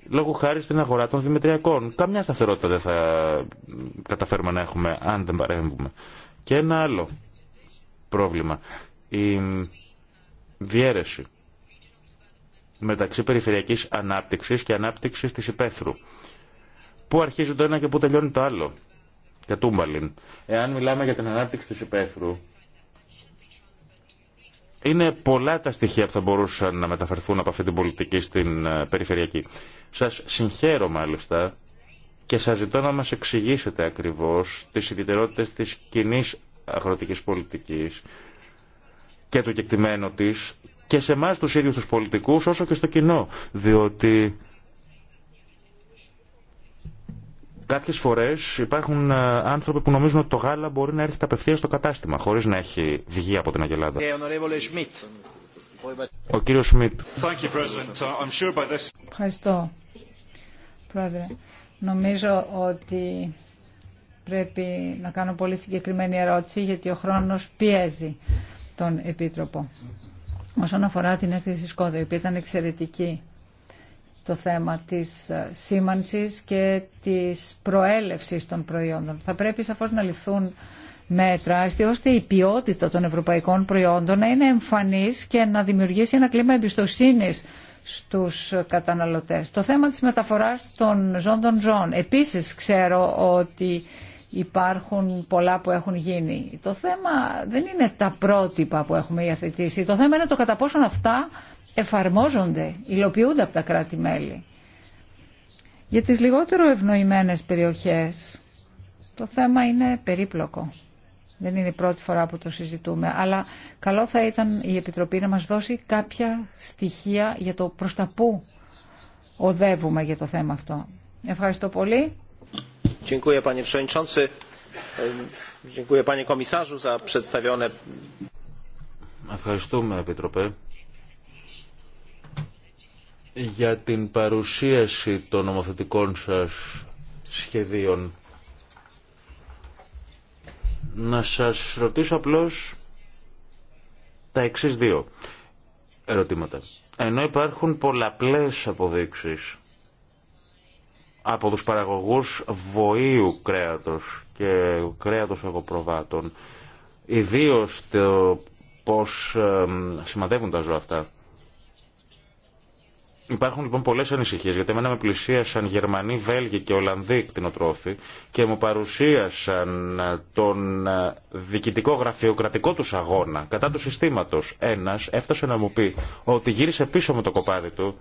λόγω χάρη στην αγορά των δημητριακών. Καμιά σταθερότητα δεν θα καταφέρουμε να έχουμε αν δεν παρέμβουμε. Και ένα άλλο πρόβλημα. Η διέρεση μεταξύ περιφερειακής ανάπτυξης και ανάπτυξης της υπαίθρου. Πού αρχίζει το ένα και πού τελειώνει το άλλο. τούμπαλιν. Εάν μιλάμε για την ανάπτυξη της υπαίθρου, είναι πολλά τα στοιχεία που θα μπορούσαν να μεταφερθούν από αυτή την πολιτική στην ε, περιφερειακή. Σας συγχαίρω μάλιστα και σας ζητώ να μας εξηγήσετε ακριβώς τις ιδιαιτερότητες της κοινή αγροτικής πολιτικής και του κεκτημένου της και σε εμά τους ίδιους τους πολιτικούς όσο και στο κοινό. Διότι κάποιες φορές υπάρχουν ε, άνθρωποι που νομίζουν ότι το γάλα μπορεί να έρθει απευθείας στο κατάστημα χωρίς να έχει βγει από την Αγελάδα. Ο κύριος Σμιτ. Ευχαριστώ. Πρόεδρε, νομίζω ότι πρέπει να κάνω πολύ συγκεκριμένη ερώτηση γιατί ο χρόνος πιέζει τον Επίτροπο. Όσον αφορά την έκθεση Σκόδα, η οποία ήταν εξαιρετική το θέμα της ε, σήμανσης και της προέλευσης των προϊόντων. Θα πρέπει σαφώς να ληφθούν μέτρα, ώστε η ποιότητα των ευρωπαϊκών προϊόντων να είναι εμφανής και να δημιουργήσει ένα κλίμα εμπιστοσύνης στους καταναλωτές. Το θέμα της μεταφοράς των ζών των ζών. Επίσης ξέρω ότι υπάρχουν πολλά που έχουν γίνει. Το θέμα δεν είναι τα πρότυπα που έχουμε υιοθετήσει. Το θέμα είναι το κατά πόσον αυτά εφαρμόζονται, υλοποιούνται από τα κράτη-μέλη. Για τις λιγότερο ευνοημένες περιοχές το θέμα είναι περίπλοκο. Δεν είναι η πρώτη φορά που το συζητούμε, αλλά καλό θα ήταν η Επιτροπή να μας δώσει κάποια στοιχεία για το προς τα πού οδεύουμε για το θέμα αυτό. Ευχαριστώ πολύ. Ευχαριστούμε, Επιτροπέ, για την παρουσίαση των νομοθετικών σας σχεδίων. Να σας ρωτήσω απλώς τα εξής δύο ερωτήματα. Ενώ υπάρχουν πολλαπλές αποδείξεις από τους παραγωγούς βοήου κρέατος και κρέατος αγοπροβάτων, ιδίως το πώς σημαδεύουν τα ζώα αυτά, Υπάρχουν λοιπόν πολλέ ανησυχίε, γιατί εμένα με πλησίασαν Γερμανοί, Βέλγοι και Ολλανδοί κτηνοτρόφοι και μου παρουσίασαν ε, τον ε, διοικητικό γραφειοκρατικό του αγώνα κατά του συστήματο. Ένα έφτασε να μου πει ότι γύρισε πίσω με το κοπάδι του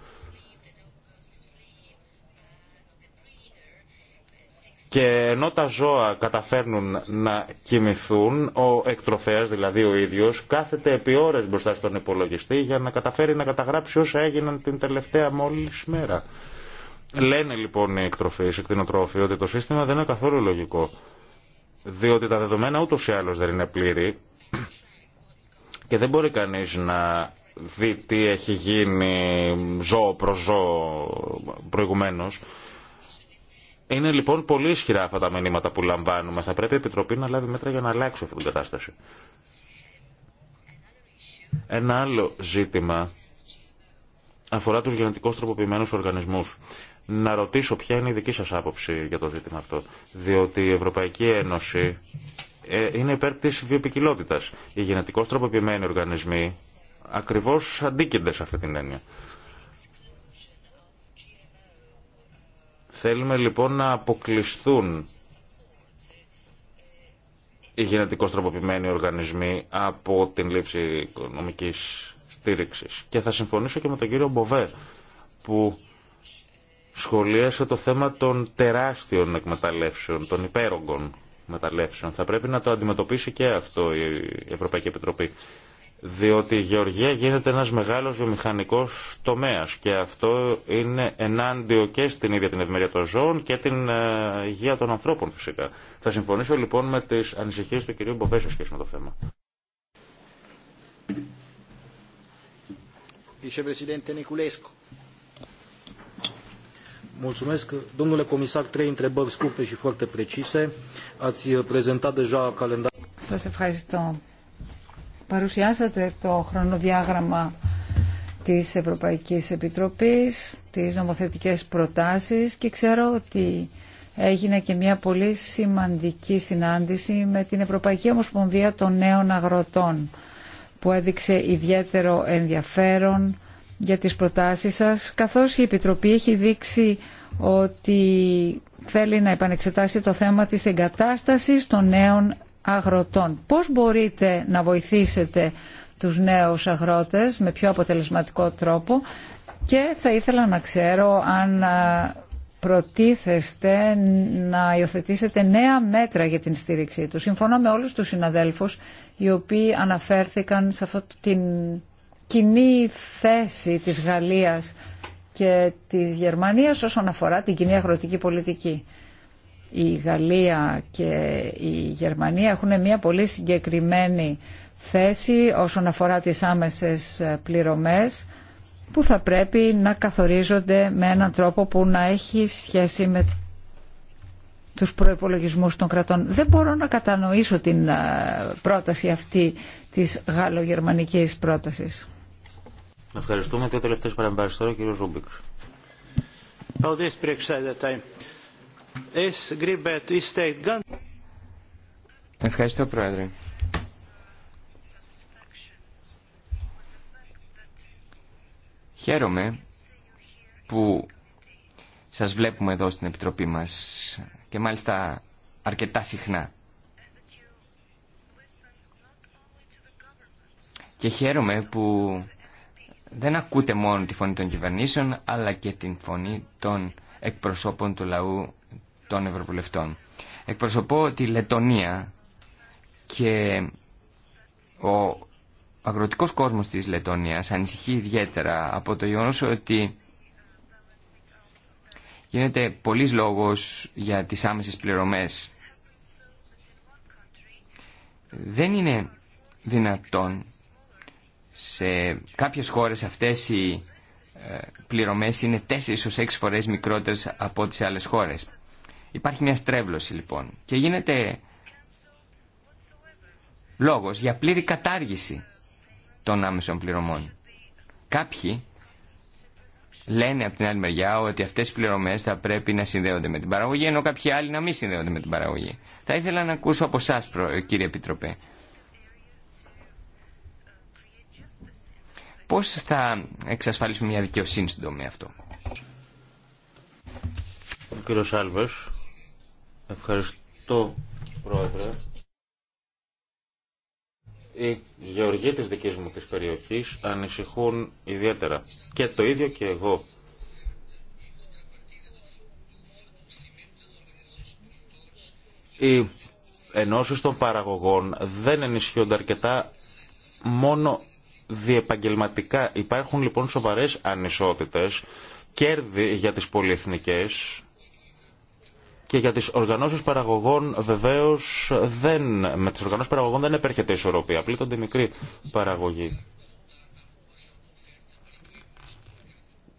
Και ενώ τα ζώα καταφέρνουν να κοιμηθούν, ο εκτροφέας, δηλαδή ο ίδιος, κάθεται επί ώρες μπροστά στον υπολογιστή για να καταφέρει να καταγράψει όσα έγιναν την τελευταία μόλις μέρα. Λένε λοιπόν οι εκτροφείς, οι κτηνοτρόφοι, ότι το σύστημα δεν είναι καθόλου λογικό. Διότι τα δεδομένα ούτως ή άλλως δεν είναι πλήρη [CLEARS THROAT] και δεν μπορεί κανείς να δει τι έχει γίνει ζώο προς ζώο προηγουμένως. Είναι λοιπόν πολύ ισχυρά αυτά τα μηνύματα που λαμβάνουμε. Θα πρέπει η Επιτροπή να λάβει μέτρα για να αλλάξει αυτή την κατάσταση. Ένα άλλο ζήτημα αφορά τους γενετικώς τροποποιημένους οργανισμούς. Να ρωτήσω ποια είναι η δική σας άποψη για το ζήτημα αυτό. Διότι η Ευρωπαϊκή Ένωση ε, είναι υπέρ της βιοπικιλότητας. Οι γενετικώς τροποποιημένοι οργανισμοί ακριβώς αντίκενται σε αυτή την έννοια. Θέλουμε λοιπόν να αποκλειστούν οι γενετικώς τροποποιημένοι οργανισμοί από την λήψη οικονομικής στήριξης. Και θα συμφωνήσω και με τον κύριο Μποβέ που σχολίασε το θέμα των τεράστιων εκμεταλλεύσεων, των υπέρογκων μεταλλεύσεων. Θα πρέπει να το αντιμετωπίσει και αυτό η Ευρωπαϊκή Επιτροπή διότι η γεωργία γίνεται ένας μεγάλος βιομηχανικός τομέας και αυτό είναι ενάντιο και στην ίδια την ευημερία των ζώων και την ε, υγεία των ανθρώπων φυσικά. Θα συμφωνήσω λοιπόν με τις ανησυχίες του κυρίου Μποβέ σε σχέση με το θέμα. Mulțumesc. Domnule comisar, trei întrebări scurte și foarte precise. Ați prezentat deja calendarul. Să se facă παρουσιάσατε το χρονοδιάγραμμα της Ευρωπαϊκής Επιτροπής, τις νομοθετικές προτάσεις και ξέρω ότι έγινε και μια πολύ σημαντική συνάντηση με την Ευρωπαϊκή Ομοσπονδία των Νέων Αγροτών που έδειξε ιδιαίτερο ενδιαφέρον για τις προτάσεις σας καθώς η Επιτροπή έχει δείξει ότι θέλει να επανεξετάσει το θέμα της εγκατάστασης των νέων αγροτών. Πώς μπορείτε να βοηθήσετε τους νέους αγρότες με πιο αποτελεσματικό τρόπο και θα ήθελα να ξέρω αν προτίθεστε να υιοθετήσετε νέα μέτρα για την στήριξή του. Συμφωνώ με όλους τους συναδέλφους οι οποίοι αναφέρθηκαν σε αυτή την κοινή θέση της Γαλλίας και της Γερμανίας όσον αφορά την κοινή αγροτική πολιτική η Γαλλία και η Γερμανία έχουν μια πολύ συγκεκριμένη θέση όσον αφορά τις άμεσες πληρωμές που θα πρέπει να καθορίζονται με έναν τρόπο που να έχει σχέση με τους προϋπολογισμούς των κρατών. Δεν μπορώ να κατανοήσω την ε, πρόταση αυτή της γαλλογερμανικής πρότασης. Ευχαριστούμε. Δύο τελευταίες παρεμβάσεις τώρα, κύριο Ζούμπικ. Ευχαριστώ, Πρόεδρε. Χαίρομαι που σας βλέπουμε εδώ στην Επιτροπή μας και μάλιστα αρκετά συχνά. Και χαίρομαι που δεν ακούτε μόνο τη φωνή των κυβερνήσεων αλλά και την φωνή των εκπροσώπων του λαού των Ευρωβουλευτών. Εκπροσωπώ τη Λετωνία και ο αγροτικός κόσμος της Λετωνίας ανησυχεί ιδιαίτερα από το γεγονό ότι γίνεται πολλής λόγος για τις άμεσες πληρωμές. Δεν είναι δυνατόν σε κάποιες χώρες αυτές οι ε, πληρωμές είναι 4 έως 6 φορές μικρότερες από τις άλλες χώρες. Υπάρχει μια στρέβλωση λοιπόν και γίνεται λόγος για πλήρη κατάργηση των άμεσων πληρωμών. Κάποιοι λένε από την άλλη μεριά ότι αυτές οι πληρωμές θα πρέπει να συνδέονται με την παραγωγή ενώ κάποιοι άλλοι να μην συνδέονται με την παραγωγή. Θα ήθελα να ακούσω από εσά, κύριε Επιτροπέ. Πώς θα εξασφαλίσουμε μια δικαιοσύνη στον τομέα αυτό. Ο κύριος Ευχαριστώ, Πρόεδρε. Οι γεωργοί της δικής μου της περιοχής ανησυχούν ιδιαίτερα. Και το ίδιο και εγώ. Οι ενώσεις των παραγωγών δεν ενισχύονται αρκετά μόνο διεπαγγελματικά. Υπάρχουν λοιπόν σοβαρές ανισότητες, κέρδη για τις πολυεθνικές και για τις οργανώσεις παραγωγών βεβαίως δεν, με τις οργανώσεις παραγωγών δεν επέρχεται ισορροπία, πλήττονται μικρή παραγωγή.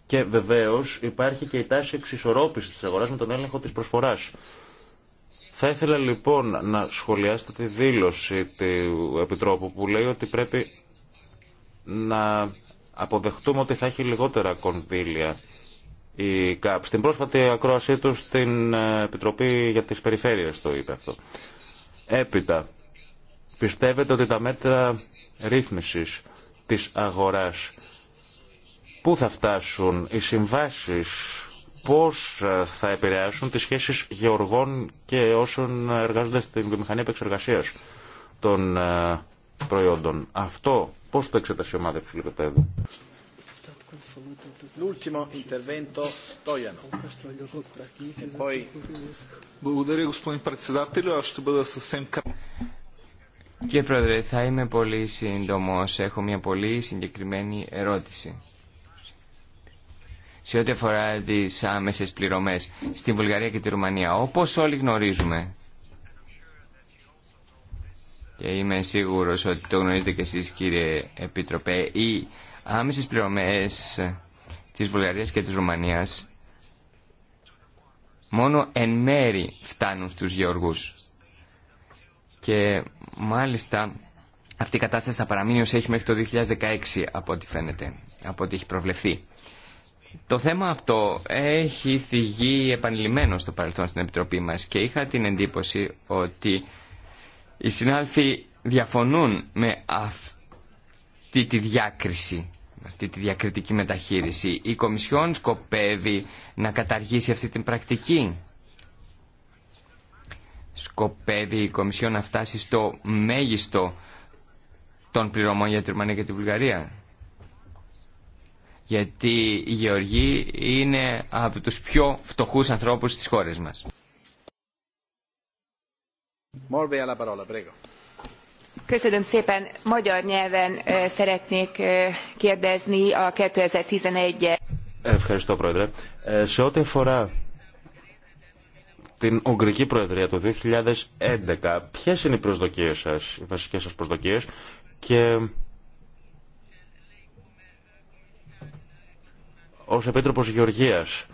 Και βεβαίω υπάρχει και η τάση εξισορρόπηση τη αγορά με τον έλεγχο τη προσφορά. Θα ήθελα λοιπόν να σχολιάσετε τη δήλωση του Επιτρόπου που λέει ότι πρέπει να αποδεχτούμε ότι θα έχει λιγότερα κονδύλια η ΚΑΠ. Στην πρόσφατη ακρόασή του στην ε, Επιτροπή για τις Περιφέρειες το είπε αυτό. Έπειτα, πιστεύετε ότι τα μέτρα ρύθμισης της αγοράς πού θα φτάσουν οι συμβάσεις πώς ε, θα επηρεάσουν τις σχέσεις γεωργών και όσων εργάζονται στην βιομηχανία επεξεργασία των ε, προϊόντων. Αυτό πώς το εξετάσει η ομάδα E κύριε Πρόεδρε, θα είμαι πολύ σύντομο. Έχω μια πολύ συγκεκριμένη ερώτηση. Σε ό,τι αφορά τι άμεσε πληρωμέ στη Βουλγαρία και τη Ρουμανία, όπω όλοι γνωρίζουμε, και είμαι σίγουρο ότι το γνωρίζετε κι εσεί, κύριε Επίτροπε, οι άμεσε πληρωμέ της Βουλγαρίας και της Ρουμανίας μόνο εν μέρη φτάνουν στους γεωργούς. Και μάλιστα αυτή η κατάσταση θα παραμείνει όσο έχει μέχρι το 2016 από ό,τι φαίνεται, από ό,τι έχει προβλεφθεί. Το θέμα αυτό έχει θυγεί επανειλημμένο στο παρελθόν στην Επιτροπή μας και είχα την εντύπωση ότι οι συνάλφοι διαφωνούν με αυτή τη διάκριση αυτή τη διακριτική μεταχείριση. Η Κομισιόν σκοπεύει να καταργήσει αυτή την πρακτική. Σκοπεύει η Κομισιόν να φτάσει στο μέγιστο των πληρωμών για τη Ρουμανία και τη Βουλγαρία. Γιατί οι Γεωργοί είναι από τους πιο φτωχούς ανθρώπους της χώρας μας. Μόρβε, αλλά παρόλα, πρέγω. Ευχαριστώ, Πρόεδρε. Ε, σε ό,τι αφορά την Ουγγρική Προεδρία το 2011, ποιες είναι οι προσδοκίες σας, οι βασικές σας προσδοκίες και ως Επίτροπος Γεωργίας,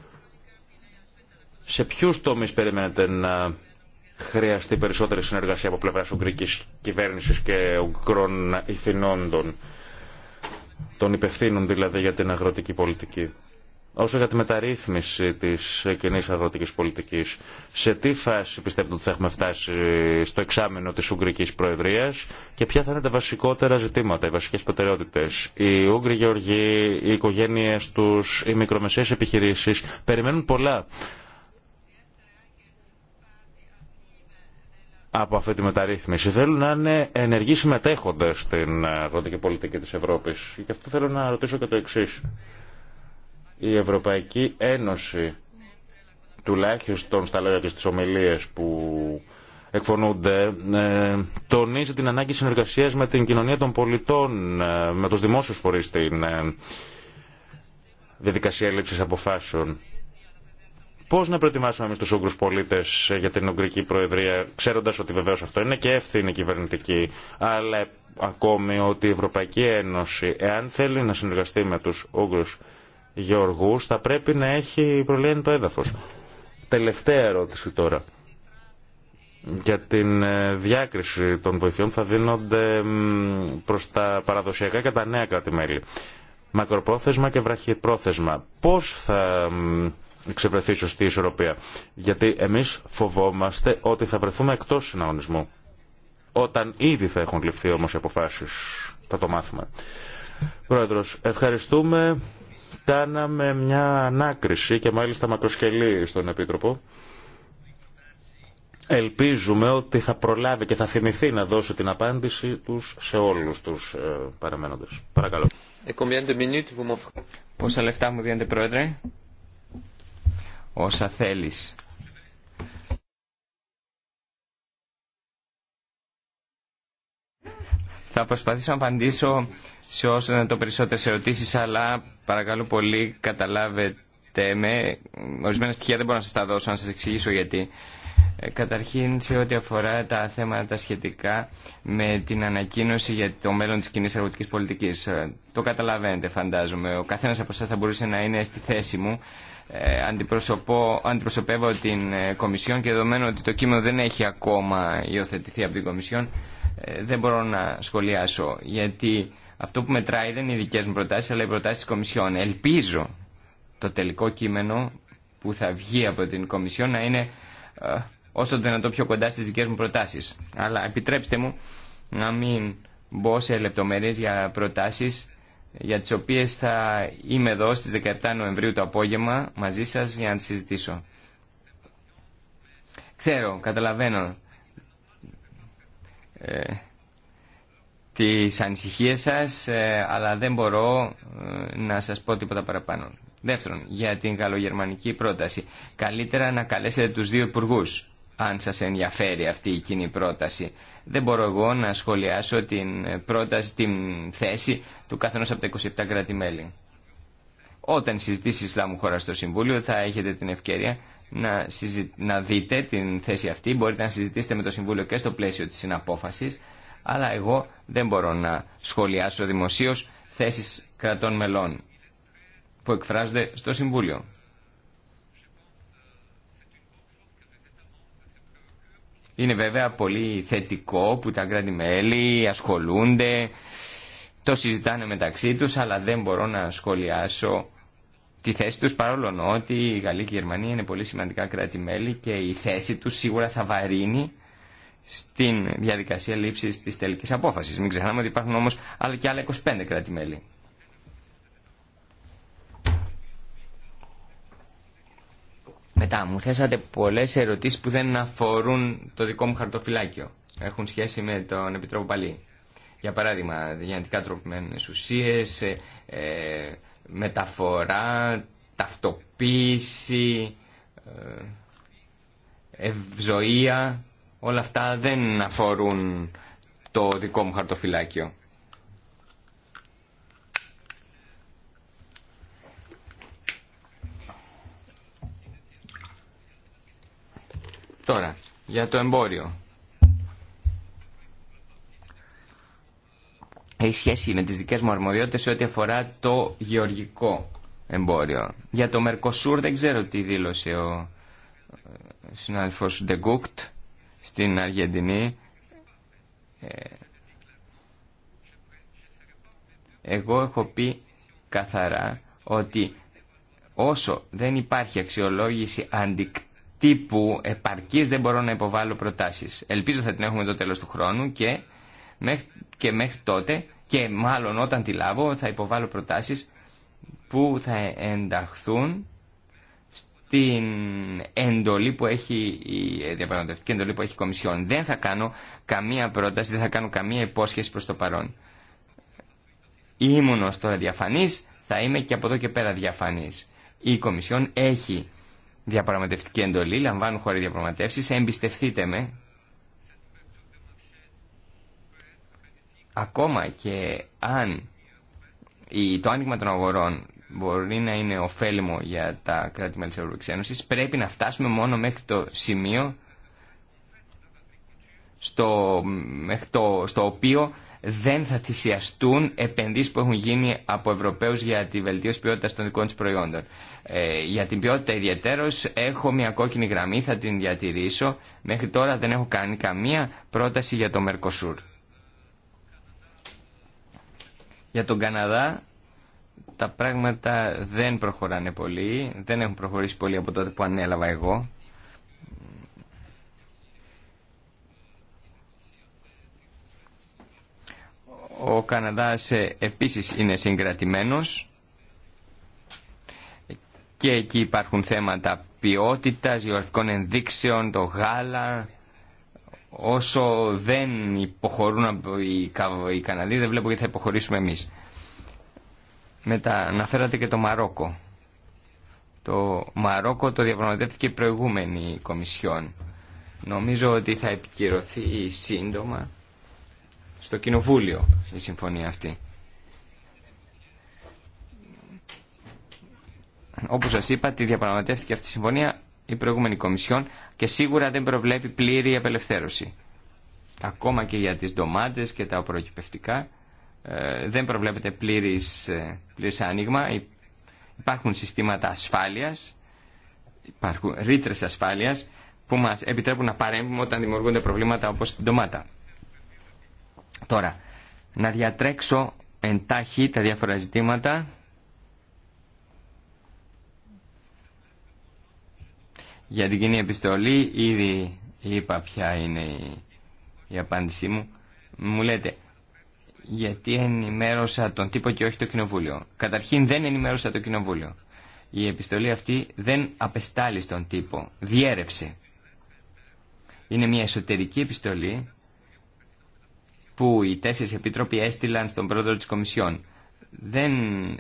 σε ποιους τομείς περιμένετε να χρειαστεί περισσότερη συνεργασία από πλευρά Ουγγρική κυβέρνηση και Ουγγρών ηθινόντων, των υπευθύνων δηλαδή για την αγροτική πολιτική. Όσο για τη μεταρρύθμιση τη κοινή αγροτική πολιτική. σε τι φάση πιστεύετε ότι θα έχουμε φτάσει στο εξάμεινο τη Ουγγρική Προεδρία και ποια θα είναι τα βασικότερα ζητήματα, οι βασικέ προτεραιότητε. Οι Ούγγροι Γεωργοί, οι οικογένειε του, οι μικρομεσαίε επιχειρήσει περιμένουν πολλά από αυτή τη μεταρρύθμιση. Θέλουν να είναι ενεργοί συμμετέχοντε στην αγροτική πολιτική τη Ευρώπη. Γι' αυτό θέλω να ρωτήσω και το εξή. Η Ευρωπαϊκή Ένωση, τουλάχιστον στα λόγια και στι ομιλίε που εκφωνούνται, ε, τονίζει την ανάγκη συνεργασία με την κοινωνία των πολιτών, ε, με του δημόσιου φορεί στην ε, διαδικασία λήψη αποφάσεων. Πώ να προετοιμάσουμε εμεί του Ούγγρου πολίτε για την Ουγγρική Προεδρία, ξέροντα ότι βεβαίω αυτό είναι και ευθύνη κυβερνητική, αλλά ακόμη ότι η Ευρωπαϊκή Ένωση, εάν θέλει να συνεργαστεί με του Ούγγρου γεωργού, θα πρέπει να έχει προλύνει το έδαφο. Τελευταία ερώτηση τώρα. Για την ε, διάκριση των βοηθειών θα δίνονται προς τα παραδοσιακά και τα νέα κράτη-μέλη. Μακροπρόθεσμα και βραχυπρόθεσμα. Πώς θα ξεβρεθεί σωστή ισορροπία. Γιατί εμείς φοβόμαστε ότι θα βρεθούμε εκτός συναγωνισμού. Όταν ήδη θα έχουν ληφθεί όμως οι αποφάσεις. Θα το μάθουμε. Πρόεδρος, ευχαριστούμε. Κάναμε μια ανάκριση και μάλιστα μακροσκελή στον Επίτροπο. Ελπίζουμε ότι θα προλάβει και θα θυμηθεί να δώσει την απάντηση τους σε όλους τους ε, παραμένοντες. Παρακαλώ. Πόσα λεφτά μου δίνετε, Πρόεδρε όσα θέλεις. Θα προσπαθήσω να απαντήσω σε όσο είναι το περισσότερες ερωτήσεις, αλλά παρακαλώ πολύ καταλάβετε με. Ορισμένα στοιχεία δεν μπορώ να σας τα δώσω, να σας εξηγήσω γιατί. Ε, καταρχήν σε ό,τι αφορά τα θέματα σχετικά με την ανακοίνωση για το μέλλον της κοινή αγροτικής πολιτικής. Ε, το καταλαβαίνετε φαντάζομαι. Ο καθένας από θα μπορούσε να είναι στη θέση μου ε, αντιπροσωπεύω την ε, Κομισιόν και δεδομένου ότι το κείμενο δεν έχει ακόμα υιοθετηθεί από την Κομισιόν ε, δεν μπορώ να σχολιάσω γιατί αυτό που μετράει δεν είναι οι δικές μου προτάσεις αλλά οι προτάσεις της Κομισιόν. Ελπίζω το τελικό κείμενο που θα βγει από την Κομισιόν να είναι όσο το δυνατό πιο κοντά στις δικές μου προτάσεις. Αλλά επιτρέψτε μου να μην μπω σε λεπτομέρειες για προτάσεις για τις οποίες θα είμαι εδώ στις 17 Νοεμβρίου το απόγευμα μαζί σας για να τις συζητήσω. Ξέρω, καταλαβαίνω ε, τις ανησυχίες σας, ε, αλλά δεν μπορώ ε, να σας πω τίποτα παραπάνω. Δεύτερον, για την γαλλογερμανική πρόταση. Καλύτερα να καλέσετε τους δύο υπουργούς αν σας ενδιαφέρει αυτή η κοινή πρόταση. Δεν μπορώ εγώ να σχολιάσω την πρόταση, την θέση του καθενός από τα 27 κράτη-μέλη. Όταν συζητήσει Ισλάμου χώρα στο Συμβούλιο θα έχετε την ευκαιρία να, να δείτε την θέση αυτή. Μπορείτε να συζητήσετε με το Συμβούλιο και στο πλαίσιο της συναπόφασης. Αλλά εγώ δεν μπορώ να σχολιάσω δημοσίως θέσεις κρατών μελών που εκφράζονται στο Συμβούλιο. Είναι βέβαια πολύ θετικό που τα κράτη-μέλη ασχολούνται, το συζητάνε μεταξύ τους, αλλά δεν μπορώ να σχολιάσω τη θέση τους παρόλο ότι η Γαλλία και η Γερμανία είναι πολύ σημαντικά κράτη-μέλη και η θέση τους σίγουρα θα βαρύνει στην διαδικασία λήψης της τελικής απόφασης. Μην ξεχνάμε ότι υπάρχουν όμως άλλα και άλλα 25 κράτη-μέλη. Μετά μου θέσατε πολλές ερωτήσεις που δεν αφορούν το δικό μου χαρτοφυλάκιο. Έχουν σχέση με τον Επιτρόπο Παλή. Για παράδειγμα, γενετικά τροπημένες ουσίες, ε, ε, μεταφορά, ταυτοποίηση, ε, ευζοία. Όλα αυτά δεν αφορούν το δικό μου χαρτοφυλάκιο. Τώρα, για το εμπόριο. Έχει σχέση με τις δικές μου αρμοδιότητες σε ό,τι αφορά το γεωργικό εμπόριο. Για το Μερκοσούρ δεν ξέρω τι δήλωσε ο ε, συνάδελφος Ντεγκούκτ στην Αργεντινή. Ε, εγώ έχω πει καθαρά ότι όσο δεν υπάρχει αξιολόγηση αντικτύπου τύπου επαρκή δεν μπορώ να υποβάλω προτάσεις. Ελπίζω θα την έχουμε το τέλος του χρόνου και μέχρι, και μέχρι τότε και μάλλον όταν τη λάβω θα υποβάλω προτάσεις που θα ενταχθούν στην εντολή που έχει η διαπραγματευτική εντολή που έχει η Κομισιόν. Δεν θα κάνω καμία πρόταση, δεν θα κάνω καμία υπόσχεση προς το παρόν. Ήμουν ως τώρα διαφανής, θα είμαι και από εδώ και πέρα διαφανής. Η Κομισιόν έχει διαπραγματευτική εντολή, λαμβάνουν χώρα διαπραγματεύσεις, εμπιστευτείτε με. Ακόμα και αν το άνοιγμα των αγορών μπορεί να είναι ωφέλιμο για τα κράτη μέλη της Ευρωπαϊκής Ένωσης, πρέπει να φτάσουμε μόνο μέχρι το σημείο στο, στο οποίο δεν θα θυσιαστούν επενδύσεις που έχουν γίνει από Ευρωπαίους για τη βελτίωση ποιότητας των δικών τους προϊόντων. Ε, για την ποιότητα ιδιαίτερως έχω μια κόκκινη γραμμή, θα την διατηρήσω. Μέχρι τώρα δεν έχω κάνει καμία πρόταση για το Μερκοσούρ. Για τον Καναδά τα πράγματα δεν προχωράνε πολύ, δεν έχουν προχωρήσει πολύ από τότε που ανέλαβα εγώ. Ο Καναδάς ε, επίσης είναι συγκρατημένος και εκεί υπάρχουν θέματα ποιότητας, γεωγραφικών ενδείξεων, το γάλα. Όσο δεν υποχωρούν οι Καναδοί δεν βλέπω γιατί θα υποχωρήσουμε εμείς. Μετά αναφέρατε και το Μαρόκο. Το Μαρόκο το διαπραγματεύτηκε η προηγούμενη Κομισιόν. Νομίζω ότι θα επικυρωθεί σύντομα στο Κοινοβούλιο η συμφωνία αυτή. Όπως σας είπα, τη διαπραγματεύτηκε αυτή η συμφωνία η προηγούμενη Κομισιόν και σίγουρα δεν προβλέπει πλήρη απελευθέρωση. Ακόμα και για τις ντομάτες και τα προκυπευτικά ε, δεν προβλέπεται πλήρης, ε, πλήρης άνοιγμα. Υπάρχουν συστήματα ασφάλειας, υπάρχουν ρήτρες ασφάλειας που μας επιτρέπουν να παρέμβουμε όταν δημιουργούνται προβλήματα όπως την ντομάτα. Τώρα, να διατρέξω εντάχει τα διάφορα ζητήματα. Για την κοινή επιστολή ήδη είπα ποια είναι η, απάντησή μου. Μου λέτε, γιατί ενημέρωσα τον τύπο και όχι το κοινοβούλιο. Καταρχήν δεν ενημέρωσα το κοινοβούλιο. Η επιστολή αυτή δεν απεστάλλει στον τύπο, διέρευσε. Είναι μια εσωτερική επιστολή που οι τέσσερις επίτροποι έστειλαν στον πρόεδρο της Κομισιόν. Δεν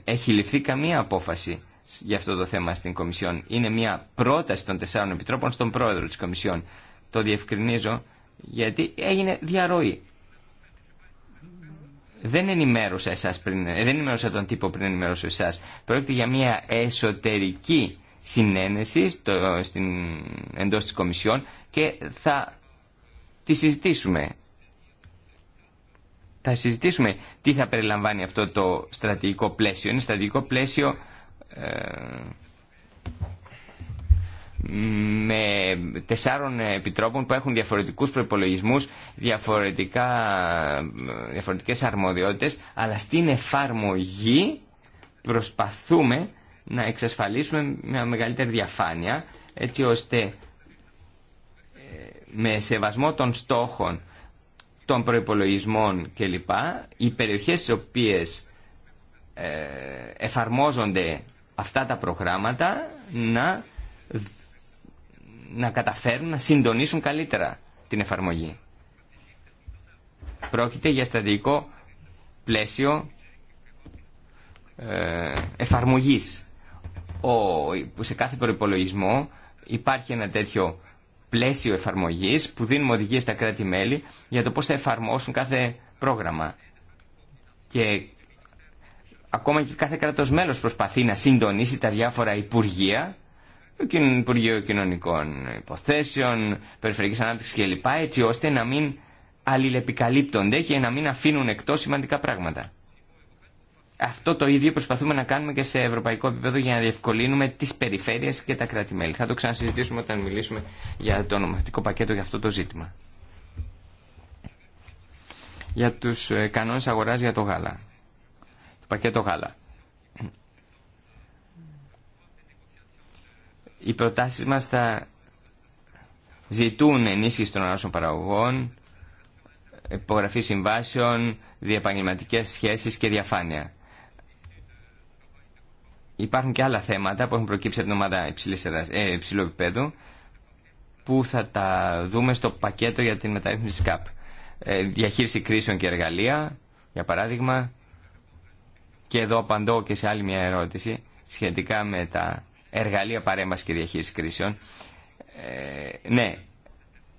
έχει ληφθεί καμία απόφαση για αυτό το θέμα στην Κομισιόν. Είναι μια πρόταση των τεσσάρων επιτρόπων στον πρόεδρο της Κομισιόν. Το διευκρινίζω γιατί έγινε διαρροή. Δεν ενημέρωσα, εσάς δεν ενημέρωσα τον τύπο πριν ενημέρωσω εσά. Πρόκειται για μια εσωτερική συνένεση στην, εντός της Κομισιόν και θα τη συζητήσουμε θα συζητήσουμε τι θα περιλαμβάνει αυτό το στρατηγικό πλαίσιο. Είναι στρατηγικό πλαίσιο ε, με τεσσάρων επιτρόπων που έχουν διαφορετικούς προϋπολογισμούς, διαφορετικά, διαφορετικές αρμοδιότητες, αλλά στην εφαρμογή προσπαθούμε να εξασφαλίσουμε μια μεγαλύτερη διαφάνεια, έτσι ώστε ε, με σεβασμό των στόχων των προϋπολογισμών κλπ. Οι περιοχές στις οποίες ε, εφαρμόζονται αυτά τα προγράμματα να, να καταφέρουν να συντονίσουν καλύτερα την εφαρμογή. Πρόκειται για στρατηγικό πλαίσιο ε, εφαρμογής ο, σε κάθε προϋπολογισμό υπάρχει ένα τέτοιο πλαίσιο εφαρμογή που δίνουμε οδηγίες στα κράτη-μέλη για το πώ θα εφαρμόσουν κάθε πρόγραμμα. Και ακόμα και κάθε κράτος μέλος προσπαθεί να συντονίσει τα διάφορα υπουργεία, το Υπουργείο Κοινωνικών Υποθέσεων, περιφερειακή Ανάπτυξης κλπ. έτσι ώστε να μην αλληλεπικαλύπτονται και να μην αφήνουν εκτό σημαντικά πράγματα αυτό το ίδιο προσπαθούμε να κάνουμε και σε ευρωπαϊκό επίπεδο για να διευκολύνουμε τις περιφέρειες και τα κράτη-μέλη. Θα το ξανασυζητήσουμε όταν μιλήσουμε για το νομοθετικό πακέτο για αυτό το ζήτημα. Για τους ε, κανόνε αγοράς για το γάλα. Το πακέτο γάλα. Οι προτάσει μας θα ζητούν ενίσχυση των ανάσων παραγωγών, υπογραφή συμβάσεων, διαπαγγελματικέ σχέσει και διαφάνεια υπάρχουν και άλλα θέματα που έχουν προκύψει από την ομάδα ε, υψηλού επίπεδου που θα τα δούμε στο πακέτο για την μεταρρύθμιση ΣΚΑΠ. Ε, διαχείριση κρίσεων και εργαλεία, για παράδειγμα, και εδώ απαντώ και σε άλλη μια ερώτηση σχετικά με τα εργαλεία παρέμβαση και διαχείριση κρίσεων. Ε, ναι,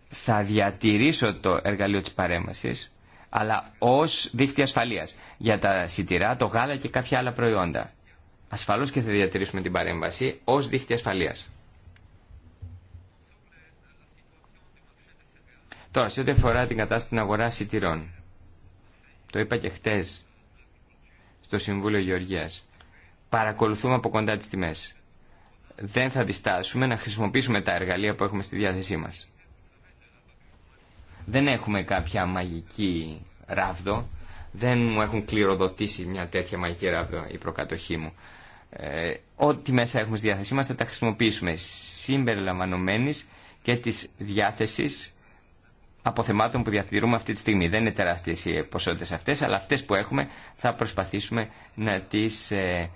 θα διατηρήσω το εργαλείο της παρέμβασης, αλλά ως δίχτυ ασφαλείας για τα σιτηρά, το γάλα και κάποια άλλα προϊόντα ασφαλώς και θα διατηρήσουμε την παρέμβαση ως δίχτυ ασφαλείας. Τώρα, σε ό,τι αφορά την κατάσταση στην αγορά σιτηρών, το είπα και χτες στο Συμβούλιο Γεωργίας, παρακολουθούμε από κοντά τις τιμές. Δεν θα διστάσουμε να χρησιμοποιήσουμε τα εργαλεία που έχουμε στη διάθεσή μας. Δεν έχουμε κάποια μαγική ράβδο, δεν μου έχουν κληροδοτήσει μια τέτοια μαγική ράβδο η προκατοχή μου. Ε, ό,τι μέσα έχουμε στη διάθεσή μας θα τα χρησιμοποιήσουμε συμπεριλαμβανομένης και της διάθεσης αποθεμάτων που διατηρούμε αυτή τη στιγμή. Δεν είναι τεράστιες οι ποσότητες αυτές, αλλά αυτές που έχουμε θα προσπαθήσουμε να τις ε,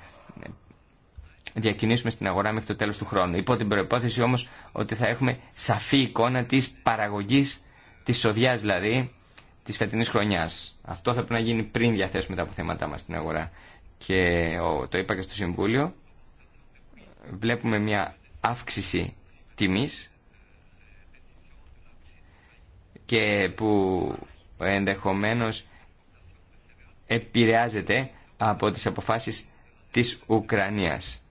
διακινήσουμε στην αγορά μέχρι το τέλος του χρόνου. Υπό την προϋπόθεση όμως ότι θα έχουμε σαφή εικόνα της παραγωγής, της σοδιάς δηλαδή, της φετινής χρονιάς. Αυτό θα πρέπει να γίνει πριν διαθέσουμε τα αποθέματά μας στην αγορά και το είπα και στο Συμβούλιο, βλέπουμε μια αύξηση τιμής και που ενδεχομένως επηρεάζεται από τις αποφάσεις της Ουκρανίας.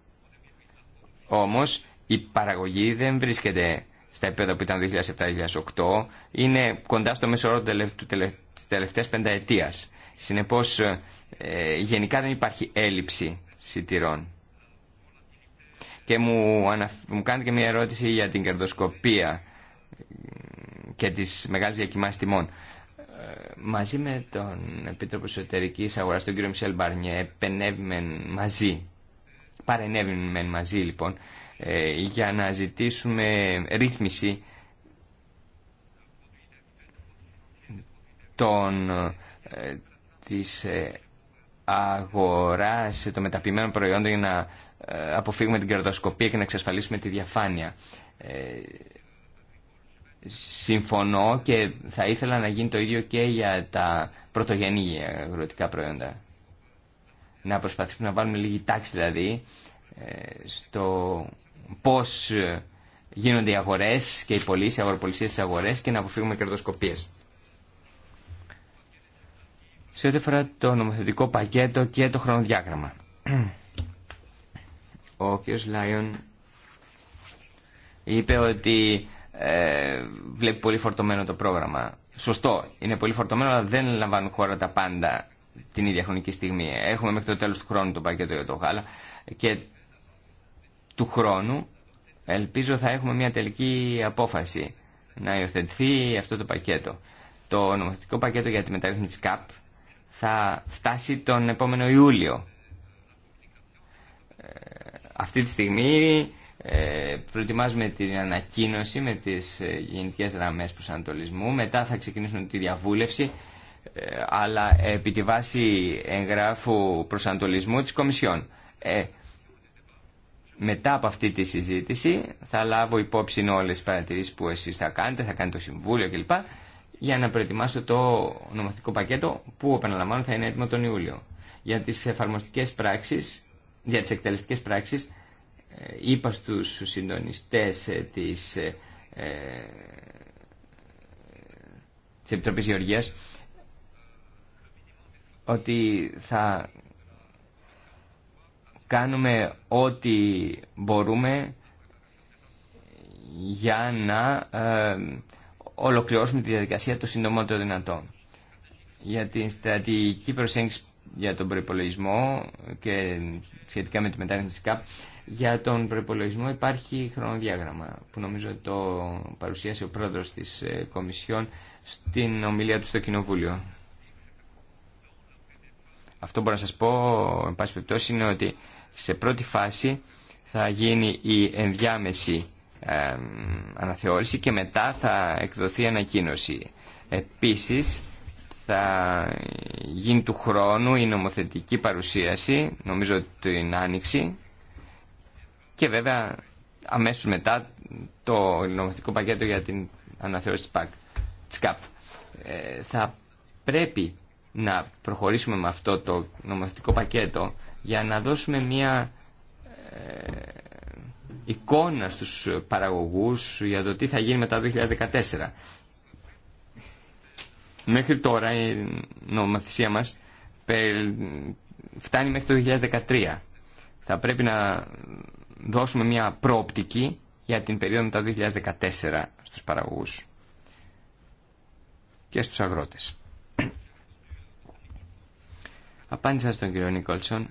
Όμως η παραγωγή δεν βρίσκεται στα επίπεδα που ήταν 2007-2008, είναι κοντά στο μέσο όρο της τελευταίας πενταετίας. Συνεπώς ε, γενικά δεν υπάρχει έλλειψη σιτηρών. Και μου, αναφ- κάνετε και μια ερώτηση για την κερδοσκοπία ε, και τις μεγάλες διακοιμάσεις τιμών. Ε, μαζί με τον Επίτροπο Εσωτερική Αγορά, τον κύριο Μισελ Μπαρνιέ, επενέβημεν μαζί, παρενέβημεν μαζί λοιπόν, για να ζητήσουμε ρύθμιση των, της Αγοράσει το μεταποιημένο προϊόντο για να ε, αποφύγουμε την κερδοσκοπία και να εξασφαλίσουμε τη διαφάνεια. Ε, συμφωνώ και θα ήθελα να γίνει το ίδιο και για τα πρωτογενή αγροτικά προϊόντα. Να προσπαθήσουμε να βάλουμε λίγη τάξη δηλαδή ε, στο πώς γίνονται οι αγορές και οι πωλήσει, οι αγοροπολισίες στις αγορές και να αποφύγουμε κερδοσκοπίες σε ό,τι το νομοθετικό πακέτο και το χρονοδιάγραμμα. Ο κ. Λάιον είπε ότι ε, βλέπει πολύ φορτωμένο το πρόγραμμα. Σωστό, είναι πολύ φορτωμένο, αλλά δεν λαμβάνουν χώρα τα πάντα την ίδια χρονική στιγμή. Έχουμε μέχρι το τέλο του χρόνου το πακέτο για το γάλα και του χρόνου ελπίζω θα έχουμε μια τελική απόφαση να υιοθετηθεί αυτό το πακέτο. Το νομοθετικό πακέτο για τη μεταρρύθμιση ΚΑΠ θα φτάσει τον επόμενο Ιούλιο. Ε, αυτή τη στιγμή ε, προετοιμάζουμε την ανακοίνωση με τις ε, γενικές γραμμές προσανατολισμού. Μετά θα ξεκινήσουν τη διαβούλευση, αλλά επί τη βάση εγγράφου προσανατολισμού της Κομισιόν. Ε, μετά από αυτή τη συζήτηση θα λάβω υπόψη όλες τις παρατηρήσεις που εσείς θα κάνετε, θα κάνετε το Συμβούλιο κλπ για να προετοιμάσω το νομοθετικό πακέτο που, επαναλαμβάνω, θα είναι έτοιμο τον Ιούλιο. Για τι εφαρμοστικέ πράξει, για τι εκτελεστικές πράξεις, ε, είπα στου συντονιστέ τη ε, ε, ε Επιτροπή ότι θα κάνουμε ό,τι μπορούμε για να ολοκληρώσουμε τη διαδικασία το συντομότερο δυνατό. Για την στρατηγική προσέγγιση για τον προπολογισμό και σχετικά με τη μετάρρυνση ΚΑΠ, για τον προπολογισμό υπάρχει χρονοδιάγραμμα που νομίζω το παρουσίασε ο πρόεδρος της ε, Κομισιόν στην ομιλία του στο Κοινοβούλιο. Αυτό μπορώ να σας πω, εν πάση περιπτώσει, είναι ότι σε πρώτη φάση θα γίνει η ενδιάμεση αναθεώρηση και μετά θα εκδοθεί ανακοίνωση. Επίσης θα γίνει του χρόνου η νομοθετική παρουσίαση, νομίζω την Άνοιξη και βέβαια αμέσως μετά το νομοθετικό πακέτο για την αναθεώρηση της ΚΑΠ. Ε, θα πρέπει να προχωρήσουμε με αυτό το νομοθετικό πακέτο για να δώσουμε μια ε, εικόνα στους παραγωγούς για το τι θα γίνει μετά το 2014. Μέχρι τώρα η νομοθεσία μας φτάνει μέχρι το 2013. Θα πρέπει να δώσουμε μια προοπτική για την περίοδο μετά το 2014 στους παραγωγούς και στους αγρότες. Απάντησα στον κύριο Νίκολσον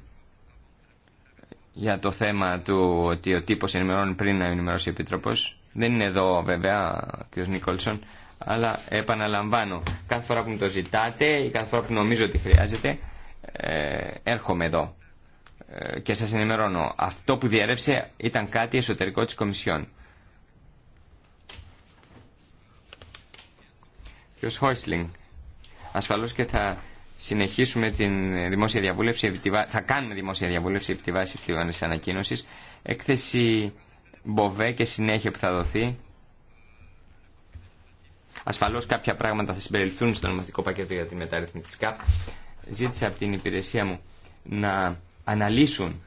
για το θέμα του ότι ο τύπος ενημερώνει πριν να ενημερώσει ο Επίτροπος. Δεν είναι εδώ βέβαια ο κ. Νίκολσον, αλλά επαναλαμβάνω, κάθε φορά που μου το ζητάτε ή κάθε φορά που νομίζω ότι χρειάζεται, ε, έρχομαι εδώ ε, και σας ενημερώνω. Αυτό που διέρευσε ήταν κάτι εσωτερικό της Κομισιόν. Κ. Χόισλινγκ, ασφαλώς και θα συνεχίσουμε την δημόσια διαβούλευση, θα κάνουμε δημόσια διαβούλευση επί τη βάση της ανακοίνωσης. Έκθεση Μποβέ και συνέχεια που θα δοθεί. Ασφαλώς κάποια πράγματα θα συμπεριληφθούν στο νομοθετικό πακέτο για τη μεταρρύθμιση της ΚΑΠ. Ζήτησα από την υπηρεσία μου να αναλύσουν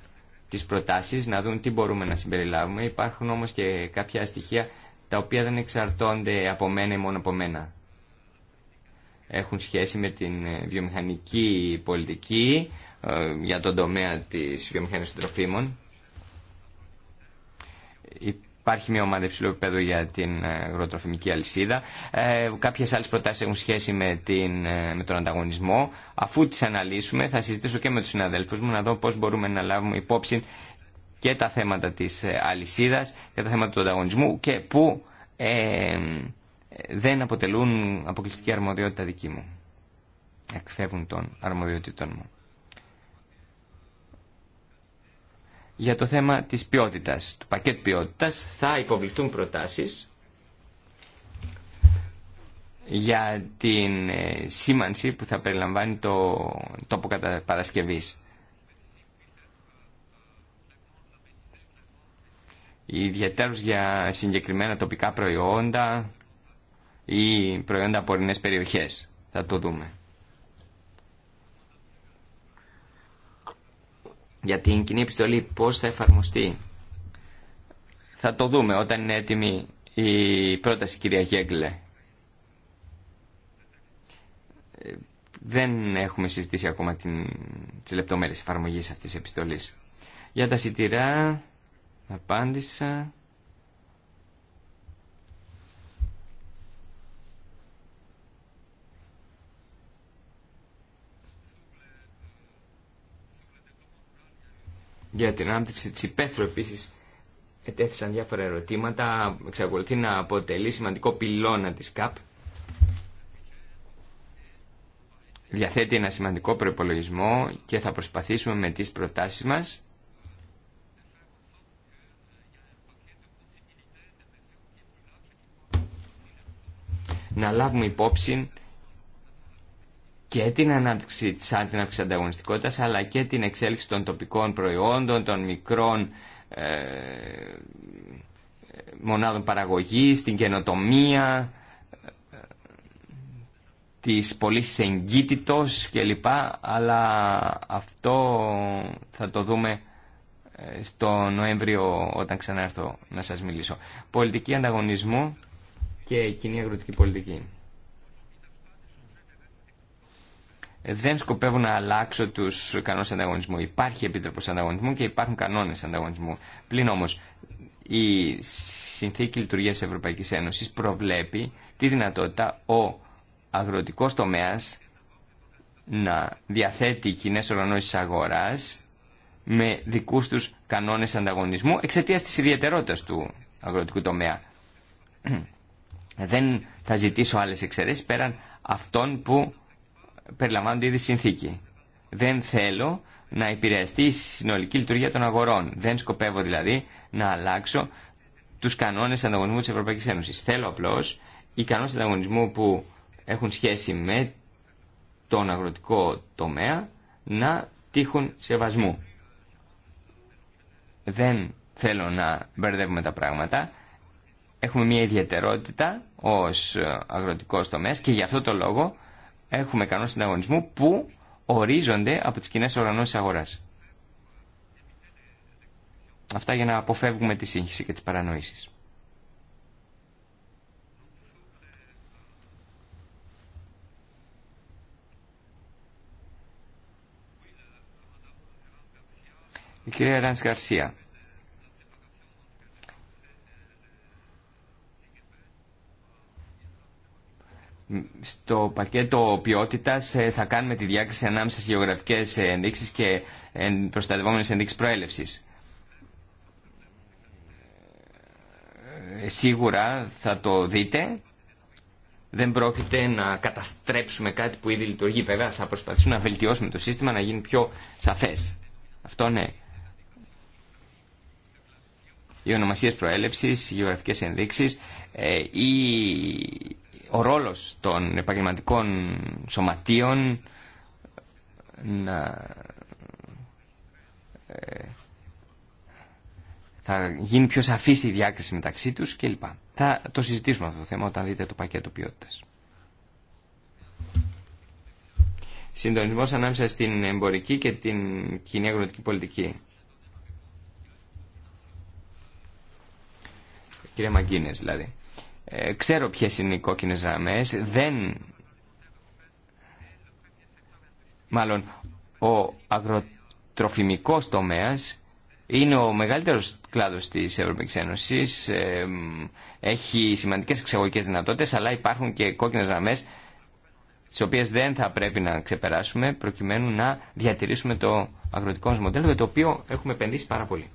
τις προτάσεις, να δουν τι μπορούμε να συμπεριλάβουμε. Υπάρχουν όμως και κάποια στοιχεία τα οποία δεν εξαρτώνται από μένα ή μόνο από μένα έχουν σχέση με την ε, βιομηχανική πολιτική ε, για τον τομέα της βιομηχανίας των τροφίμων. Υπάρχει μια ομάδα υψηλού επίπεδου για την ε, αγροτροφημική αλυσίδα. Ε, κάποιες άλλες προτάσεις έχουν σχέση με, την, με τον ανταγωνισμό. Αφού τις αναλύσουμε θα συζητήσω και με τους συναδέλφους μου να δω πώς μπορούμε να λάβουμε υπόψη και τα θέματα τη αλυσίδα και τα θέματα του ανταγωνισμού και πού δεν αποτελούν αποκλειστική αρμοδιότητα δική μου. Εκφεύγουν των αρμοδιότητων μου. Για το θέμα της ποιότητας, του πακέτου ποιότητας, θα υποβληθούν προτάσεις για την ε, σήμανση που θα περιλαμβάνει το τόπο παρασκευής. Ιδιαίτερως για συγκεκριμένα τοπικά προϊόντα, ή προϊόντα από ορεινές περιοχές. Θα το δούμε. Για την κοινή επιστολή πώς θα εφαρμοστεί. Θα το δούμε όταν είναι έτοιμη η πρόταση κυρία Γέγκλε. Δεν έχουμε συζητήσει ακόμα την, τις λεπτομέρειες εφαρμογής αυτής της επιστολής. Για τα σιτηρά απάντησα. Για την ανάπτυξη της υπαίθρου επίσης ετέθησαν διάφορα ερωτήματα, εξακολουθεί να αποτελεί σημαντικό πυλώνα της ΚΑΠ. Διαθέτει ένα σημαντικό προπολογισμό και θα προσπαθήσουμε με τις προτάσεις μας να λάβουμε υπόψη και την ανάπτυξη της ανταγωνιστικότητας αλλά και την εξέλιξη των τοπικών προϊόντων, των μικρών ε, μονάδων παραγωγής, την καινοτομία, ε, τις πωλήσει εγκύτητος κλπ. Αλλά αυτό θα το δούμε ε, στο Νοέμβριο όταν ξανάρθω να σας μιλήσω. Πολιτική ανταγωνισμού και κοινή αγροτική πολιτική. δεν σκοπεύω να αλλάξω του κανόνε ανταγωνισμού. Υπάρχει επίτροπο ανταγωνισμού και υπάρχουν κανόνε ανταγωνισμού. Πλην όμω, η συνθήκη λειτουργία τη Ευρωπαϊκή Ένωση προβλέπει τη δυνατότητα ο αγροτικό τομέα να διαθέτει κοινέ οργανώσει αγορά με δικού του κανόνε ανταγωνισμού εξαιτία τη ιδιαιτερότητα του αγροτικού τομέα. [CLEARS THROAT] Δεν θα ζητήσω άλλε εξαιρέσει πέραν αυτών που περιλαμβάνονται ήδη συνθήκη. Δεν θέλω να επηρεαστεί η συνολική λειτουργία των αγορών. Δεν σκοπεύω δηλαδή να αλλάξω τους κανόνες ανταγωνισμού τη Ευρωπαϊκή Ένωση. Θέλω απλώς οι κανόνες ανταγωνισμού που έχουν σχέση με τον αγροτικό τομέα να τύχουν σεβασμού. Δεν θέλω να μπερδεύουμε τα πράγματα. Έχουμε μια ιδιαιτερότητα ως αγροτικός τομέας και γι' αυτό το λόγο έχουμε κανόνες συνταγωνισμού που ορίζονται από τις κοινέ οργανώσεις αγοράς. Αυτά για να αποφεύγουμε τη σύγχυση και τις παρανοήσεις. Η κυρία Ράνς Γκαρσία. στο πακέτο ποιότητα ε, θα κάνουμε τη διάκριση ανάμεσα σε γεωγραφικέ ενδείξει και ε, προστατευόμενε ενδείξει προέλευση. Ε, σίγουρα θα το δείτε. Δεν πρόκειται να καταστρέψουμε κάτι που ήδη λειτουργεί. Βέβαια θα προσπαθήσουμε να βελτιώσουμε το σύστημα να γίνει πιο σαφέ. Αυτό ναι. Οι ονομασίε προέλευση, οι γεωγραφικέ ενδείξεις, η ο ρόλος των επαγγελματικών σωματείων να, ε, θα γίνει πιο σαφής η διάκριση μεταξύ τους κλπ. Θα το συζητήσουμε αυτό το θέμα όταν δείτε το πακέτο ποιότητας. Συντονισμός ανάμεσα στην εμπορική και την κοινή αγροτική πολιτική. Κύριε Μαγκίνες δηλαδή. Ε, ξέρω ποιες είναι οι κόκκινες γραμμές. Δεν... Μάλλον, ο αγροτροφημικός τομέας είναι ο μεγαλύτερος κλάδος της Ευρωπαϊκής Ένωσης. Ε, έχει σημαντικές εξαγωγικές δυνατότητες, αλλά υπάρχουν και κόκκινες γραμμές τις οποίες δεν θα πρέπει να ξεπεράσουμε προκειμένου να διατηρήσουμε το αγροτικό μας μοντέλο για το οποίο έχουμε επενδύσει πάρα πολύ.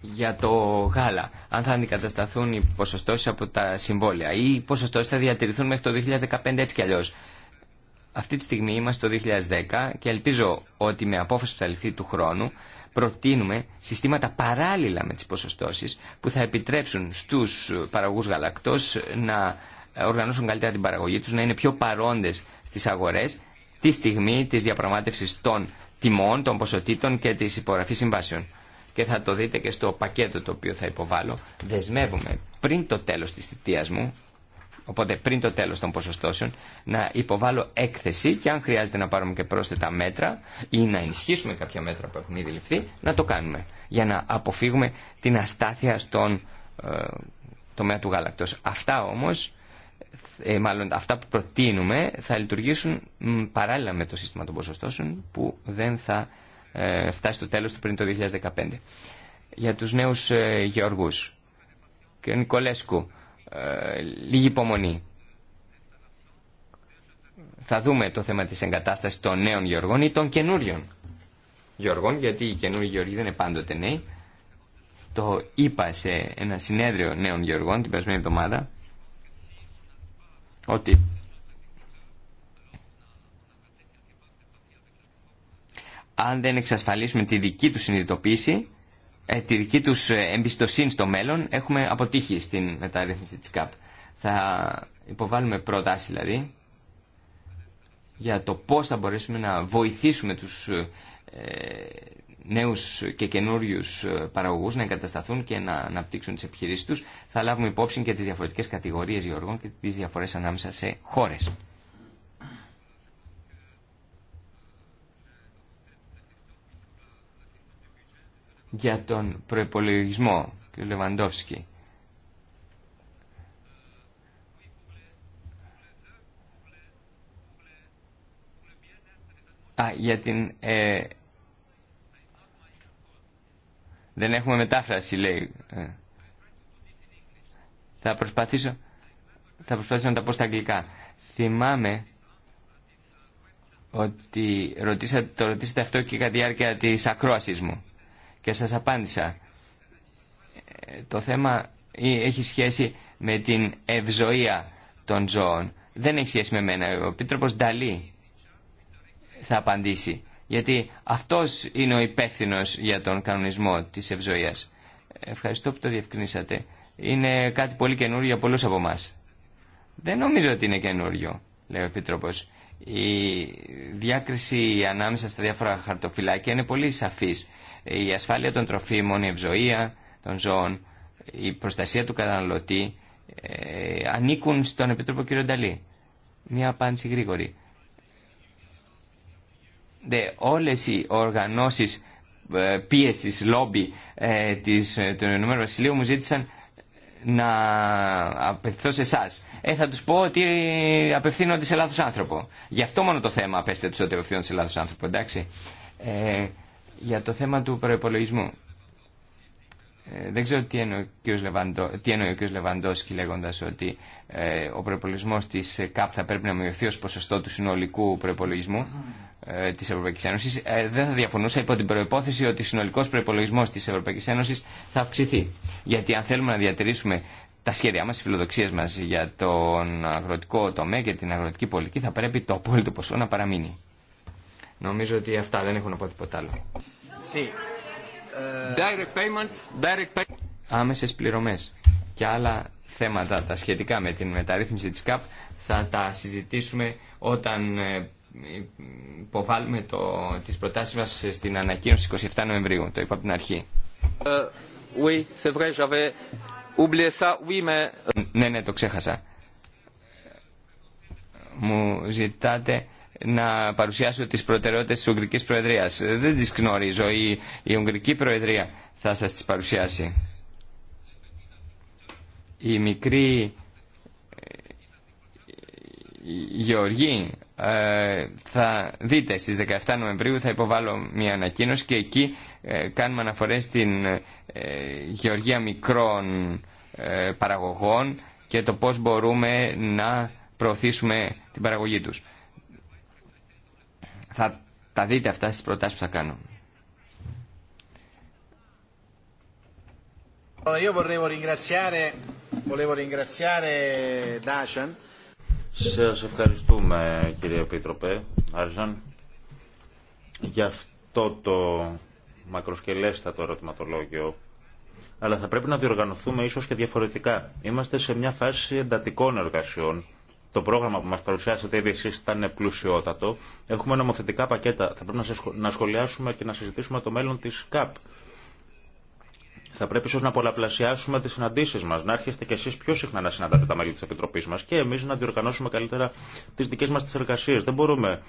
για το γάλα, αν θα αντικατασταθούν οι ποσοστώσεις από τα συμβόλαια ή οι ποσοστώσει θα διατηρηθούν μέχρι το 2015 έτσι κι αλλιώς. Αυτή τη στιγμή είμαστε το 2010 και ελπίζω ότι με απόφαση που θα ληφθεί του χρόνου προτείνουμε συστήματα παράλληλα με τις ποσοστώσεις που θα επιτρέψουν στους παραγωγούς γαλακτός να οργανώσουν καλύτερα την παραγωγή τους, να είναι πιο παρόντες στις αγορές τη στιγμή της διαπραγμάτευσης των τιμών, των ποσοτήτων και της υπογραφής συμβάσεων και θα το δείτε και στο πακέτο το οποίο θα υποβάλω, δεσμεύομαι πριν το τέλος της θητείας μου, οπότε πριν το τέλος των ποσοστώσεων, να υποβάλω έκθεση και αν χρειάζεται να πάρουμε και πρόσθετα μέτρα ή να ενισχύσουμε κάποια μέτρα που έχουν ήδη ληφθεί, να το κάνουμε για να αποφύγουμε την αστάθεια στον ε, τομέα του γάλακτος. Αυτά όμως, ε, μάλλον αυτά που προτείνουμε, θα λειτουργήσουν παράλληλα με το σύστημα των ποσοστώσεων που δεν θα ε, φτάσει το τέλος του πριν το 2015. Για τους νέους ε, γεωργούς. Και Νικολέσκου, ε, λίγη υπομονή. Θα δούμε το θέμα της εγκατάστασης των νέων γεωργών ή των καινούριων γεωργών, γιατί οι καινούριοι γεωργοί δεν είναι πάντοτε νέοι. Το είπα σε ένα συνέδριο νέων γεωργών την περασμένη εβδομάδα ότι αν δεν εξασφαλίσουμε τη δική τους συνειδητοποίηση, ε, τη δική τους ε, εμπιστοσύνη στο μέλλον, έχουμε αποτύχει στην μεταρρύθμιση της ΚΑΠ. Θα υποβάλουμε πρόταση, δηλαδή για το πώς θα μπορέσουμε να βοηθήσουμε τους ε, νέους και καινούριους παραγωγούς να εγκατασταθούν και να αναπτύξουν τις επιχειρήσεις τους. Θα λάβουμε υπόψη και τις διαφορετικές κατηγορίες γεωργών και τις διαφορές ανάμεσα σε χώρες. για τον προϋπολογισμό, κ. Λεβαντόφσκι. Α, για την... Ε, δεν έχουμε μετάφραση, λέει. Ε. θα προσπαθήσω... Θα προσπαθήσω να τα πω στα αγγλικά. Θυμάμαι ότι ρωτήσατε, το ρωτήσατε αυτό και κατά τη διάρκεια της ακρόασης μου και σας απάντησα. Ε, το θέμα ε, έχει σχέση με την ευζοία των ζώων. Δεν έχει σχέση με μένα. Ο Επίτροπος Νταλή θα απαντήσει. Γιατί αυτός είναι ο υπεύθυνο για τον κανονισμό της ευζοίας. Ευχαριστώ που το διευκρινίσατε. Είναι κάτι πολύ καινούριο για πολλούς από εμά. Δεν νομίζω ότι είναι καινούριο, λέει ο Επίτροπος. Η διάκριση ανάμεσα στα διάφορα χαρτοφυλάκια είναι πολύ σαφής η ασφάλεια των τροφίμων, η ευζοία των ζώων, η προστασία του καταναλωτή ε, ανήκουν στον Επιτρόπο κ. Νταλή. Μια απάντηση γρήγορη. Δε, όλες οι οργανώσεις ε, πίεσης, λόμπι ε, της, ε, του Ηνωμένου Βασιλείου μου ζήτησαν να απευθυνθώ σε εσά. Ε, θα του πω ότι απευθύνονται σε λάθο άνθρωπο. Γι' αυτό μόνο το θέμα, πέστε του ότι απευθύνονται σε λάθο άνθρωπο, εντάξει. Ε, για το θέμα του προπολογισμού. Ε, δεν ξέρω τι εννοεί ο κ. και λέγοντα ότι ε, ο προπολογισμό τη ΚΑΠ θα πρέπει να μειωθεί ω ποσοστό του συνολικού προπολογισμού ε, τη Ευρωπαϊκή Ένωση. Ε, δεν θα διαφωνούσα υπό την προπόθεση ότι ο συνολικό προπολογισμό τη Ευρωπαϊκή Ένωση θα αυξηθεί. Γιατί αν θέλουμε να διατηρήσουμε τα σχέδιά μα, οι φιλοδοξίε μα για τον αγροτικό τομέα και την αγροτική πολιτική, θα πρέπει το απόλυτο ποσό να παραμείνει. Νομίζω ότι αυτά δεν έχουν να πω τίποτα άλλο. Ε, direct Άμεσες πληρωμές και άλλα θέματα τα σχετικά με την μεταρρύθμιση της ΚΑΠ θα τα συζητήσουμε όταν ε, υποβάλουμε το, τις προτάσεις μας στην ανακοίνωση 27 Νοεμβρίου. Το είπα από την αρχή. Ε, ναι, ναι, το ξέχασα. Μου ζητάτε να παρουσιάσω τις προτεραιότητες της Ουγγρικής Προεδρίας. Δεν τις γνωρίζω. Η, Ουγγρική Προεδρία θα σας τις παρουσιάσει. Η μικρή ε, Γεωργή ε, θα δείτε στις 17 Νοεμβρίου θα υποβάλω μια ανακοίνωση και εκεί ε, κάνουμε αναφορές στην γεωργία μικρών παραγωγών και το πώς μπορούμε να προωθήσουμε την παραγωγή τους. Θα τα δείτε αυτά στις προτάσεις που θα κάνω. Σας ευχαριστούμε κύριε πίτροπε Άρζαν για αυτό το μακροσκελέστατο ερωτηματολόγιο αλλά θα πρέπει να διοργανωθούμε ίσως και διαφορετικά. Είμαστε σε μια φάση εντατικών εργασιών το πρόγραμμα που μα παρουσιάσατε ήδη εσεί ήταν πλουσιότατο. Έχουμε νομοθετικά πακέτα. Θα πρέπει να σχολιάσουμε και να συζητήσουμε το μέλλον τη ΚΑΠ. Θα πρέπει ίσω να πολλαπλασιάσουμε τι συναντήσει μα, να έρχεστε κι εσεί πιο συχνά να συναντάτε τα μέλη τη Επιτροπή μα και εμεί να διοργανώσουμε καλύτερα τι δικέ μα τι εργασίε. Δεν μπορούμε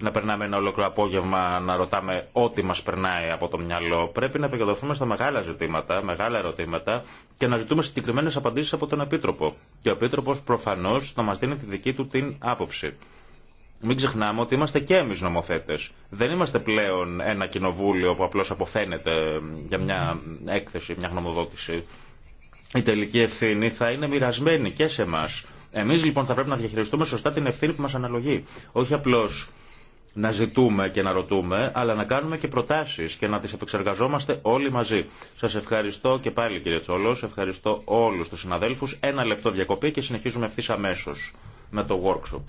να περνάμε ένα ολόκληρο απόγευμα να ρωτάμε ό,τι μας περνάει από το μυαλό. Πρέπει να επικεντρωθούμε στα μεγάλα ζητήματα, μεγάλα ερωτήματα και να ζητούμε συγκεκριμένες απαντήσεις από τον Επίτροπο. Και ο Επίτροπος προφανώς θα μας δίνει τη δική του την άποψη. Μην ξεχνάμε ότι είμαστε και εμείς νομοθέτες. Δεν είμαστε πλέον ένα κοινοβούλιο που απλώς αποφαίνεται για μια έκθεση, μια γνωμοδότηση. Η τελική ευθύνη θα είναι μοιρασμένη και σε εμά. Εμείς λοιπόν θα πρέπει να διαχειριστούμε σωστά την ευθύνη που μα αναλογεί. Όχι απλώς να ζητούμε και να ρωτούμε, αλλά να κάνουμε και προτάσεις και να τις επεξεργαζόμαστε όλοι μαζί. Σας ευχαριστώ και πάλι κύριε Τσόλος, ευχαριστώ όλους τους συναδέλφους. Ένα λεπτό διακοπή και συνεχίζουμε ευθύ αμέσω με το workshop.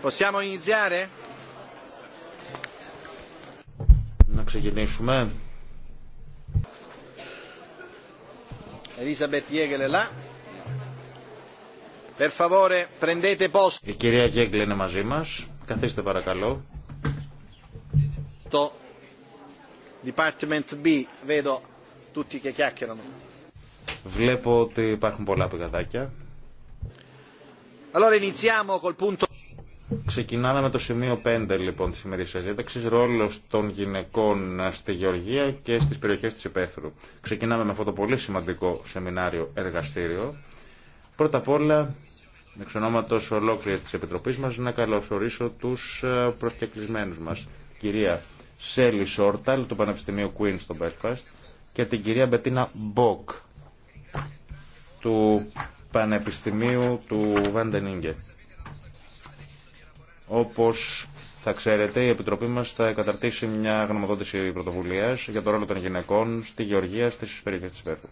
Possiamo iniziare? Να ξεκινήσουμε. Elisabeth Jägel là. Per favore, prendete posto. Η κυρία Γέγκλε είναι μαζί μας. Καθίστε παρακαλώ. Το Department B, vedo tutti che chiacchierano. Βλέπω ότι υπάρχουν πολλά πηγαδάκια. Allora iniziamo col punto Ξεκινάμε με το σημείο 5 λοιπόν της σημερινή συζήτησης, ρόλος των γυναικών στη Γεωργία και στις περιοχές της Επέθρου. Ξεκινάμε με αυτό το πολύ σημαντικό σεμινάριο εργαστήριο. Πρώτα απ' όλα, εξ ονόματος ολόκληρης της Επιτροπής μας, να καλωσορίσω τους ε, προσκεκλισμένους μας. Κυρία Σέλι Σόρταλ του Πανεπιστημίου Queen στο Belfast και την κυρία Μπετίνα Μποκ του Πανεπιστημίου του Βαντενίγκε. Όπως θα ξέρετε, η Επιτροπή μας θα καταρτήσει μια γνωμοδότηση πρωτοβουλίας για το ρόλο των γυναικών στη γεωργία στις περιοχές της Πέθου.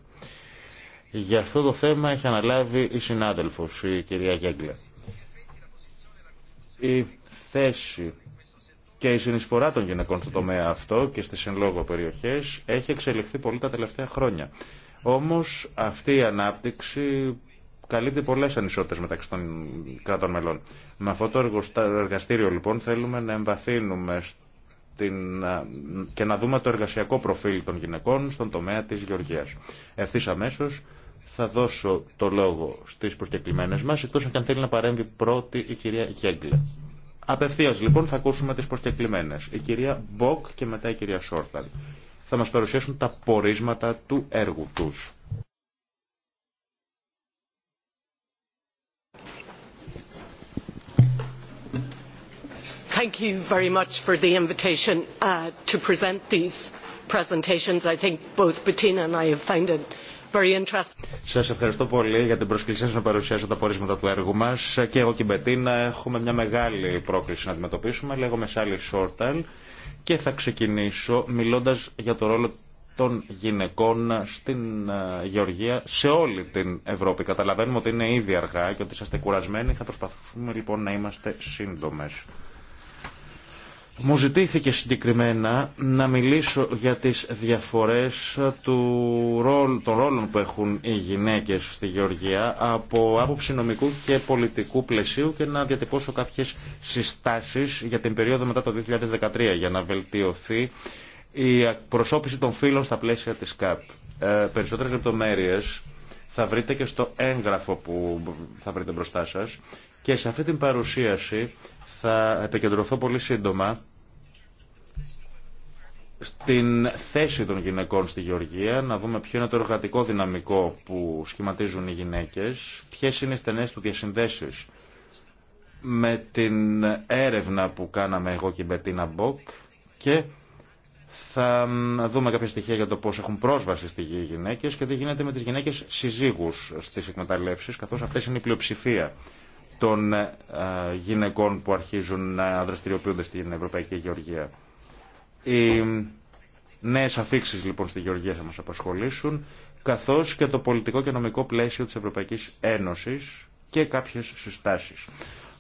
Για αυτό το θέμα έχει αναλάβει η συνάδελφος, η κυρία Γέγκλε. Η θέση και η συνεισφορά των γυναικών στο τομέα αυτό και στις εν λόγω περιοχές έχει εξελιχθεί πολύ τα τελευταία χρόνια. Όμως αυτή η ανάπτυξη καλύπτει πολλές ανισότητες μεταξύ των κρατών μελών. Με αυτό το εργαστήριο λοιπόν θέλουμε να εμβαθύνουμε την, και να δούμε το εργασιακό προφίλ των γυναικών στον τομέα της γεωργίας. Ευθύ αμέσω θα δώσω το λόγο στις προσκεκλημένες μας, εκτός αν θέλει να παρέμβει πρώτη η κυρία Γέγκλε. Απευθείας λοιπόν θα ακούσουμε τις προσκεκλημένες, η κυρία Μποκ και μετά η κυρία Σόρταν. Θα μας παρουσιάσουν τα πορίσματα του έργου τους. thank you very much for the invitation uh, to present these presentations. I think both Bettina and I have found it very interesting. Σας ευχαριστώ πολύ για την προσκλησία σας να παρουσιάσω τα πορίσματα του έργου μας. Και εγώ και η Μπετίνα έχουμε μια μεγάλη πρόκληση να αντιμετωπίσουμε. Λέγομαι Σάλι Σόρταλ και θα ξεκινήσω μιλώντας για το ρόλο των γυναικών στην ε, Γεωργία σε όλη την Ευρώπη. Καταλαβαίνουμε ότι είναι ήδη αργά και ότι είσαστε κουρασμένοι. Θα προσπαθήσουμε λοιπόν να είμαστε σύντομες. Μου ζητήθηκε συγκεκριμένα να μιλήσω για τις διαφορές του των ρόλων που έχουν οι γυναίκες στη Γεωργία από άποψη νομικού και πολιτικού πλαισίου και να διατυπώσω κάποιες συστάσεις για την περίοδο μετά το 2013 για να βελτιωθεί η προσώπηση των φύλων στα πλαίσια της ΚΑΠ. Ε, περισσότερες λεπτομέρειες θα βρείτε και στο έγγραφο που θα βρείτε μπροστά σας και σε αυτή την παρουσίαση θα επικεντρωθώ πολύ σύντομα στην θέση των γυναικών στη Γεωργία, να δούμε ποιο είναι το εργατικό δυναμικό που σχηματίζουν οι γυναίκες, ποιες είναι οι στενές του διασυνδέσεις. Με την έρευνα που κάναμε εγώ και η Μπετίνα Μποκ και θα δούμε κάποια στοιχεία για το πώς έχουν πρόσβαση στη γη οι γυναίκες και τι γίνεται με τις γυναίκες συζύγους στις εκμεταλλεύσεις, καθώς αυτές είναι η πλειοψηφία των ε, γυναικών που αρχίζουν να δραστηριοποιούνται στην Ευρωπαϊκή Γεωργία. Οι νέε αφήξει λοιπόν στη Γεωργία θα μας απασχολήσουν, καθώς και το πολιτικό και νομικό πλαίσιο της Ευρωπαϊκής Ένωσης και κάποιες συστάσεις.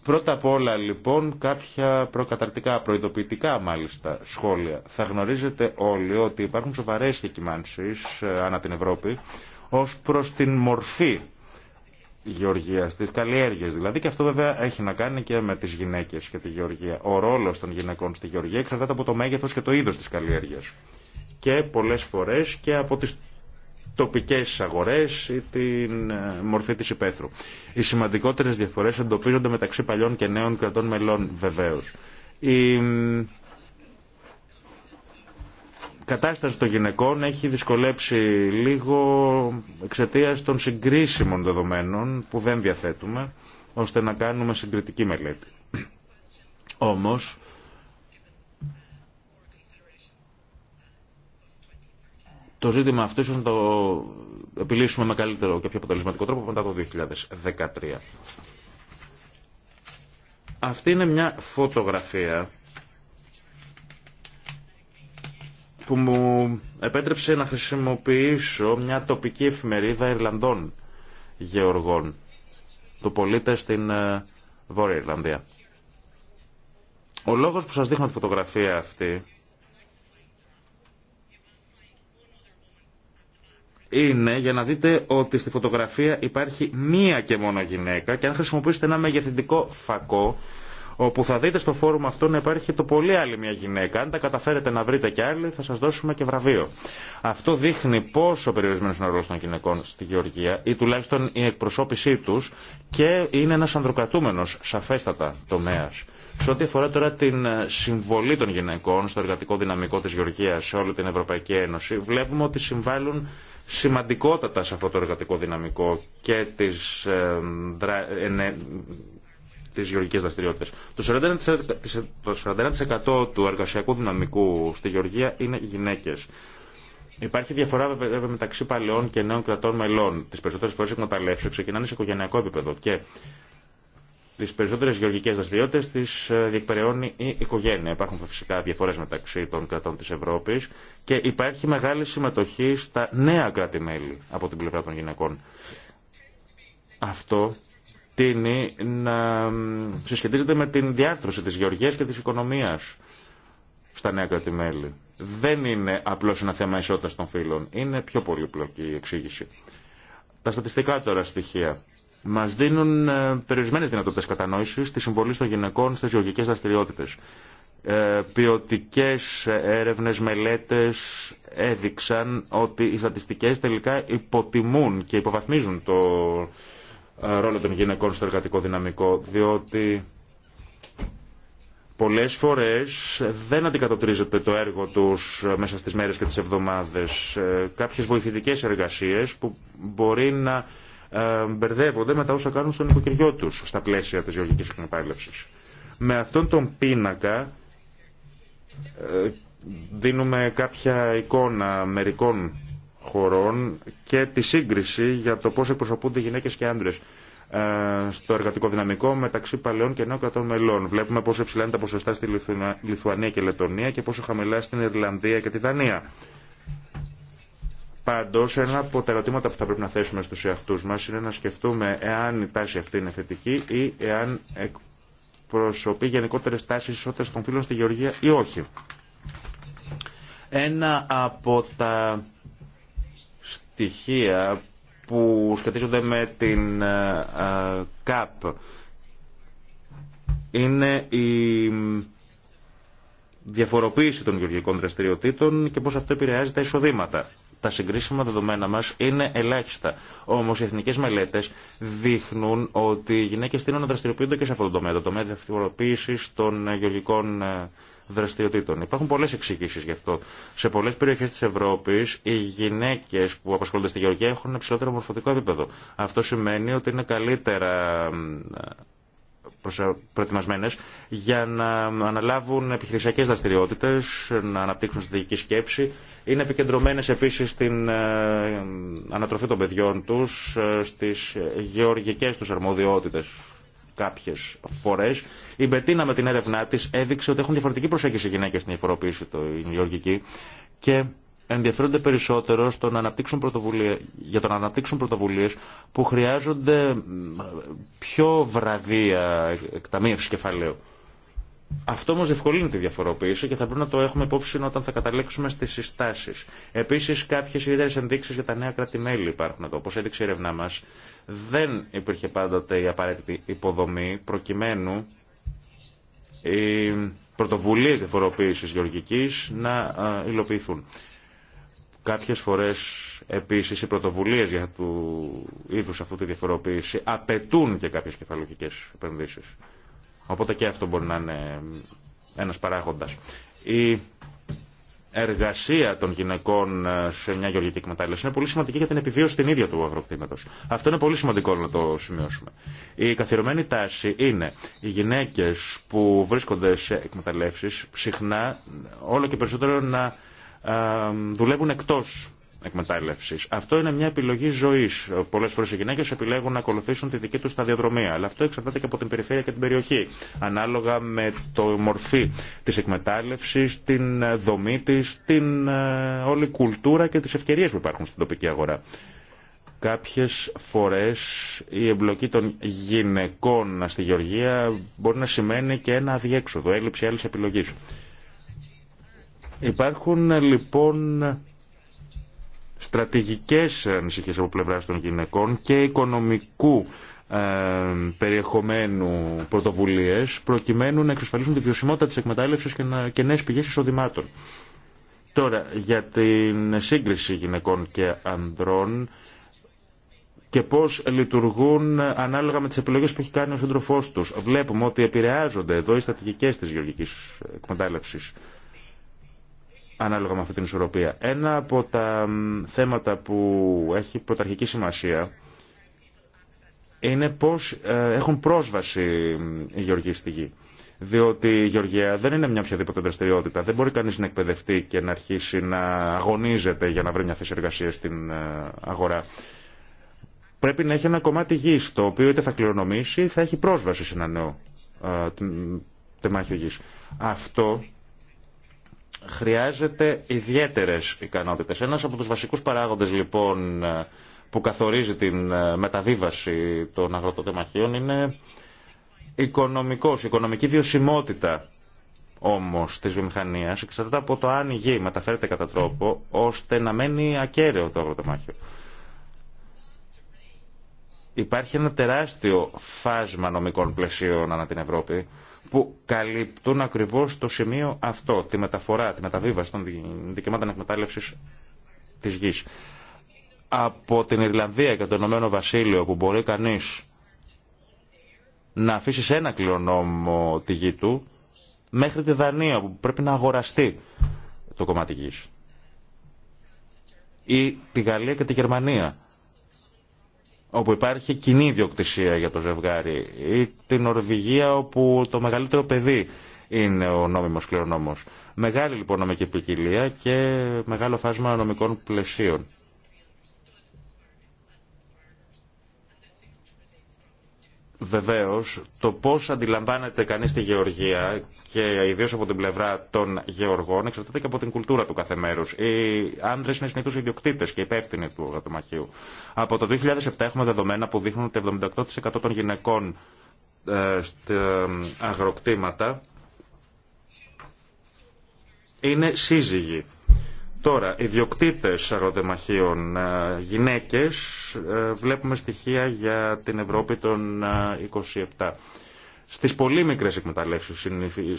Πρώτα απ' όλα λοιπόν κάποια προκαταρτικά, προειδοποιητικά μάλιστα σχόλια. Θα γνωρίζετε όλοι ότι υπάρχουν σοβαρές ε, ανά την Ευρώπη ως προς την μορφή γεωργία, τι καλλιέργειες δηλαδή και αυτό βέβαια έχει να κάνει και με τι γυναίκε και τη γεωργία. Ο ρόλο των γυναικών στη γεωργία εξαρτάται από το μέγεθο και το είδο τη καλλιέργεια. και πολλέ φορέ και από τι τοπικέ αγορέ η την μορφη τη υπαιθρου οι σημαντικότερε διαφορέ εντοπιζονται μεταξυ παλιων και νεων κρατων μελων βεβαίω. η κατάσταση των γυναικών έχει δυσκολέψει λίγο εξαιτία των συγκρίσιμων δεδομένων που δεν διαθέτουμε ώστε να κάνουμε συγκριτική μελέτη. Όμως, το ζήτημα αυτό ίσως να το επιλύσουμε με καλύτερο και πιο αποτελεσματικό τρόπο μετά το 2013. Αυτή είναι μια φωτογραφία που μου επέτρεψε να χρησιμοποιήσω μια τοπική εφημερίδα Ιρλανδών γεωργών του πολίτε στην ε, Βόρεια Ιρλανδία. Ο λόγος που σας δείχνω τη φωτογραφία αυτή είναι για να δείτε ότι στη φωτογραφία υπάρχει μία και μόνο γυναίκα και αν χρησιμοποιήσετε ένα μεγεθυντικό φακό όπου θα δείτε στο φόρουμ αυτό να υπάρχει το πολύ άλλη μια γυναίκα. Αν τα καταφέρετε να βρείτε κι άλλη, θα σα δώσουμε και βραβείο. Αυτό δείχνει πόσο περιορισμένο είναι ο ρόλο των γυναικών στη Γεωργία ή τουλάχιστον η εκπροσώπησή του και είναι ένα ανδροκρατούμενο σαφέστατα τομέα. Σε ό,τι αφορά τώρα την ε, συμβολή των γυναικών στο εργατικό δυναμικό της Γεωργίας σε όλη την Ευρωπαϊκή Ένωση, βλέπουμε ότι συμβάλλουν σημαντικότατα σε αυτό το εργατικό δυναμικό και τις ε, ε, τι γεωργικέ δραστηριότητε. Το 41% του εργασιακού δυναμικού στη γεωργία είναι γυναίκε. Υπάρχει διαφορά βέβαια μεταξύ παλαιών και νέων κρατών μελών. Τι περισσότερε φορέ εκμεταλλεύσει ξεκινάνε σε οικογενειακό επίπεδο και τι περισσότερε γεωργικέ δραστηριότητε τι ε, διεκπεραιώνει η οικογένεια. Υπάρχουν φυσικά διαφορέ μεταξύ των κρατών τη Ευρώπη και υπάρχει μεγάλη συμμετοχή στα νέα κράτη-μέλη από την πλευρά των γυναικών. Αυτό τίνει να συσχετίζεται με την διάρθρωση της γεωργίας και της οικονομίας στα νέα κράτη-μέλη. Δεν είναι απλώς ένα θέμα ισότητας των φύλων. Είναι πιο πολύπλοκη η εξήγηση. Τα στατιστικά τώρα στοιχεία μας δίνουν ε, περιορισμένες δυνατότητες κατανόησης τη συμβολή των γυναικών στις γεωργικές δραστηριότητε. Ε, Ποιοτικέ έρευνε, μελέτε έδειξαν ότι οι στατιστικέ τελικά υποτιμούν και υποβαθμίζουν το ε, ρόλο των γυναικών στο εργατικό δυναμικό, διότι πολλές φορές δεν αντικατοπτρίζεται το έργο τους ε, μέσα στις μέρες και τις εβδομάδες. Ε, κάποιες βοηθητικές εργασίες που μπορεί να μπερδεύονται με τα όσα κάνουν στον οικοκυριό τους στα πλαίσια της γεωργικής εκμετάλλευσης. Με αυτόν τον πίνακα δίνουμε κάποια εικόνα μερικών χωρών και τη σύγκριση για το πώς εκπροσωπούνται γυναίκες και άντρες ε, στο εργατικό δυναμικό μεταξύ παλαιών και νέων κρατών μελών. Βλέπουμε πόσο υψηλά είναι τα ποσοστά στη Λιθουανία και Λετωνία και πόσο χαμηλά στην Ιρλανδία και τη Δανία. Πάντω, ένα από τα ερωτήματα που θα πρέπει να θέσουμε στου εαυτού μα είναι να σκεφτούμε εάν η τάση αυτή είναι θετική ή εάν εκπροσωπεί γενικότερε τάσει ισότητα των φίλων στη Γεωργία ή όχι. Ένα από τα στοιχεία που σχετίζονται με την ε, ε, ΚΑΠ είναι η διαφοροποίηση των γεωργικών δραστηριοτήτων και πώς αυτό επηρεάζει τα εισοδήματα. Τα συγκρίσιμα δεδομένα μας είναι ελάχιστα. Όμως οι εθνικές μελέτες δείχνουν ότι οι γυναίκες τείνουν να δραστηριοποιούνται και σε αυτό το τομέα, το τομέα διαφοροποίησης των γεωργικών ε, δραστηριοτήτων. Υπάρχουν πολλέ εξηγήσει γι' αυτό. Σε πολλέ περιοχέ τη Ευρώπη οι γυναίκε που απασχολούνται στη γεωργία έχουν υψηλότερο μορφωτικό επίπεδο. Αυτό σημαίνει ότι είναι καλύτερα προετοιμασμένες για να αναλάβουν επιχειρησιακές δραστηριότητες, να αναπτύξουν στρατηγική σκέψη. Είναι επικεντρωμένε επίση στην ε, ανατροφή των παιδιών του ε, στι γεωργικέ του αρμοδιότητε κάποιε φορέ. Η Μπετίνα με την έρευνά τη έδειξε ότι έχουν διαφορετική προσέγγιση οι γυναίκε στην διαφοροποίηση το γεωργική και ενδιαφέρονται περισσότερο στο να αναπτύξουν για το να αναπτύξουν πρωτοβουλίε που χρειάζονται πιο βραδία εκταμείευση κεφαλαίου. Αυτό όμω διευκολύνει τη διαφοροποίηση και θα πρέπει να το έχουμε υπόψη όταν θα καταλέξουμε στι συστάσει. Επίση, κάποιε ιδιαίτερε ενδείξει για τα νέα κράτη-μέλη υπάρχουν εδώ. Όπω έδειξε η ερευνά μα, δεν υπήρχε πάντοτε η απαραίτητη υποδομή προκειμένου οι πρωτοβουλίες διαφοροποίησης γεωργικής να υλοποιηθούν. Κάποιες φορές επίσης οι πρωτοβουλίες για του είδους αυτού τη διαφοροποίηση απαιτούν και κάποιες κεφαλογικές επενδύσεις. Οπότε και αυτό μπορεί να είναι ένας παράγοντας εργασία των γυναικών ε, σε μια γεωργική εκμετάλλευση είναι πολύ σημαντική για την επιβίωση την ίδια του αγροκτήματο. Αυτό είναι πολύ σημαντικό να το σημειώσουμε. Η καθιερωμένη τάση είναι οι γυναίκες που βρίσκονται σε εκμεταλλεύσεις συχνά όλο και περισσότερο να ε, δουλεύουν εκτός αυτό είναι μια επιλογή ζωή. Πολλέ φορέ οι γυναίκε επιλέγουν να ακολουθήσουν τη δική του σταδιοδρομία, αλλά αυτό εξαρτάται και από την περιφέρεια και την περιοχή, ανάλογα με το μορφή τη εκμετάλλευση, την δομή τη, την ε, όλη κουλτούρα και τι ευκαιρίε που υπάρχουν στην τοπική αγορά Κάποιε φορέ η εμπλοκή των γυναικών στη Γεωργία μπορεί να σημαίνει και ένα αδιέξοδο, έλλειψη άλλη επιλογή. Υπάρχουν λοιπόν στρατηγικές ε, ανησυχίες από πλευράς των γυναικών και οικονομικού ε, περιεχομένου πρωτοβουλίες προκειμένου να εξασφαλίσουν τη βιωσιμότητα της εκμετάλλευσης και, να, και νέες πηγές εισοδημάτων. Τώρα, για την σύγκριση γυναικών και ανδρών και πώς λειτουργούν ανάλογα με τις επιλογές που έχει κάνει ο σύντροφός τους. Βλέπουμε ότι επηρεάζονται εδώ οι στρατηγικές της γεωργικής εκμετάλλευσης ανάλογα με αυτή την ισορροπία. Ένα από τα θέματα που έχει πρωταρχική σημασία είναι πώς ε, έχουν πρόσβαση οι γεωργοί στη γη. Διότι η γεωργία δεν είναι μια οποιαδήποτε δραστηριότητα. Δεν μπορεί κανείς να εκπαιδευτεί και να αρχίσει να αγωνίζεται για να βρει μια θέση εργασία στην ε, αγορά. Πρέπει να έχει ένα κομμάτι γης, το οποίο είτε θα κληρονομήσει θα έχει πρόσβαση σε ένα νέο ε, τεμάχιο γης. Αυτό χρειάζεται ιδιαίτερες ικανότητες. Ένας από τους βασικούς παράγοντες λοιπόν που καθορίζει την μεταβίβαση των αγροτοτεμαχίων είναι οικονομικός, οικονομική βιωσιμότητα όμως της βιομηχανίας εξαρτάται από το αν η γη μεταφέρεται κατά τρόπο ώστε να μένει ακέραιο το αγροτεμάχιο. Υπάρχει ένα τεράστιο φάσμα νομικών πλαισίων ανά την Ευρώπη που καλύπτουν ακριβώς το σημείο αυτό, τη μεταφορά, τη μεταβίβαση των δικαιωμάτων εκμετάλλευσης της γης. Από την Ιρλανδία και το Ηνωμένο Βασίλειο που μπορεί κανείς να αφήσει σε ένα κλειονόμο τη γη του, μέχρι τη Δανία που πρέπει να αγοραστεί το κομμάτι γης. Ή τη Γαλλία και τη Γερμανία όπου υπάρχει κοινή ιδιοκτησία για το ζευγάρι ή την Νορβηγία όπου το μεγαλύτερο παιδί είναι ο νόμιμος κληρονόμος. Μεγάλη λοιπόν νομική ποικιλία και μεγάλο φάσμα νομικών πλαισίων. Βεβαίως, το πώς αντιλαμβάνεται κανείς τη γεωργία και ιδίω από την πλευρά των γεωργών εξαρτάται και από την κουλτούρα του κάθε μέρου. Οι άντρε είναι συνήθω ιδιοκτήτε και υπεύθυνοι του γατομαχίου. Από το 2007 έχουμε δεδομένα που δείχνουν ότι 78% των γυναικών ε, στα αγροκτήματα είναι σύζυγοι. Τώρα, ιδιοκτήτε αγροτεμαχίων, ε, γυναίκε, ε, βλέπουμε στοιχεία για την Ευρώπη των 27. Στις πολύ μικρές εκμεταλλεύσεις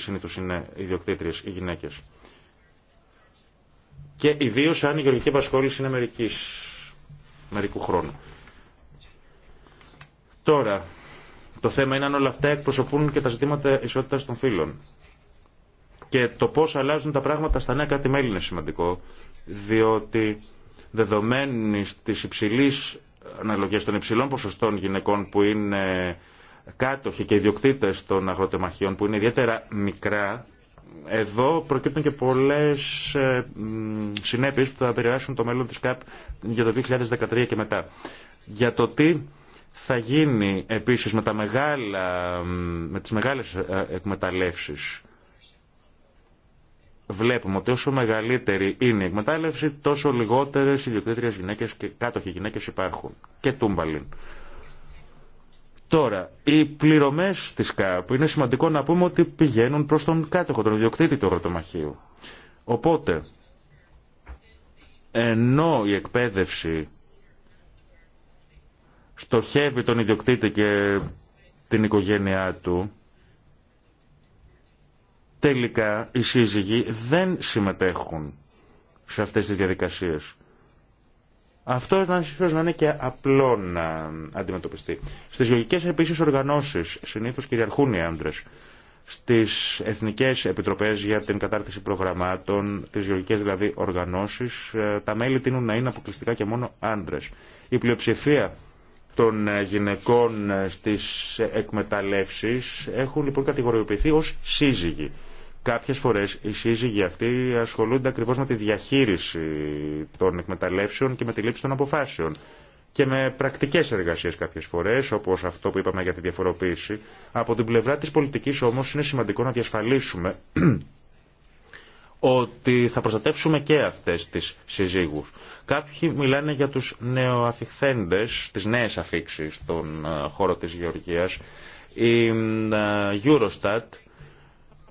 συνήθως είναι ιδιοκτήτριες οι γυναίκες. Και ιδίω αν η γεωργική επασχόληση είναι μερικής, μερικού χρόνου. Τώρα, το θέμα είναι αν όλα αυτά εκπροσωπούν και τα ζητήματα ισότητας των φύλων. Και το πώς αλλάζουν τα πράγματα στα νέα κράτη-μέλη είναι σημαντικό, διότι δεδομένη της υψηλής αναλογίας των υψηλών ποσοστών γυναικών που είναι κάτοχοι και ιδιοκτήτε των αγροτεμαχίων που είναι ιδιαίτερα μικρά, εδώ προκύπτουν και πολλέ ε, συνέπειε που θα επηρεάσουν το μέλλον τη ΚΑΠ για το 2013 και μετά. Για το τι θα γίνει επίσης με, τα μεγάλα, με τις μεγάλες ε, εκμεταλλεύσεις. Βλέπουμε ότι όσο μεγαλύτερη είναι η εκμετάλλευση, τόσο λιγότερες ιδιοκτήτριες γυναίκες και κάτοχοι γυναίκες υπάρχουν. Και τούμπαλιν. Τώρα, οι πληρωμέ τη ΚΑΠ είναι σημαντικό να πούμε ότι πηγαίνουν προ τον κάτοχο, τον ιδιοκτήτη του αγροτομαχίου. Οπότε, ενώ η εκπαίδευση στοχεύει τον ιδιοκτήτη και την οικογένειά του, τελικά οι σύζυγοι δεν συμμετέχουν σε αυτές τις διαδικασίες. Αυτό να είναι να είναι και απλό να ε, αντιμετωπιστεί. Στι γεωργικέ επίση οργανώσει συνήθω κυριαρχούν οι άντρε. Στι εθνικέ επιτροπέ για την κατάρτιση προγραμμάτων, τι γεωργικέ δηλαδή οργανώσει, ε, τα μέλη τείνουν να είναι αποκλειστικά και μόνο άντρε. Η πλειοψηφία των ε, γυναικών στι εκμεταλλεύσει έχουν λοιπόν κατηγοριοποιηθεί ω σύζυγοι. Κάποιε φορές οι σύζυγοι αυτοί ασχολούνται ακριβώς με τη διαχείριση των εκμεταλλεύσεων και με τη λήψη των αποφάσεων και με πρακτικές εργασίες κάποιες φορές, όπως αυτό που είπαμε για τη διαφοροποίηση. Από την πλευρά της πολιτικής όμως είναι σημαντικό να διασφαλίσουμε ότι θα προστατεύσουμε και αυτές τις συζύγους. Κάποιοι μιλάνε για τους νεοαφιχθέντε, τι νέε αφήξει στον ε, χώρο τη Γεωργίας. Η ε, Eurostat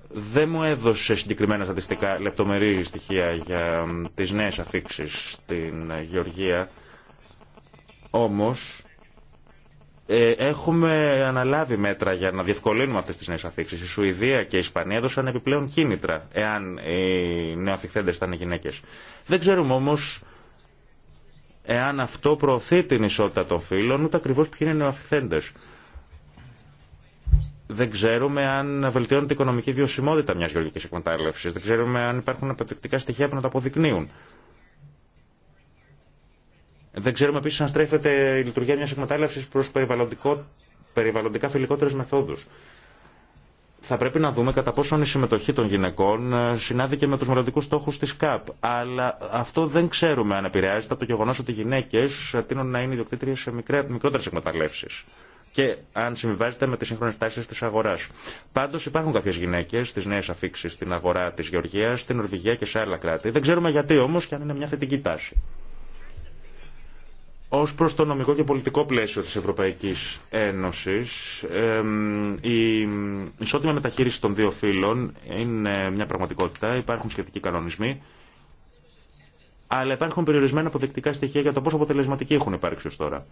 δεν μου έδωσε συγκεκριμένα στατιστικά λεπτομερή στοιχεία για τις νέες αφήξεις στην ε, Γεωργία. Όμως, ε, έχουμε αναλάβει μέτρα για να διευκολύνουμε αυτές τις νέες αφήξεις. Η Σουηδία και η Ισπανία έδωσαν επιπλέον κίνητρα, εάν οι νεοαφιχθέντες ήταν γυναίκες. Δεν ξέρουμε όμως εάν αυτό προωθεί την ισότητα των φύλων, ούτε ακριβώς ποιοι είναι νεοαφιχθέντες δεν ξέρουμε αν βελτιώνεται η οικονομική βιωσιμότητα μια γεωργική εκμετάλλευση. Δεν ξέρουμε αν υπάρχουν αποδεικτικά στοιχεία που να τα αποδεικνύουν. Δεν ξέρουμε επίση αν στρέφεται η λειτουργία μια εκμετάλλευση προ περιβαλλοντικά φιλικότερε μεθόδου. Θα πρέπει να δούμε κατά πόσον η συμμετοχή των γυναικών ε, συνάδει και με του μελλοντικού στόχου τη ΚΑΠ. Αλλά αυτό δεν ξέρουμε αν επηρεάζεται από το γεγονό ότι οι γυναίκε ε, τείνουν να είναι ιδιοκτήτριε σε μικρότερε εκμεταλλεύσει και αν συμβιβάζεται με τι σύγχρονε τάσει τη αγορά. Πάντω υπάρχουν κάποιε γυναίκε στι νέε αφήξει στην αγορά τη Γεωργία, στην Νορβηγία και σε άλλα κράτη. Δεν ξέρουμε γιατί όμω και αν είναι μια θετική τάση. Ω προ το νομικό και πολιτικό πλαίσιο τη Ευρωπαϊκή Ένωση, η ισότιμη μεταχείριση των δύο φύλων είναι μια πραγματικότητα. Υπάρχουν σχετικοί κανονισμοί. Αλλά υπάρχουν περιορισμένα αποδεικτικά στοιχεία για το πόσο αποτελεσματικοί έχουν υπάρξει ω τώρα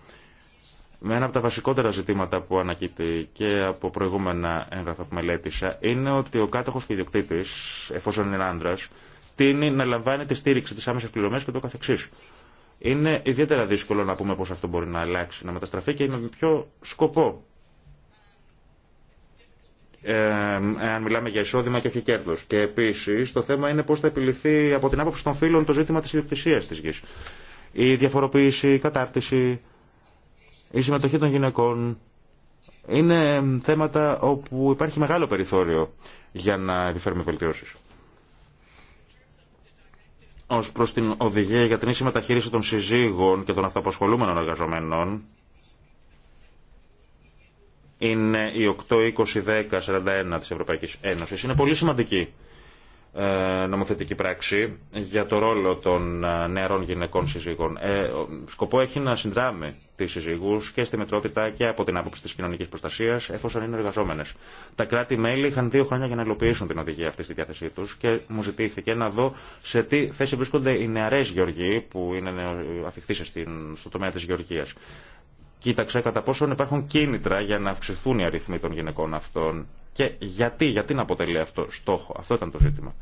με ένα από τα βασικότερα ζητήματα που ανακοίτει και από προηγούμενα έγγραφα που μελέτησα είναι ότι ο κάτοχο και ιδιοκτήτη, εφόσον είναι άντρα, τίνει να λαμβάνει τη στήριξη τη άμεση πληρωμή και το καθεξή. Είναι ιδιαίτερα δύσκολο να πούμε πώ αυτό μπορεί να αλλάξει, να μεταστραφεί και με ποιο σκοπό. Ε, αν μιλάμε για εισόδημα και όχι κέρδο. Και επίση το θέμα είναι πώ θα επιληθεί από την άποψη των φίλων το ζήτημα τη ιδιοκτησία τη γη. Η διαφοροποίηση, η κατάρτιση, η συμμετοχή των γυναικών είναι θέματα όπου υπάρχει μεγάλο περιθώριο για να επιφέρουμε βελτιώσεις. Ω προ την οδηγία για την ίση μεταχείριση των συζύγων και των αυτοαποσχολούμενων εργαζομένων, είναι η 8-20-10-41 της Ευρωπαϊκής Ένωσης. Είναι πολύ σημαντική ε, νομοθετική πράξη για το ρόλο των ε, νεαρών γυναικών συζύγων. Ε, σκοπό έχει να συνδράμε τις σύζυγους και στη μετρότητα και από την άποψη της κοινωνική προστασίας εφόσον είναι εργαζόμενες. Τα κράτη-μέλη είχαν δύο χρόνια για να υλοποιήσουν την οδηγία αυτή στη διάθεσή τους και μου ζητήθηκε να δω σε τι θέση βρίσκονται οι νεαρές γεωργοί που είναι αφιχθείς στο τομέα της γεωργίας. Κοίταξα κατά πόσον υπάρχουν κίνητρα για να αυξηθούν οι αριθμοί των γυναικών αυτών και γιατί, γιατί να αποτελεί αυτό στόχο. Αυτό ήταν το ζήτημα.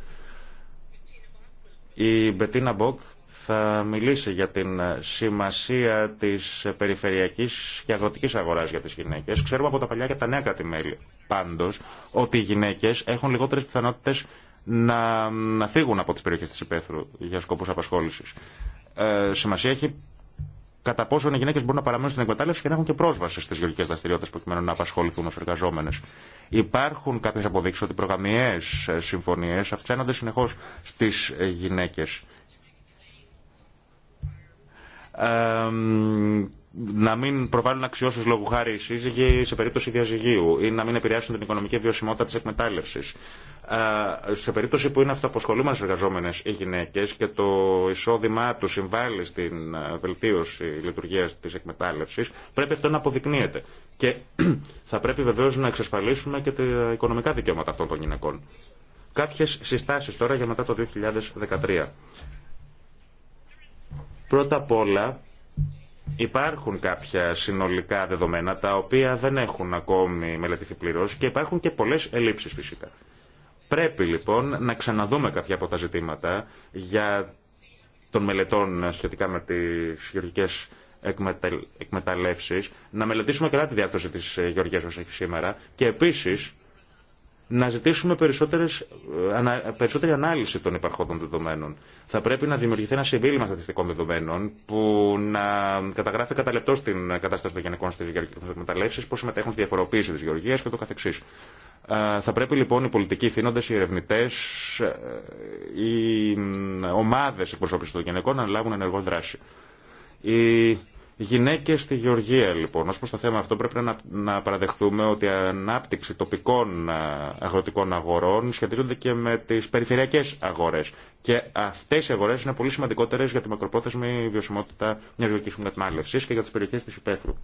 Η Μπετίνα Μποκ θα μιλήσει για την σημασία της περιφερειακής και αγροτικής αγοράς για τις γυναίκες. Ξέρουμε από τα παλιά και τα νέα κράτη-μέλη πάντως ότι οι γυναίκες έχουν λιγότερες πιθανότητες να, να φύγουν από τις περιοχές της υπαίθρου για σκοπούς απασχόλησης. Ε, σημασία έχει κατά πόσο οι γυναίκε μπορούν να παραμείνουν στην εκμετάλλευση και να έχουν και πρόσβαση στι γεωργικέ δραστηριότητε προκειμένου να απασχοληθούν ω εργαζόμενε. Υπάρχουν κάποιε αποδείξει ότι προγαμιαίε συμφωνίε αυξάνονται συνεχώ στι ε, γυναίκε να μην προβάλλουν αξιώσει λόγου χάρη οι σε περίπτωση διαζυγίου ή να μην επηρεάσουν την οικονομική βιωσιμότητα τη εκμετάλλευση. Ε, σε περίπτωση που είναι αυτοαποσχολούμενε εργαζόμενε οι γυναίκε και το εισόδημά του συμβάλλει στην ε, βελτίωση λειτουργία τη εκμετάλλευση, πρέπει αυτό να αποδεικνύεται. Και [CLEARS THROAT] θα πρέπει βεβαίω να εξασφαλίσουμε και τα οικονομικά δικαιώματα αυτών των γυναικών. Κάποιε συστάσει τώρα για μετά το 2013. Πρώτα απ' όλα, Υπάρχουν κάποια συνολικά δεδομένα τα οποία δεν έχουν ακόμη μελετηθεί πλήρως και υπάρχουν και πολλές ελλείψεις φυσικά. Πρέπει λοιπόν να ξαναδούμε κάποια από τα ζητήματα για των μελετών σχετικά με τις γεωργικές εκμεταλλεύσεις, να μελετήσουμε καλά τη διάρθρωση της ε, γεωργίας όσο έχει σήμερα και επίσης να ζητήσουμε περισσότερες, ε, περισσότερη ανάλυση των υπαρχόντων δεδομένων. Θα πρέπει να δημιουργηθεί ένα συμβίλημα στατιστικών δεδομένων που να καταγράφει κατά λεπτό στην κατάσταση των γενικών στι γεωργικέ εκμεταλλεύσει, πώ συμμετέχουν στη διαφοροποίηση τη γεωργία και το καθεξή. Ε, θα πρέπει λοιπόν οι πολιτικοί θύνοντε, οι ερευνητέ, ε, οι ομάδε εκπροσώπηση των γυναικών να λάβουν ενεργό δράση. Γυναίκε στη Γεωργία λοιπόν, Ω προ το θέμα αυτό πρέπει να, να παραδεχθούμε ότι η ανάπτυξη τοπικών ε, αγροτικών αγορών σχετίζονται και με τι περιφερειακέ αγορέ. Και αυτέ οι αγορέ είναι πολύ σημαντικότερε για τη μακροπρόθεσμη βιωσιμότητα μια γεωργικής μετανάλευση και για τι περιοχέ τη υπαίθρου.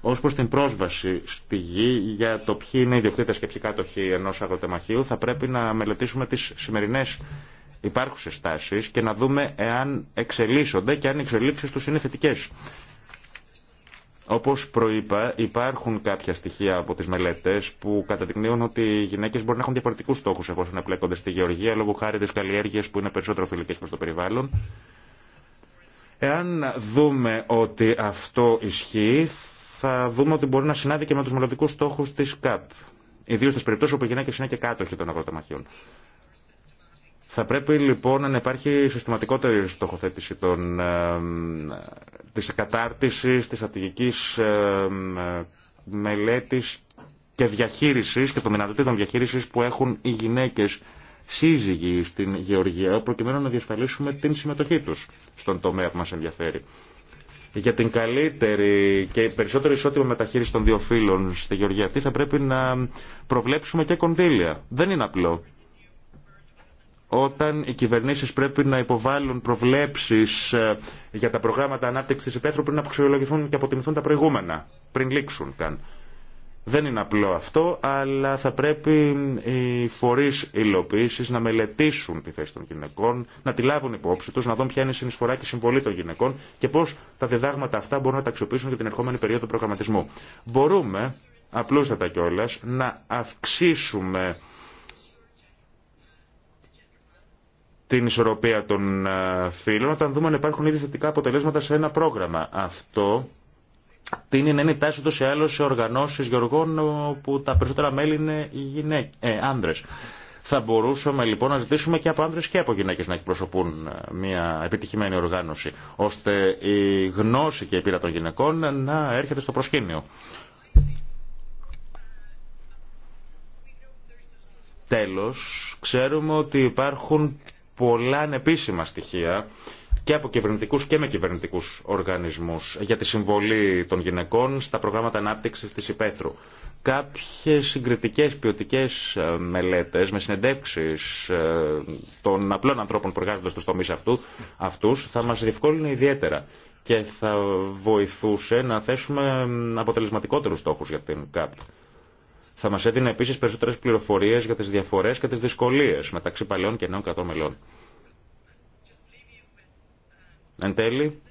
Ω προ την πρόσβαση στη γη για το ποιοι είναι οι ιδιοκτήτε και ποιοι κάτοχοι ενό αγροτεμαχίου, θα πρέπει να μελετήσουμε τι σημερινέ υπάρχουσε τάσει και να δούμε εάν εξελίσσονται και αν οι εξελίξεις του είναι θετικέ. Όπω προείπα, υπάρχουν κάποια στοιχεία από τι μελέτε που καταδεικνύουν ότι οι γυναίκε μπορεί να έχουν διαφορετικού στόχου εφόσον επλέκονται στη γεωργία λόγω χάρη τη καλλιέργεια που είναι περισσότερο φιλικέ προ το περιβάλλον. Εάν δούμε ότι αυτό ισχύει, θα δούμε ότι μπορεί να συνάδει και με του μελλοντικού στόχου τη ΚΑΠ. Ιδίω στι περιπτώσει όπου οι γυναίκε είναι και κάτοχοι των αγροτεμαχιών. Θα πρέπει λοιπόν να υπάρχει συστηματικότερη στοχοθέτηση των, ε, της κατάρτισης, της στρατηγικής μελέτης και διαχείρισης και των δυνατοτήτων διαχείρισης που έχουν οι γυναίκες σύζυγοι στην Γεωργία προκειμένου να διασφαλίσουμε την συμμετοχή τους στον τομέα που μας ενδιαφέρει. Για την καλύτερη και περισσότερη ισότιμη μεταχείριση των δύο φύλων στη Γεωργία αυτή θα πρέπει να προβλέψουμε και κονδύλια. Δεν είναι απλό όταν οι κυβερνήσεις πρέπει να υποβάλουν προβλέψεις ε, για τα προγράμματα ανάπτυξης της υπαίθρου πριν αποξιολογηθούν και αποτιμηθούν τα προηγούμενα, πριν λήξουν καν. Δεν είναι απλό αυτό, αλλά θα πρέπει οι φορείς υλοποίησης να μελετήσουν τη θέση των γυναικών, να τη λάβουν υπόψη τους, να δουν ποια είναι η συνεισφορά και η συμβολή των γυναικών και πώς τα διδάγματα αυτά μπορούν να τα αξιοποιήσουν για την ερχόμενη περίοδο προγραμματισμού. Μπορούμε, απλούστατα κιόλα, να αυξήσουμε την ισορροπία των ε, φύλων όταν δούμε αν υπάρχουν ήδη θετικά αποτελέσματα σε ένα πρόγραμμα. Αυτό τίνει να είναι τάση ούτως ή άλλως σε οργανώσεις γεωργών που τα περισσότερα μέλη είναι γυναίκ, ε, άνδρες. Θα μπορούσαμε λοιπόν να ζητήσουμε και από άνδρες και από γυναίκες να εκπροσωπούν ε, μια επιτυχημένη οργάνωση, ώστε η γνώση και η πείρα των γυναικών να έρχεται στο προσκήνιο. Τέλος, ξέρουμε ότι υπάρχουν πολλά ανεπίσημα στοιχεία και από κυβερνητικού και με κυβερνητικού οργανισμού για τη συμβολή των γυναικών στα προγράμματα ανάπτυξη τη υπαίθρου. Κάποιε συγκριτικέ ποιοτικέ ε, μελέτε με συνεντεύξει ε, των απλών ανθρώπων που εργάζονται στου τομεί αυτού θα μα διευκόλυνε ιδιαίτερα και θα βοηθούσε να θέσουμε αποτελεσματικότερου στόχου για την ΚΑΠ. Θα μας έδινε επίσης περισσότερες πληροφορίες για τις διαφορές και τις δυσκολίες μεταξύ παλαιών και νέων κατώμελών. Εν τέλει,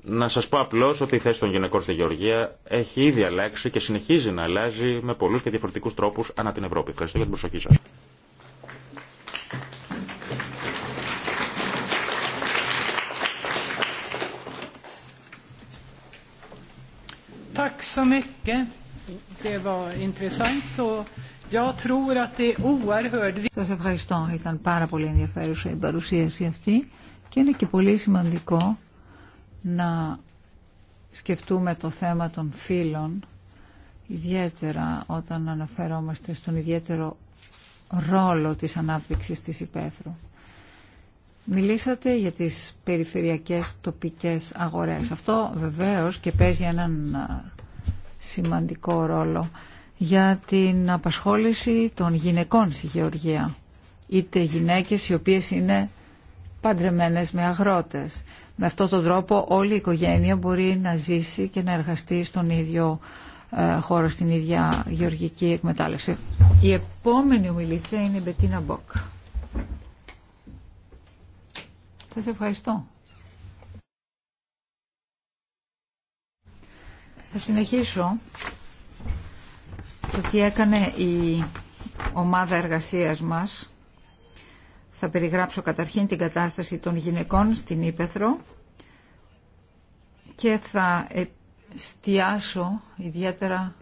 να σας πω απλώς ότι η θέση των γυναικών στη Γεωργία έχει ήδη αλλάξει και συνεχίζει να αλλάζει με πολλούς και διαφορετικούς τρόπους ανά την Ευρώπη. Ευχαριστώ για την προσοχή σας. Tack mycket det var er ευχαριστώ. Ήταν πάρα πολύ ενδιαφέρουσα η παρουσίαση αυτή και είναι και πολύ σημαντικό να σκεφτούμε το θέμα των φύλων ιδιαίτερα όταν αναφερόμαστε στον ιδιαίτερο ρόλο της ανάπτυξης της υπαίθρου. Μιλήσατε για τις περιφερειακές τοπικές αγορές. Αυτό βεβαίως και παίζει έναν σημαντικό ρόλο για την απασχόληση των γυναικών στη γεωργία. Είτε γυναίκες οι οποίες είναι παντρεμένες με αγρότες. Με αυτόν τον τρόπο όλη η οικογένεια μπορεί να ζήσει και να εργαστεί στον ίδιο ε, χώρο, στην ίδια γεωργική εκμετάλλευση. Η επόμενη ομιλήτρια είναι η Μπετίνα Μποκ. Σας ευχαριστώ. Θα συνεχίσω το τι έκανε η ομάδα εργασίας μας. Θα περιγράψω καταρχήν την κατάσταση των γυναικών στην Ήπεθρο και θα εστιάσω ιδιαίτερα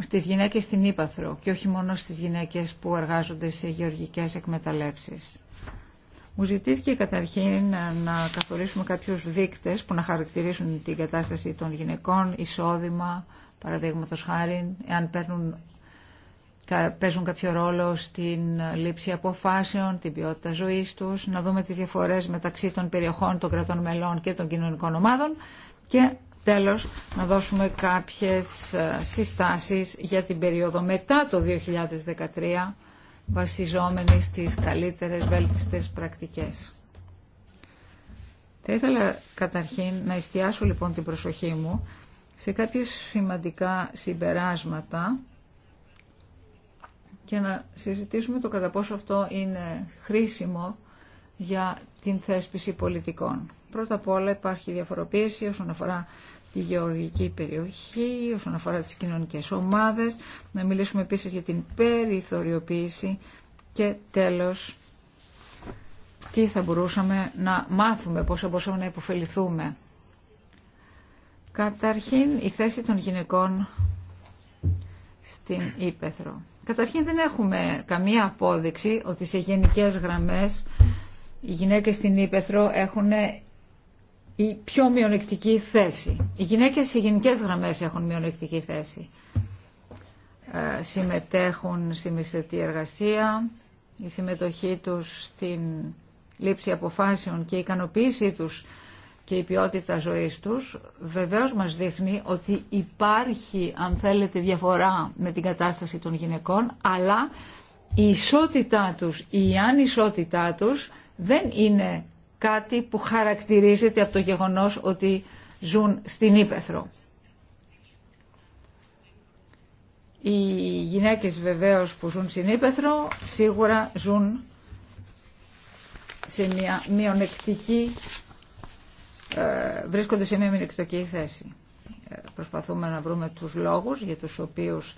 στις γυναίκες στην Ήπαθρο και όχι μόνο στις γυναίκες που εργάζονται σε γεωργικές εκμεταλλεύσεις. Μου ζητήθηκε καταρχήν να καθορίσουμε κάποιους δείκτες που να χαρακτηρίσουν την κατάσταση των γυναικών, εισόδημα, παραδείγματο χάρη, εάν παίζουν κάποιο ρόλο στην λήψη αποφάσεων, την ποιότητα ζωής τους, να δούμε τις διαφορές μεταξύ των περιοχών, των κρατών μελών και των κοινωνικών ομάδων και τέλος να δώσουμε κάποιες ε, συστάσεις για την περίοδο μετά το 2013 βασιζόμενοι στις καλύτερες βέλτιστες πρακτικές. Θα ήθελα καταρχήν να εστιάσω λοιπόν την προσοχή μου σε κάποιες σημαντικά συμπεράσματα και να συζητήσουμε το κατά πόσο αυτό είναι χρήσιμο για την θέσπιση πολιτικών. Πρώτα απ' όλα υπάρχει διαφοροποίηση όσον αφορά τη γεωργική περιοχή, όσον αφορά τις κοινωνικές ομάδες, να μιλήσουμε επίσης για την περιθωριοποίηση και τέλος τι θα μπορούσαμε να μάθουμε, πώς θα μπορούσαμε να υποφεληθούμε. Καταρχήν η θέση των γυναικών στην Ήπεθρο. Καταρχήν δεν έχουμε καμία απόδειξη ότι σε γενικές γραμμές οι γυναίκες στην Ήπεθρο έχουν η πιο μειονεκτική θέση. Οι γυναίκες σε γενικές γραμμές έχουν μειονεκτική θέση. Ε, συμμετέχουν στη μισθετή εργασία, η συμμετοχή τους στην λήψη αποφάσεων και η ικανοποίησή τους και η ποιότητα ζωής τους βεβαίως μας δείχνει ότι υπάρχει αν θέλετε διαφορά με την κατάσταση των γυναικών αλλά η ισότητά τους, η ανισότητά τους δεν είναι κάτι που χαρακτηρίζεται από το γεγονός ότι ζουν στην Ήπεθρο. Οι γυναίκες βεβαίως που ζουν στην Ήπεθρο σίγουρα ζουν σε μια μειονεκτική, ε, βρίσκονται σε μια μειονεκτική θέση. Ε, προσπαθούμε να βρούμε τους λόγους για τους οποίους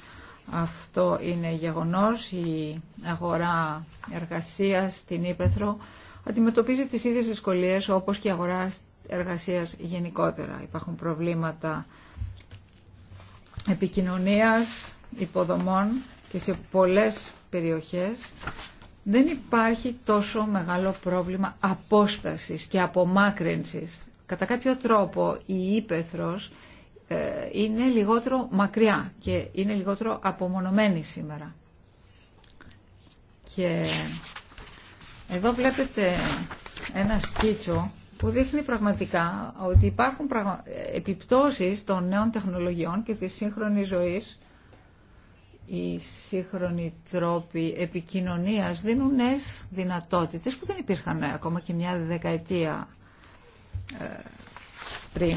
αυτό είναι γεγονός. Η αγορά εργασίας στην Ήπεθρο αντιμετωπίζει τις ίδιες δυσκολίες όπως και η αγορά εργασίας γενικότερα. Υπάρχουν προβλήματα επικοινωνίας, υποδομών και σε πολλές περιοχές δεν υπάρχει τόσο μεγάλο πρόβλημα απόστασης και απομάκρυνσης. Κατά κάποιο τρόπο η ύπεθρος ε, είναι λιγότερο μακριά και είναι λιγότερο απομονωμένη σήμερα. Και εδώ βλέπετε ένα σκίτσο που δείχνει πραγματικά ότι υπάρχουν επιπτώσεις των νέων τεχνολογιών και της σύγχρονης ζωής. Οι σύγχρονοι τρόποι επικοινωνίας δίνουν νέες δυνατότητες που δεν υπήρχαν ακόμα και μια δεκαετία ε, πριν.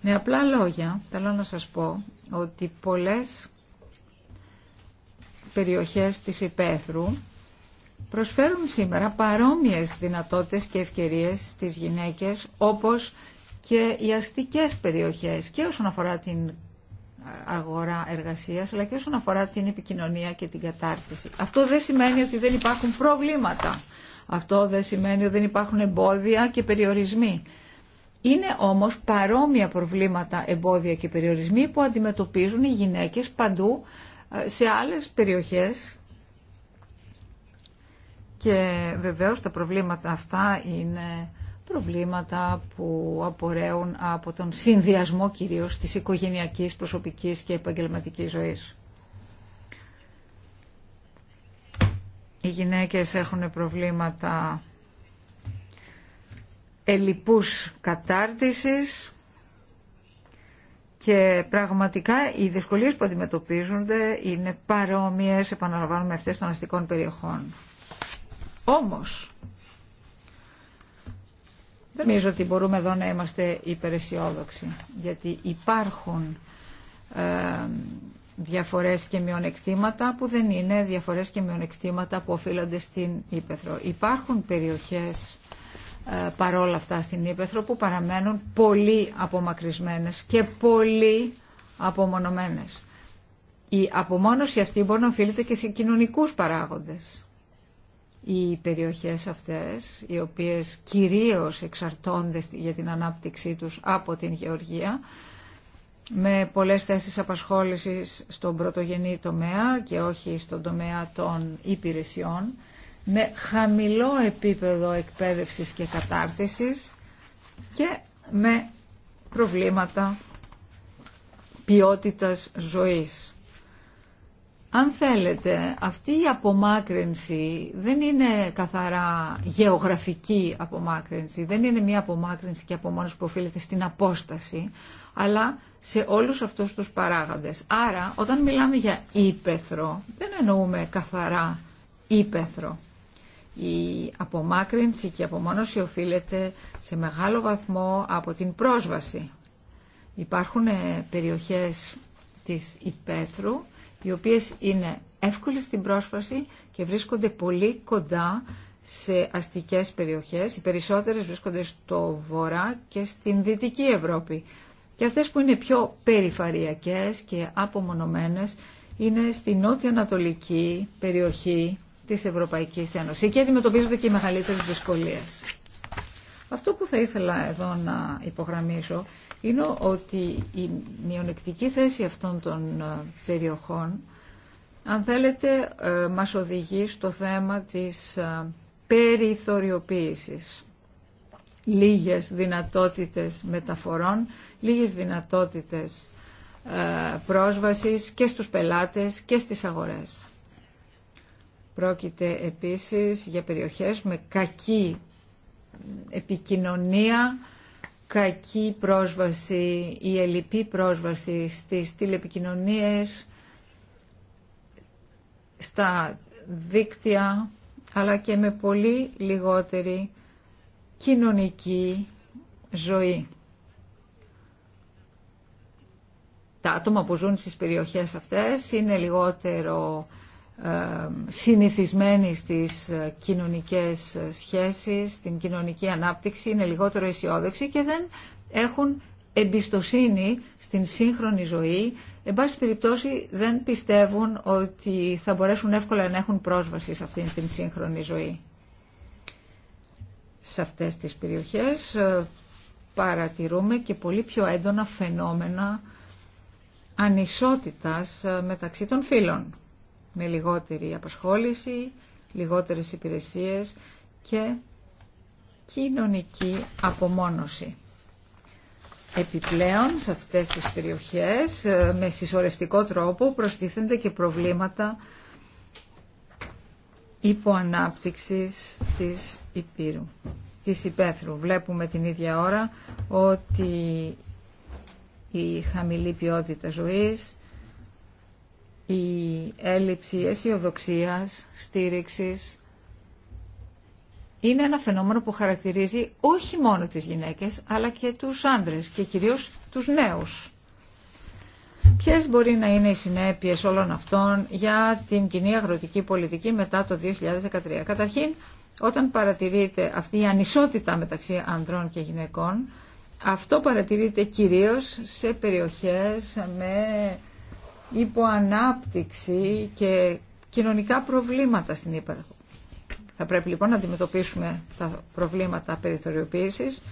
Με απλά λόγια θέλω να σας πω ότι πολλές περιοχές της υπαίθρου προσφέρουν σήμερα παρόμοιες δυνατότητες και ευκαιρίες στις γυναίκες όπως και οι αστικές περιοχές και όσον αφορά την ε, αγορά εργασίας αλλά και όσον αφορά την επικοινωνία και την κατάρτιση. Αυτό δεν σημαίνει ότι δεν υπάρχουν προβλήματα. Αυτό δεν σημαίνει ότι δεν υπάρχουν εμπόδια και περιορισμοί. Είναι όμως παρόμοια προβλήματα, εμπόδια και περιορισμοί που αντιμετωπίζουν οι γυναίκες παντού ε, σε άλλες περιοχές και βεβαίως τα προβλήματα αυτά είναι προβλήματα που απορρέουν από τον συνδυασμό κυρίως της οικογενειακής, προσωπικής και επαγγελματικής ζωής. Οι γυναίκες έχουν προβλήματα ελλειπούς κατάρτισης και πραγματικά οι δυσκολίες που αντιμετωπίζονται είναι παρόμοιες, επαναλαμβάνουμε, αυτές των αστικών περιοχών. Όμως, δεν νομίζω ότι μπορούμε εδώ να είμαστε υπεραισιόδοξοι, γιατί υπάρχουν ε, διαφορές και μειονεκτήματα που δεν είναι διαφορές και μειονεκτήματα που οφείλονται στην Ήπεθρο. Υπάρχουν περιοχές ε, παρόλα αυτά στην Ήπεθρο που παραμένουν πολύ απομακρυσμένες και πολύ απομονωμένες. Η απομόνωση αυτή μπορεί να οφείλεται και σε κοινωνικούς παράγοντες οι περιοχές αυτές, οι οποίες κυρίως εξαρτώνται για την ανάπτυξή τους από την γεωργία, με πολλές θέσεις απασχόλησης στον πρωτογενή τομέα και όχι στον τομέα των υπηρεσιών, με χαμηλό επίπεδο εκπαίδευσης και κατάρτισης και με προβλήματα ποιότητας ζωής. Αν θέλετε, αυτή η απομάκρυνση δεν είναι καθαρά γεωγραφική απομάκρυνση, δεν είναι μια απομάκρυνση και απομόνωση που οφείλεται στην απόσταση, αλλά σε όλους αυτούς τους παράγοντες. Άρα, όταν μιλάμε για ύπεθρο, δεν εννοούμε καθαρά ύπεθρο. Η απομάκρυνση και η απομόνωση οφείλεται σε μεγάλο βαθμό από την πρόσβαση. Υπάρχουν ε, περιοχές της ύπεθρου, οι οποίες είναι εύκολες στην πρόσφαση και βρίσκονται πολύ κοντά σε αστικές περιοχές. Οι περισσότερες βρίσκονται στο βορρά και στην δυτική Ευρώπη. Και αυτές που είναι πιο περιφαριακές και απομονωμένες είναι στη νότια ανατολικη περιοχή της Ευρωπαϊκής Ένωσης. Εκεί αντιμετωπίζονται και οι μεγαλύτερες δυσκολίες. Αυτό που θα ήθελα εδώ να υπογραμμίσω είναι ότι η μειονεκτική θέση αυτών των ε, περιοχών αν θέλετε ε, μας οδηγεί στο θέμα της ε, περιθωριοποίησης. Λίγες δυνατότητες μεταφορών, λίγες δυνατότητες πρόσβασης και στους πελάτες και στις αγορές. Πρόκειται επίσης για περιοχές με κακή επικοινωνία, κακή πρόσβαση ή ελλειπή πρόσβαση στις τηλεπικοινωνίες, στα δίκτυα, αλλά και με πολύ λιγότερη κοινωνική ζωή. Τα άτομα που ζουν στις περιοχές αυτές είναι λιγότερο συνηθισμένοι στις ε, κοινωνικές ε, σχέσεις, στην κοινωνική ανάπτυξη, είναι λιγότερο αισιόδοξοι και δεν έχουν εμπιστοσύνη στην σύγχρονη ζωή. Εν πάση περιπτώσει δεν πιστεύουν ότι θα μπορέσουν εύκολα να έχουν πρόσβαση σε αυτήν την σύγχρονη ζωή. Σε αυτές τις περιοχές ε, παρατηρούμε και πολύ πιο έντονα φαινόμενα ανισότητας μεταξύ των φύλων με λιγότερη απασχόληση, λιγότερες υπηρεσίες και κοινωνική απομόνωση. Επιπλέον σε αυτές τις περιοχές ε, με συσσωρευτικό τρόπο προστίθενται και προβλήματα υποανάπτυξης της Υπήρου, της Υπέθρου. Βλέπουμε την ίδια ώρα ότι η χαμηλή ποιότητα ζωής, η έλλειψη αισιοδοξία, στήριξης είναι ένα φαινόμενο που χαρακτηρίζει όχι μόνο τις γυναίκες αλλά και τους άντρες και κυρίως τους νέους. Ποιες μπορεί να είναι οι συνέπειες όλων αυτών για την κοινή αγροτική πολιτική μετά το 2013. Καταρχήν, όταν παρατηρείται αυτή η ανισότητα μεταξύ ανδρών και γυναικών, αυτό παρατηρείται κυρίως σε περιοχές με υποανάπτυξη και κοινωνικά προβλήματα στην ύπαρχο. Θα πρέπει λοιπόν να αντιμετωπίσουμε τα προβλήματα περιθωριοποίησης,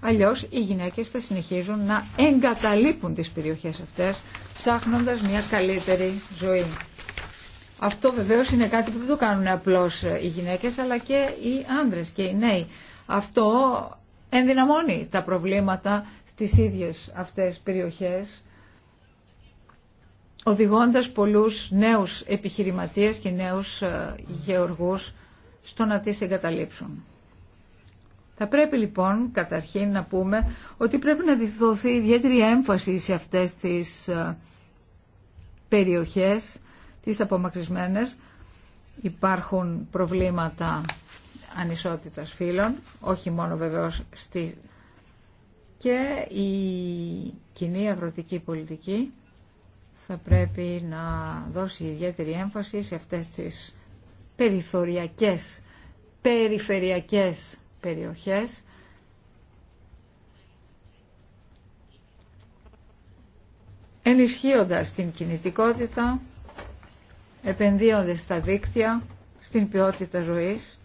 αλλιώς οι γυναίκες θα συνεχίζουν να εγκαταλείπουν τις περιοχές αυτές, ψάχνοντας μια καλύτερη ζωή. Αυτό βεβαίως είναι κάτι που δεν το κάνουν απλώς οι γυναίκες, αλλά και οι άνδρες και οι νέοι. Αυτό ενδυναμώνει τα προβλήματα στις ίδιες αυτές περιοχές οδηγώντας πολλούς νέους επιχειρηματίες και νέους ε, γεωργούς στο να τις εγκαταλείψουν. Θα πρέπει λοιπόν καταρχήν να πούμε ότι πρέπει να διδοθεί ιδιαίτερη έμφαση σε αυτές τις ε, περιοχές, τις απομακρυσμένες. Υπάρχουν προβλήματα ανισότητας φύλων, όχι μόνο βεβαίως στη... Και η κοινή αγροτική πολιτική θα πρέπει να δώσει ιδιαίτερη έμφαση σε αυτές τις περιθωριακές, περιφερειακές περιοχές ενισχύοντας την κινητικότητα, επενδύοντας στα δίκτυα, στην ποιότητα ζωής,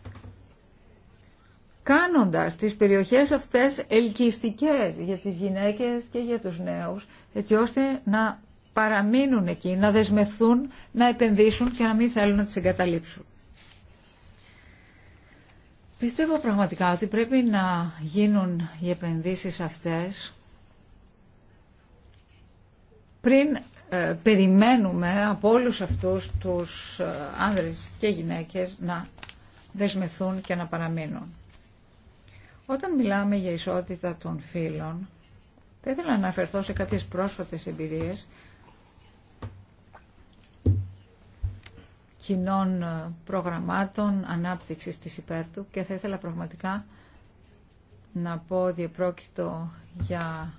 κάνοντας τις περιοχές αυτές ελκυστικές για τις γυναίκες και για τους νέους, έτσι ώστε να παραμείνουν εκεί, να δεσμευθούν, να επενδύσουν και να μην θέλουν να τις εγκαταλείψουν. Πιστεύω πραγματικά ότι πρέπει να γίνουν οι επενδύσεις αυτές πριν ε, περιμένουμε από όλους αυτούς τους ε, άνδρες και γυναίκες να δεσμευθούν και να παραμείνουν. Όταν μιλάμε για ισότητα των φύλων, θα ήθελα να αναφερθώ σε κάποιες πρόσφατες εμπειρίες κοινών ε, προγραμμάτων ανάπτυξης της υπέρτου και θα ήθελα πραγματικά να πω ότι για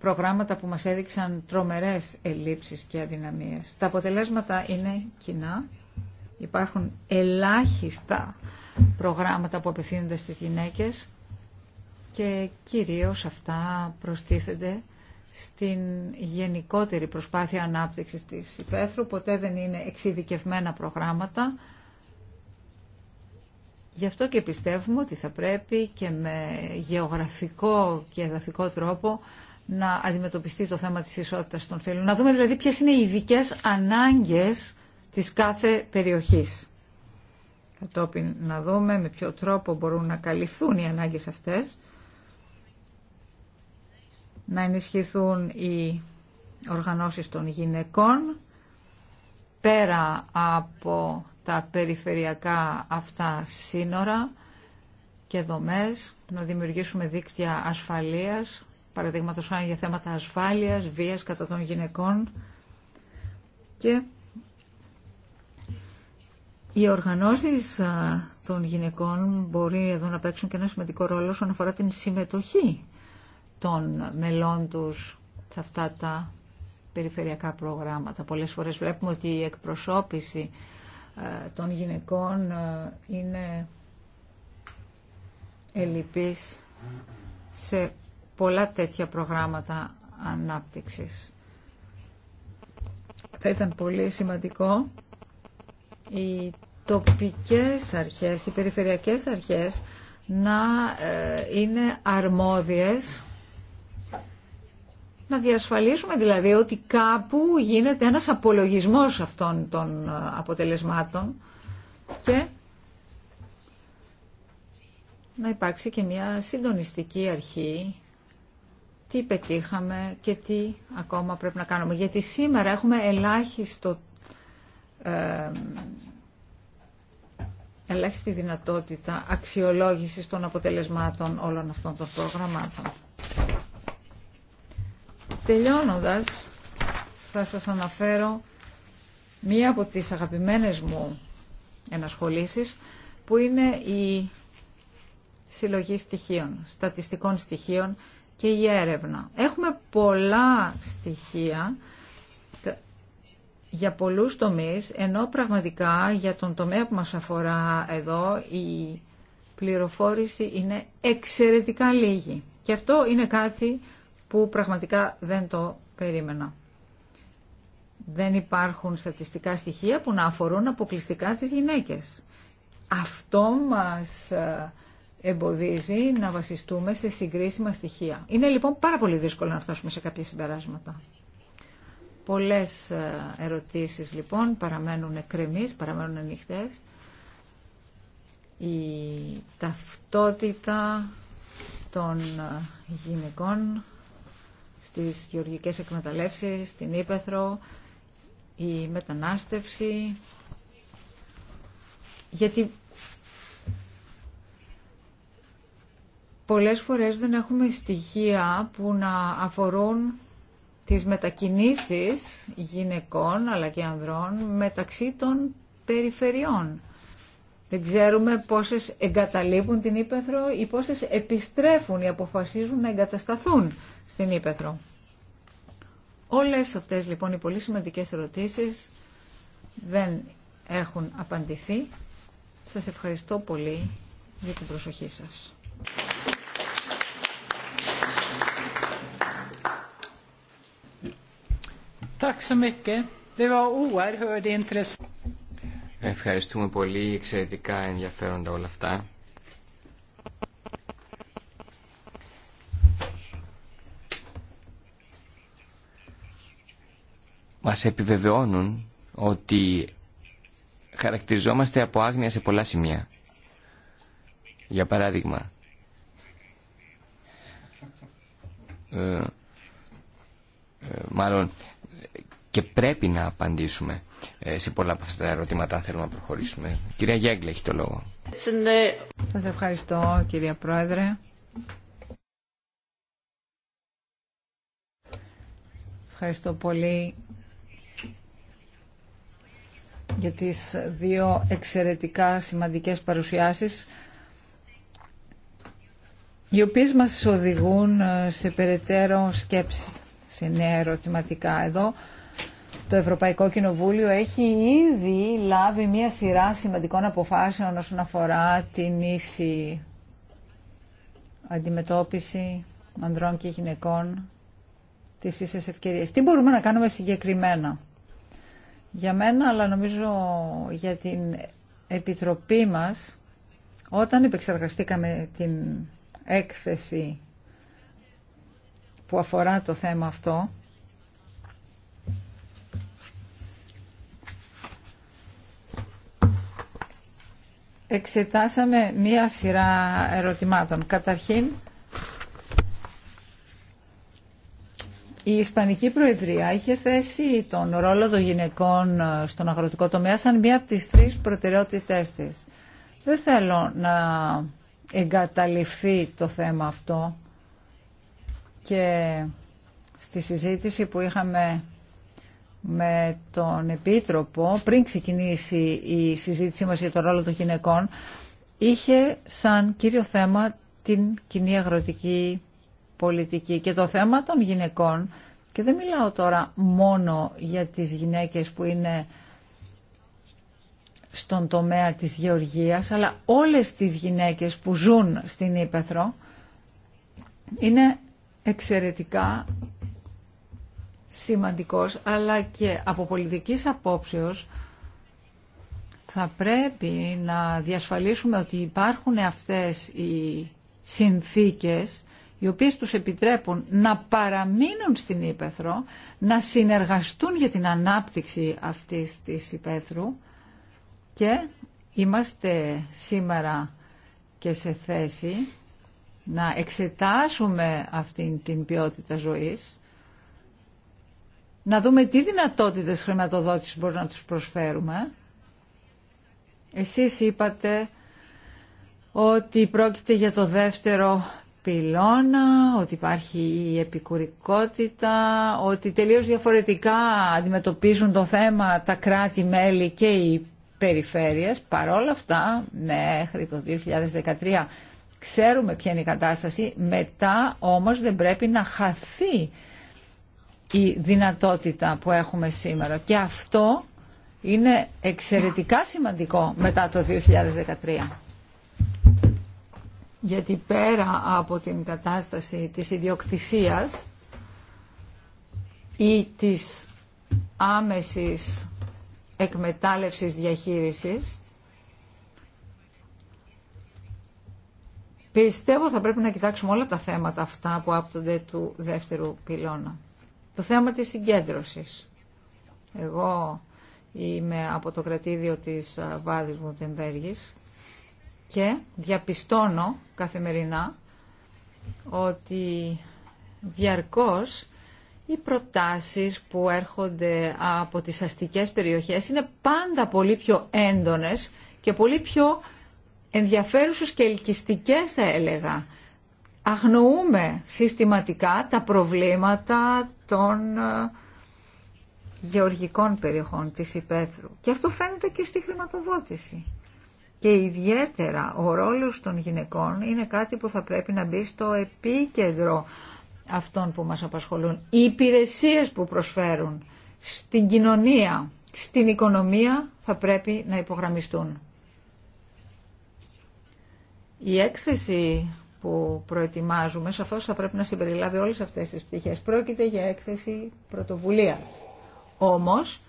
προγράμματα που μας έδειξαν τρομερές ελλείψεις και αδυναμίες. Τα αποτελέσματα είναι κοινά. Υπάρχουν ελάχιστα προγράμματα που απευθύνονται στις γυναίκες και κυρίως αυτά προστίθενται στην γενικότερη προσπάθεια ανάπτυξης της υπαίθρου. Ποτέ δεν είναι εξειδικευμένα προγράμματα. Γι' αυτό και πιστεύουμε ότι θα πρέπει και με γεωγραφικό και εδαφικό τρόπο να αντιμετωπιστεί το θέμα της ισότητας των φύλων. Να δούμε δηλαδή ποιες είναι οι ειδικέ ανάγκες της κάθε περιοχής. Κατόπιν να δούμε με ποιο τρόπο μπορούν να καλυφθούν οι ανάγκες αυτές να ενισχυθούν οι οργανώσεις των γυναικών πέρα από τα περιφερειακά αυτά σύνορα και δομές, να δημιουργήσουμε δίκτυα ασφαλείας, παραδείγματο χάρη για θέματα ασφάλειας, βίας κατά των γυναικών και οι οργανώσεις ε, των γυναικών μπορεί εδώ να παίξουν και ένα σημαντικό ρόλο όσον αφορά την συμμετοχή των μελών τους σε αυτά τα περιφερειακά προγράμματα. Πολλές φορές βλέπουμε ότι η εκπροσώπηση ε, των γυναικών ε, είναι ελλειπής σε πολλά τέτοια προγράμματα ανάπτυξης. Θα ήταν πολύ σημαντικό οι τοπικές αρχές, οι περιφερειακές αρχές να ε, είναι αρμόδιες να διασφαλίσουμε δηλαδή ότι κάπου γίνεται ένας απολογισμός αυτών των ε, αποτελεσμάτων και να υπάρξει και μια συντονιστική αρχή τι πετύχαμε και τι ακόμα πρέπει να κάνουμε. Γιατί σήμερα έχουμε ελάχιστο, ε, ελάχιστη δυνατότητα αξιολόγησης των αποτελεσμάτων όλων αυτών των προγραμμάτων. Τελειώνοντας, θα σας αναφέρω μία από τις αγαπημένες μου ενασχολήσεις, που είναι η συλλογή στοιχείων, στατιστικών στοιχείων και η έρευνα. Έχουμε πολλά στοιχεία για πολλούς τομείς, ενώ πραγματικά για τον τομέα που μας αφορά εδώ η πληροφόρηση είναι εξαιρετικά λίγη. Και αυτό είναι κάτι που πραγματικά δεν το περίμενα. Δεν υπάρχουν στατιστικά στοιχεία που να αφορούν αποκλειστικά τις γυναίκες. Αυτό μας ε, εμποδίζει να βασιστούμε σε συγκρίσιμα στοιχεία. Είναι λοιπόν πάρα πολύ δύσκολο να φτάσουμε σε κάποια συμπεράσματα. Πολλές ε, ερωτήσεις λοιπόν παραμένουν εκκρεμείς, παραμένουν ανοιχτές. Η ταυτότητα των ε, γυναικών στις γεωργικές εκμεταλλεύσεις, την Ήπεθρο, η μετανάστευση. Γιατί πολλές φορές δεν έχουμε στοιχεία που να αφορούν τις μετακινήσεις γυναικών αλλά και ανδρών μεταξύ των περιφερειών. Δεν ξέρουμε πόσες εγκαταλείπουν την Ήπεθρο ή πόσες επιστρέφουν ή αποφασίζουν να εγκατασταθούν στην Ήπεθρο. Όλες αυτές λοιπόν οι πολύ σημαντικές ερωτήσεις δεν έχουν απαντηθεί. Σας ευχαριστώ πολύ για την προσοχή σας. Ευχαριστούμε πολύ, εξαιρετικά ενδιαφέροντα όλα αυτά. μας επιβεβαιώνουν ότι χαρακτηριζόμαστε από άγνοια σε πολλά σημεία. Για παράδειγμα, ε, ε μάλλον και πρέπει να απαντήσουμε ε, σε πολλά από αυτά τα ερωτήματα αν θέλουμε να προχωρήσουμε. Κυρία Γέγκλε έχει το λόγο. Σας ευχαριστώ κυρία Πρόεδρε. Ευχαριστώ πολύ για τις δύο εξαιρετικά σημαντικές παρουσιάσεις οι οποίες μας οδηγούν ε, σε περαιτέρω σκέψη, σε νέα ερωτηματικά. Εδώ το Ευρωπαϊκό Κοινοβούλιο έχει ήδη λάβει μία σειρά σημαντικών αποφάσεων όσον αφορά την ίση αντιμετώπιση ανδρών και γυναικών τις ίσες ευκαιρίες. Τι μπορούμε να κάνουμε συγκεκριμένα. Για μένα, αλλά νομίζω για την Επιτροπή μας, όταν επεξεργαστήκαμε την έκθεση που αφορά το θέμα αυτό, εξετάσαμε μία σειρά ερωτημάτων. Καταρχήν, Η Ισπανική Προεδρία είχε θέσει τον ρόλο των γυναικών ε, στον αγροτικό τομέα σαν μία από τις τρεις προτεραιότητές της. Δεν θέλω να εγκαταλειφθεί το θέμα αυτό και στη συζήτηση που είχαμε με τον Επίτροπο πριν ξεκινήσει η συζήτησή μας για τον ρόλο των γυναικών είχε σαν κύριο θέμα την κοινή αγροτική πολιτική και το θέμα των γυναικών και δεν μιλάω τώρα μόνο για τις γυναίκες που είναι στον τομέα της γεωργίας αλλά όλες τις γυναίκες που ζουν στην Ήπεθρο είναι εξαιρετικά σημαντικός αλλά και από πολιτικής απόψεως θα πρέπει να διασφαλίσουμε ότι υπάρχουν αυτές οι συνθήκες οι οποίες τους επιτρέπουν να παραμείνουν στην Ήπεθρο, να συνεργαστούν για την ανάπτυξη αυτής της Ήπεθρου και είμαστε σήμερα και σε θέση να εξετάσουμε αυτήν την ποιότητα ζωής, να δούμε τι δυνατότητες χρηματοδότησης μπορούμε να τους προσφέρουμε. Εσείς είπατε ότι πρόκειται για το δεύτερο πυλώνα, ότι υπάρχει η επικουρικότητα, ότι τελείως διαφορετικά αντιμετωπίζουν το θέμα τα κράτη-μέλη και οι περιφέρειες. Παρόλα αυτά, μέχρι το 2013 ξέρουμε ποια είναι η κατάσταση, μετά όμως δεν πρέπει να χαθεί η δυνατότητα που έχουμε σήμερα. Και αυτό είναι εξαιρετικά σημαντικό μετά το 2013 γιατί πέρα από την κατάσταση της ιδιοκτησίας ή της άμεσης εκμετάλλευσης διαχείρισης, Πιστεύω θα πρέπει να κοιτάξουμε όλα τα θέματα αυτά που άπτονται του δεύτερου πυλώνα. Το θέμα της συγκέντρωσης. Εγώ είμαι από το κρατήδιο της Βάδης Βουτεμβέργης και διαπιστώνω καθημερινά ότι διαρκώς οι προτάσεις που έρχονται από τις αστικές περιοχές είναι πάντα πολύ πιο έντονες και πολύ πιο ενδιαφέρουσες και ελκυστικές θα έλεγα. Αγνοούμε συστηματικά τα προβλήματα των ε, γεωργικών περιοχών της Υπέθρου. Και αυτό φαίνεται και στη χρηματοδότηση και ιδιαίτερα ο ρόλος των γυναικών είναι κάτι που θα πρέπει να μπει στο επίκεντρο αυτών που μας απασχολούν. Οι υπηρεσίες που προσφέρουν στην κοινωνία, στην οικονομία θα πρέπει να υπογραμμιστούν. Η έκθεση που προετοιμάζουμε σαφώς θα πρέπει να συμπεριλάβει όλες αυτές τις πτυχές. Πρόκειται για έκθεση πρωτοβουλίας. Όμως,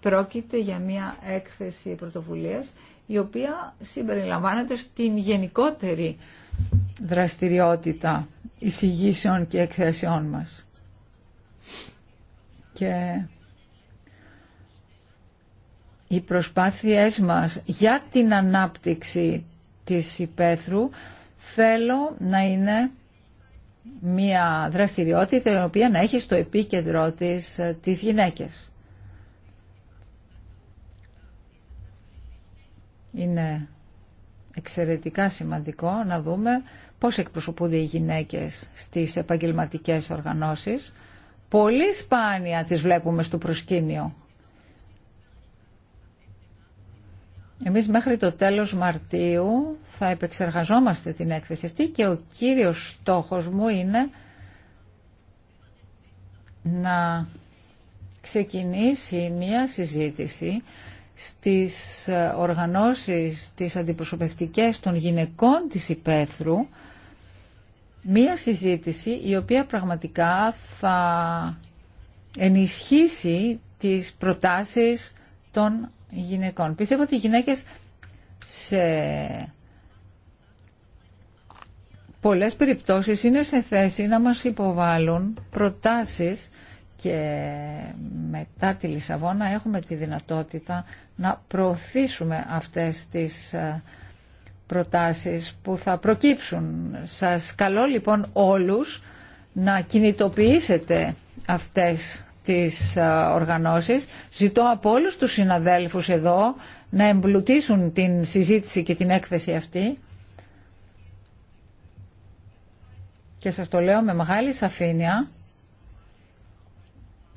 πρόκειται για μια έκθεση πρωτοβουλίας η οποία συμπεριλαμβάνεται στην γενικότερη δραστηριότητα εισηγήσεων και εκθέσεών μας. Και οι προσπάθειές μας για την ανάπτυξη της υπαίθρου θέλω να είναι μια δραστηριότητα η οποία να έχει στο επίκεντρό της ε, τις γυναίκες. Είναι εξαιρετικά σημαντικό να δούμε πώς εκπροσωπούνται οι γυναίκες στις επαγγελματικές οργανώσεις. Πολύ σπάνια τις βλέπουμε στο προσκήνιο. Εμείς μέχρι το τέλος Μαρτίου θα επεξεργαζόμαστε την έκθεση αυτή και ο κύριος στόχος μου είναι να ξεκινήσει μια συζήτηση στις ε, οργανώσεις, τις αντιπροσωπευτικές των γυναικών της υπαίθρου μία συζήτηση η οποία πραγματικά θα ενισχύσει τις προτάσεις των γυναικών. Πιστεύω ότι οι γυναίκες σε πολλές περιπτώσεις είναι σε θέση να μας υποβάλουν προτάσεις και μετά τη Λισαβόνα έχουμε τη δυνατότητα να προωθήσουμε αυτές τις ε, προτάσεις που θα προκύψουν. Σας καλώ λοιπόν όλους να κινητοποιήσετε αυτές τις ε, οργανώσεις. Ζητώ από όλους τους συναδέλφους εδώ να εμπλουτίσουν την συζήτηση και την έκθεση αυτή. Και σας το λέω με μεγάλη σαφήνεια.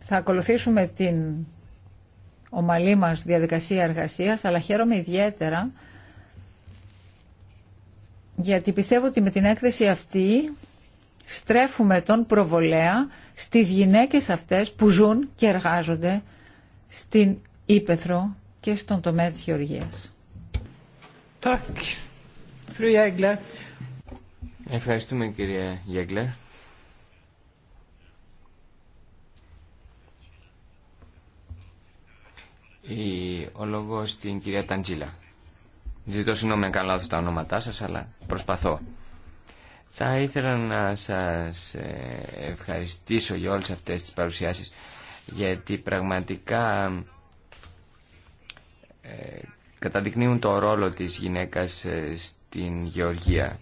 Θα ακολουθήσουμε την ομαλή μας διαδικασία εργασίας, αλλά χαίρομαι ιδιαίτερα γιατί πιστεύω ότι με την έκθεση αυτή στρέφουμε τον προβολέα στις γυναίκες αυτές που ζουν και εργάζονται στην Ήπεθρο και στον τομέα της γεωργίας. Ευχαριστούμε κυρία Γέγκλερ. ο λόγο στην κυρία Ταντζίλα. Ζητώ συγγνώμη αν κάνω λάθος τα ονόματά σας, αλλά προσπαθώ. Θα ήθελα να σας ε, ευχαριστήσω για όλες αυτές τις παρουσιάσει γιατί πραγματικά ε, καταδεικνύουν το ρόλο της γυναίκας ε, στην γεωργία.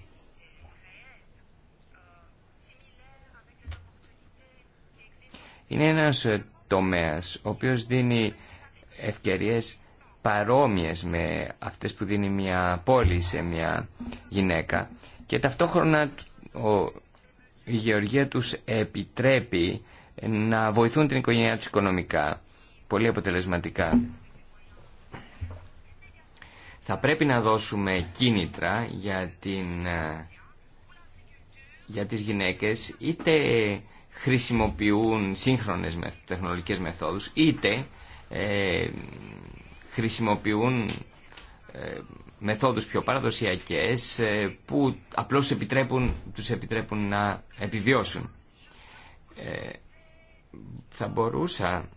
Είναι ένας τομέας ο οποίος δίνει ευκαιρίες παρόμοιες με αυτές που δίνει μια πόλη σε μια γυναίκα και ταυτόχρονα η γεωργία τους επιτρέπει να βοηθούν την οικογένειά τους οικονομικά πολύ αποτελεσματικά. Θα πρέπει να δώσουμε κίνητρα για, την, για τις γυναίκες είτε χρησιμοποιούν σύγχρονες τεχνολογικές μεθόδους είτε ε, χρησιμοποιούν ε, μεθόδους πιο παραδοσιακές ε, που απλώς επιτρέπουν, τους επιτρέπουν να επιβιώσουν. Ε, θα μπορούσα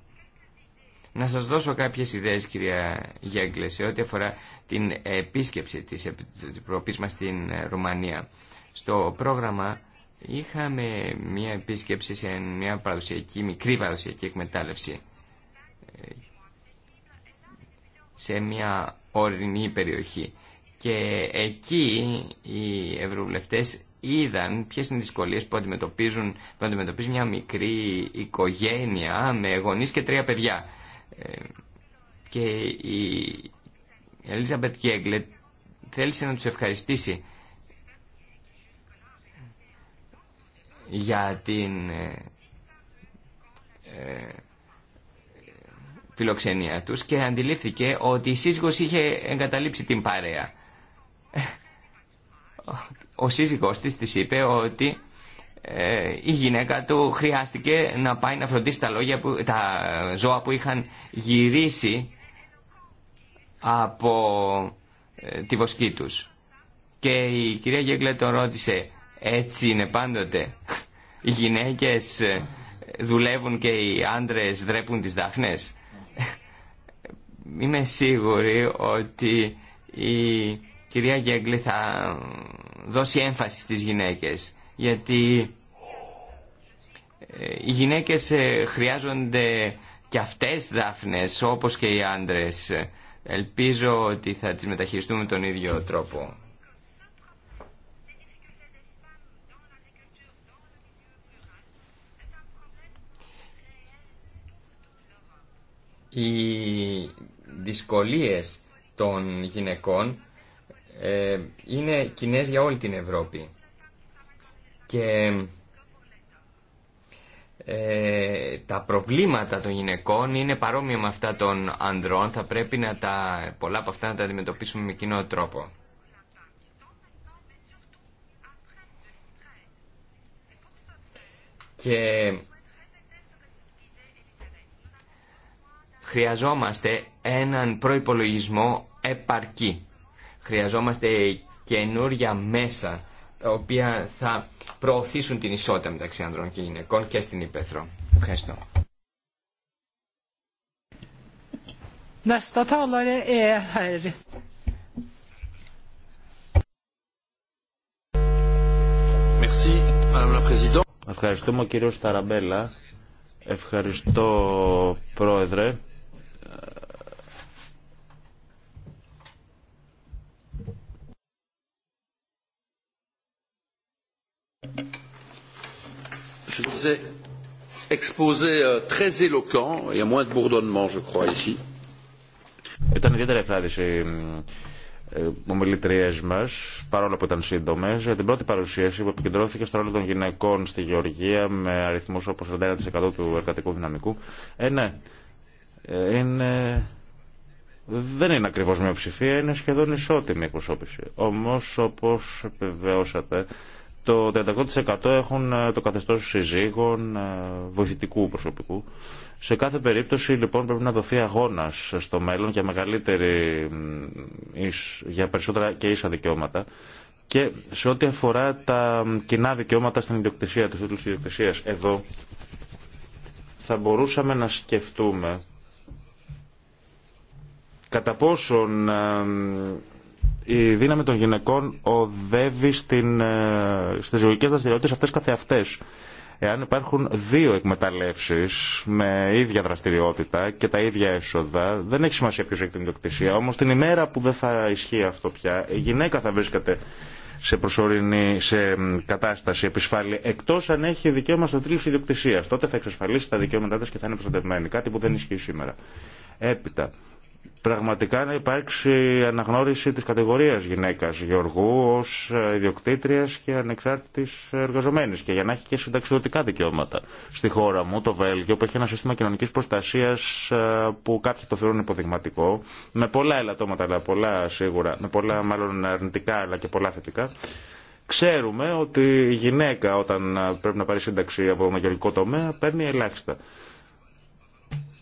να σας δώσω κάποιες ιδέες, κυρία Γέγκλε, σε ό,τι αφορά την επίσκεψη της Επιτροπής μας στην Ρουμανία. Στο πρόγραμμα είχαμε μια επίσκεψη σε μια παραδοσιακή, μικρή παραδοσιακή εκμετάλλευση σε μια ορεινή περιοχή. Και εκεί οι ευρωβουλευτές είδαν ποιε είναι οι δυσκολίες που, αντιμετωπίζουν, που αντιμετωπίζει μια μικρή οικογένεια με γονεί και τρία παιδιά. Ε, και η Μπετ Κέγλε θέλησε να τους ευχαριστήσει για την ε, ε, φιλοξενία τους και αντιλήφθηκε ότι η σύζυγος είχε εγκαταλείψει την παρέα. Ο σύζυγός της της είπε ότι ε, η γυναίκα του χρειάστηκε να πάει να φροντίσει τα, λόγια που, τα ζώα που είχαν γυρίσει από ε, τη βοσκή τους. Και η κυρία Γέγκλε τον ρώτησε έτσι είναι πάντοτε οι γυναίκες ε, δουλεύουν και οι άντρες δρέπουν τις δάφνες είμαι σίγουρη ότι η κυρία Γέγκλη θα δώσει έμφαση στις γυναίκες γιατί ε, οι γυναίκες ε, χρειάζονται και αυτές δάφνες όπως και οι άντρες. Ελπίζω ότι θα τις μεταχειριστούμε τον ίδιο τρόπο. Η δυσκολίες των γυναικών ε, είναι κοινέ για όλη την Ευρώπη. Και ε, τα προβλήματα των γυναικών είναι παρόμοια με αυτά των ανδρών. Θα πρέπει να τα, πολλά από αυτά να τα αντιμετωπίσουμε με κοινό τρόπο. Και χρειαζόμαστε έναν προϋπολογισμό επαρκή. Χρειαζόμαστε καινούρια μέσα τα οποία θα προωθήσουν την ισότητα μεταξύ ανδρών και γυναικών και στην υπεθρο. Ευχαριστώ. Nästa talare är herr Ευχαριστούμε κύριο Σταραμπέλα. Ευχαριστώ πρόεδρε. vous ai exposé euh, très éloquent. Il a moins de bourdonnement, je crois, ici. Ήταν ιδιαίτερα ευλάδης οι ε, ομιλητρίε μα, παρόλο που ήταν σύντομε, για την πρώτη παρουσίαση που επικεντρώθηκε στο ρόλο των γυναικών στη Γεωργία με αριθμού όπω 41% του εργατικού δυναμικού. Ε, ναι, ε, είναι δεν είναι ακριβώ μειοψηφία, είναι σχεδόν ισότιμη η προσώπηση Όμω, όπω επιβεβαιώσατε, το 38% έχουν ε, το καθεστώς συζύγων ε, βοηθητικού προσωπικού. Σε κάθε περίπτωση λοιπόν πρέπει να δοθεί αγώνας στο μέλλον για μεγαλύτερη, για περισσότερα και ίσα δικαιώματα και σε ό,τι αφορά τα κοινά δικαιώματα στην ιδιοκτησία, του τίτλου ιδιοκτησία, εδώ θα μπορούσαμε να σκεφτούμε κατά πόσον ε, η δύναμη των γυναικών οδεύει στην, ε, στις ζωικές δραστηριότητες αυτές καθεαυτές. Εάν υπάρχουν δύο εκμεταλλεύσεις με ίδια δραστηριότητα και τα ίδια έσοδα, δεν έχει σημασία ποιος έχει την ιδιοκτησία. Όμως την ημέρα που δεν θα ισχύει αυτό πια, η γυναίκα θα βρίσκεται σε προσωρινή κατάσταση επισφάλεια, εκτό αν έχει δικαίωμα στο τρίλο ιδιοκτησία. Τότε θα εξασφαλίσει τα δικαιώματά τη και θα είναι προστατευμένη. Κάτι που δεν ισχύει σήμερα. Έπειτα, πραγματικά να υπάρξει αναγνώριση της κατηγορίας γυναίκας Γεωργού ως ε, ιδιοκτήτριας και ανεξάρτητης εργαζομένης και για να έχει και συνταξιδοτικά δικαιώματα στη χώρα μου, το Βέλγιο, που έχει ένα σύστημα κοινωνικής προστασίας ε, που κάποιοι το θεωρούν υποδειγματικό, με πολλά ελαττώματα αλλά πολλά σίγουρα, με πολλά μάλλον αρνητικά αλλά και πολλά θετικά. Ξέρουμε ότι η γυναίκα όταν ε, πρέπει να πάρει σύνταξη από το γεωργικό τομέα παίρνει ελάχιστα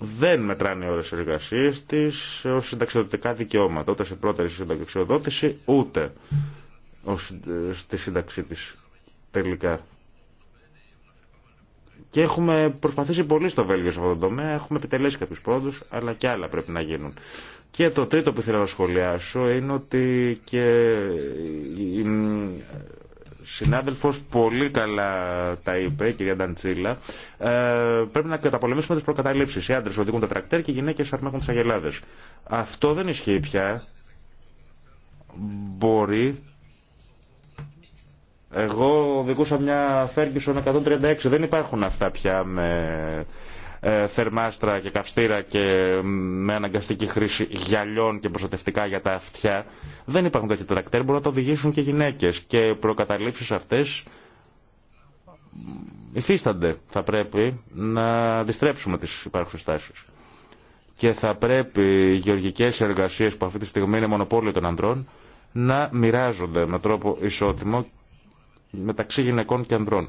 δεν μετράνε οι ώρες εργασίας της ως συνταξιδοτικά δικαιώματα, ούτε σε πρώτερη συνταξιοδότηση, ούτε ως, στη σύνταξή της τελικά. Και έχουμε προσπαθήσει πολύ στο Βέλγιο σε αυτό το τομέα, έχουμε επιτελέσει κάποιους πρόοδους, αλλά και άλλα πρέπει να γίνουν. Και το τρίτο που ήθελα να σχολιάσω είναι ότι και συνάδελφος πολύ καλά τα είπε, κυρία Νταντσίλα, ε, πρέπει να καταπολεμήσουμε τις προκαταλήψεις. Οι άντρες οδηγούν τα τρακτέρ και οι γυναίκες αρμέχουν τις αγελάδες. Αυτό δεν ισχύει πια. Μπορεί εγώ οδηγούσα μια Ferguson 136. Δεν υπάρχουν αυτά πια με ε, θερμάστρα και καυστήρα και με αναγκαστική χρήση γυαλιών και προστατευτικά για τα αυτιά. Δεν υπάρχουν τέτοια τρακτέρ, μπορούν να το οδηγήσουν και γυναίκε. Και προκαταλήψει αυτέ αυτές υφίστανται. Θα πρέπει να αντιστρέψουμε τι υπάρχουσες τάσει. Και θα πρέπει οι γεωργικέ εργασίε που αυτή τη στιγμή είναι μονοπόλιο των ανδρών να μοιράζονται με τρόπο ισότιμο μεταξύ γυναικών και ανδρών.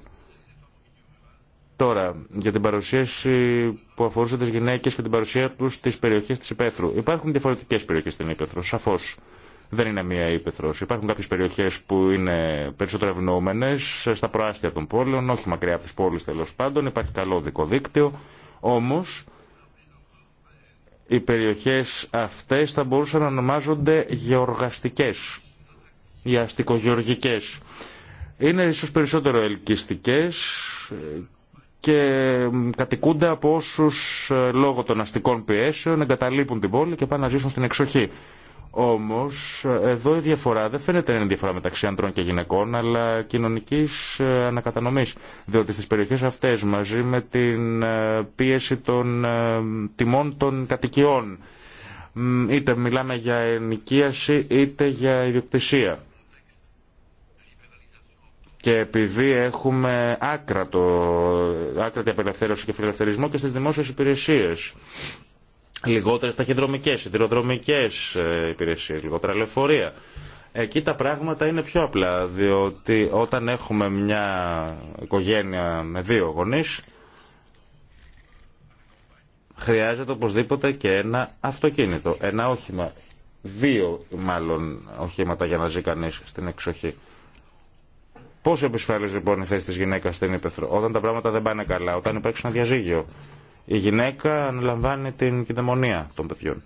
Τώρα, για την παρουσίαση που αφορούσε τι γυναίκε και την παρουσία του στι περιοχέ τη Υπέθρου. Υπάρχουν διαφορετικέ περιοχέ στην Υπέθρο, σαφώ. Δεν είναι μία Υπέθρο. Υπάρχουν κάποιε περιοχέ που είναι περισσότερο ευνοούμενε, στα προάστια των πόλεων, όχι μακριά από τι πόλει τέλο πάντων. Υπάρχει καλό δικό δίκτυο. Όμω, οι περιοχέ αυτέ θα μπορούσαν να ονομάζονται γεωργαστικέ ή αστικογεωργικέ. Είναι ίσω περισσότερο ελκυστικέ και κατοικούνται από όσου ε, λόγω των αστικών πιέσεων εγκαταλείπουν την πόλη και πάνε να ζήσουν στην εξοχή. Όμω, ε, εδώ η διαφορά δεν φαίνεται να είναι διαφορά μεταξύ ανδρών και γυναικών, αλλά κοινωνική ε, ανακατανομή. Διότι στι περιοχέ αυτέ, μαζί με την πίεση των τιμών των κατοικιών, είτε μιλάμε για ενοικίαση είτε για ιδιοκτησία και επειδή έχουμε άκρα το, άκρατη απελευθέρωση και φιλελευθερισμό και στις δημόσιες υπηρεσίες. Λιγότερες ταχυδρομικές, σιδηροδρομικές ε, υπηρεσίες, λιγότερα λεωφορεία. Εκεί τα πράγματα είναι πιο απλά, διότι όταν έχουμε μια οικογένεια με δύο γονείς, χρειάζεται οπωσδήποτε και ένα αυτοκίνητο, ένα όχημα, δύο μάλλον οχήματα για να ζει κανείς στην εξοχή. Πόσο επισφαλή λοιπόν η θέση τη γυναίκα στην Ήπεθρο, όταν τα πράγματα δεν πάνε καλά, όταν υπάρχει ένα διαζύγιο. Η γυναίκα αναλαμβάνει την κυδαιμονία των παιδιών.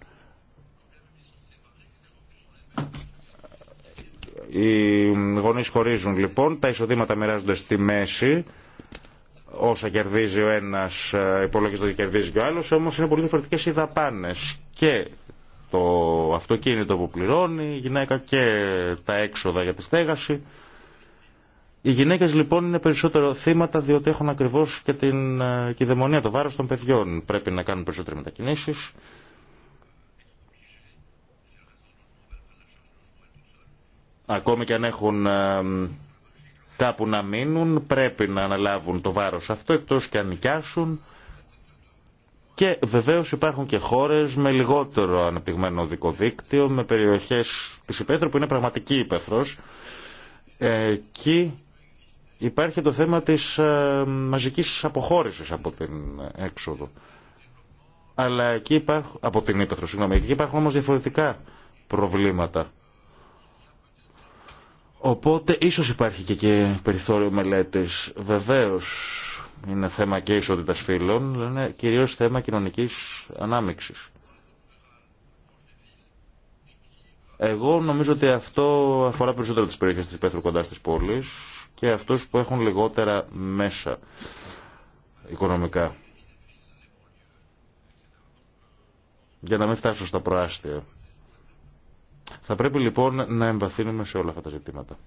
Οι γονεί χωρίζουν λοιπόν, τα εισοδήματα μοιράζονται στη μέση. Όσα κερδίζει ο ένα ε, υπολογίζεται ότι κερδίζει και ο άλλο, όμω είναι πολύ διαφορετικέ οι δαπάνε. Και το αυτοκίνητο που πληρώνει, η γυναίκα και τα έξοδα για τη στέγαση. Οι γυναίκε λοιπόν είναι περισσότερο θύματα διότι έχουν ακριβώ και την ε, κυδαιμονία, το βάρο των παιδιών. Πρέπει να κάνουν περισσότερε μετακινήσει. Ακόμη και αν έχουν ε, κάπου να μείνουν, πρέπει να αναλάβουν το βάρος αυτό, εκτός και αν νοικιάσουν. Και βεβαίως υπάρχουν και χώρες με λιγότερο αναπτυγμένο οδικό δίκτυο, με περιοχές της υπαίθρου που είναι πραγματική υπαίθρος. Ε, εκεί Υπάρχει το θέμα της ε, μαζικής αποχώρησης από την έξοδο. Αλλά εκεί υπάρχουν, από την Ήπεθρο, συγγνώμη, εκεί υπάρχουν όμως διαφορετικά προβλήματα. Οπότε ίσως υπάρχει και, και περιθώριο μελέτης. Βεβαίως είναι θέμα και ισότητας φύλων, αλλά είναι κυρίως θέμα κοινωνικής ανάμειξης. Εγώ νομίζω ότι αυτό αφορά περισσότερο τις περιοχές της Πέθρου κοντά στις πόλεις και αυτούς που έχουν λιγότερα μέσα οικονομικά. Για να μην φτάσω στα προάστια. Θα πρέπει λοιπόν να εμβαθύνουμε σε όλα αυτά τα ζητήματα.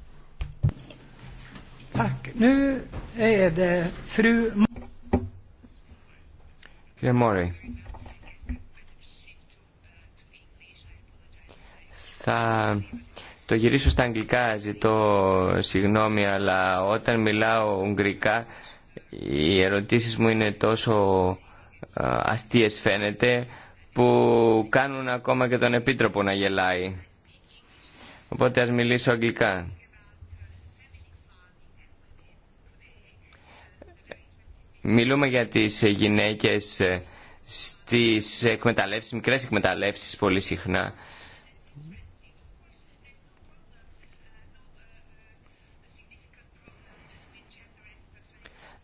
Κύριε θα το γυρίσω στα αγγλικά, ζητώ συγγνώμη, αλλά όταν μιλάω ουγγρικά οι ερωτήσεις μου είναι τόσο αστείες φαίνεται που κάνουν ακόμα και τον Επίτροπο να γελάει. Οπότε ας μιλήσω αγγλικά. Μιλούμε για τις γυναίκες στις εκμεταλλεύσεις, μικρές εκμεταλλεύσεις πολύ συχνά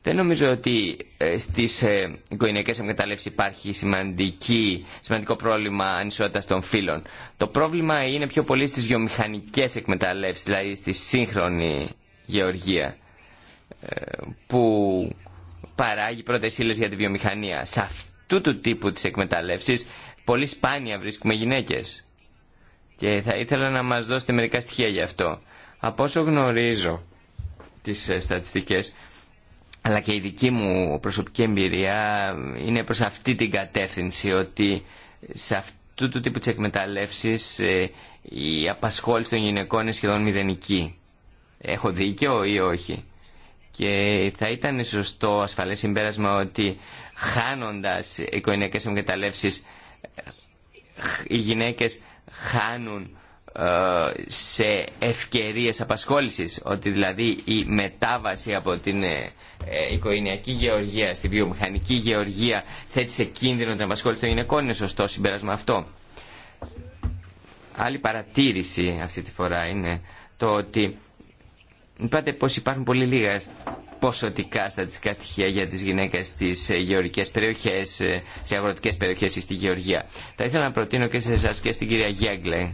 Δεν νομίζω ότι ε, στις ε, οικογενειακέ εκμετάλλευσει υπάρχει σημαντική, σημαντικό πρόβλημα ανισότητας των φύλων. Το πρόβλημα είναι πιο πολύ στις βιομηχανικέ εκμεταλλεύσεις, δηλαδή στη σύγχρονη γεωργία ε, που παράγει πρώτε ύλε για τη βιομηχανία. Σε αυτού του τύπου τη εκμεταλλευση, πολύ σπάνια βρίσκουμε γυναίκε. Και θα ήθελα να μα δώσετε μερικά στοιχεία γι' αυτό. Από όσο γνωρίζω τις στατιστικές, αλλά και η δική μου προσωπική εμπειρία είναι προς αυτή την κατεύθυνση ότι σε αυτού του τύπου της εκμεταλλεύσης ε, η απασχόληση των γυναικών είναι σχεδόν μηδενική. Έχω δίκιο ή όχι. Και θα ήταν σωστό ασφαλές συμπέρασμα ότι χάνοντας οικογενειακές εκμεταλλεύσεις ε, οι γυναίκες χάνουν σε ευκαιρίες απασχόλησης, ότι δηλαδή η μετάβαση από την ε, ε, οικογενειακή γεωργία στη βιομηχανική γεωργία θέτει σε κίνδυνο την απασχόληση των γυναικών, είναι σωστό συμπέρασμα αυτό. Άλλη παρατήρηση αυτή τη φορά είναι το ότι είπατε πως υπάρχουν πολύ λίγα ποσοτικά στατιστικά στοιχεία για τις γυναίκες στις ε, γεωργικές περιοχές, σε αγροτικές περιοχές ή στη γεωργία. Θα ήθελα να προτείνω και σε εσάς και στην κυρία Γέγκλε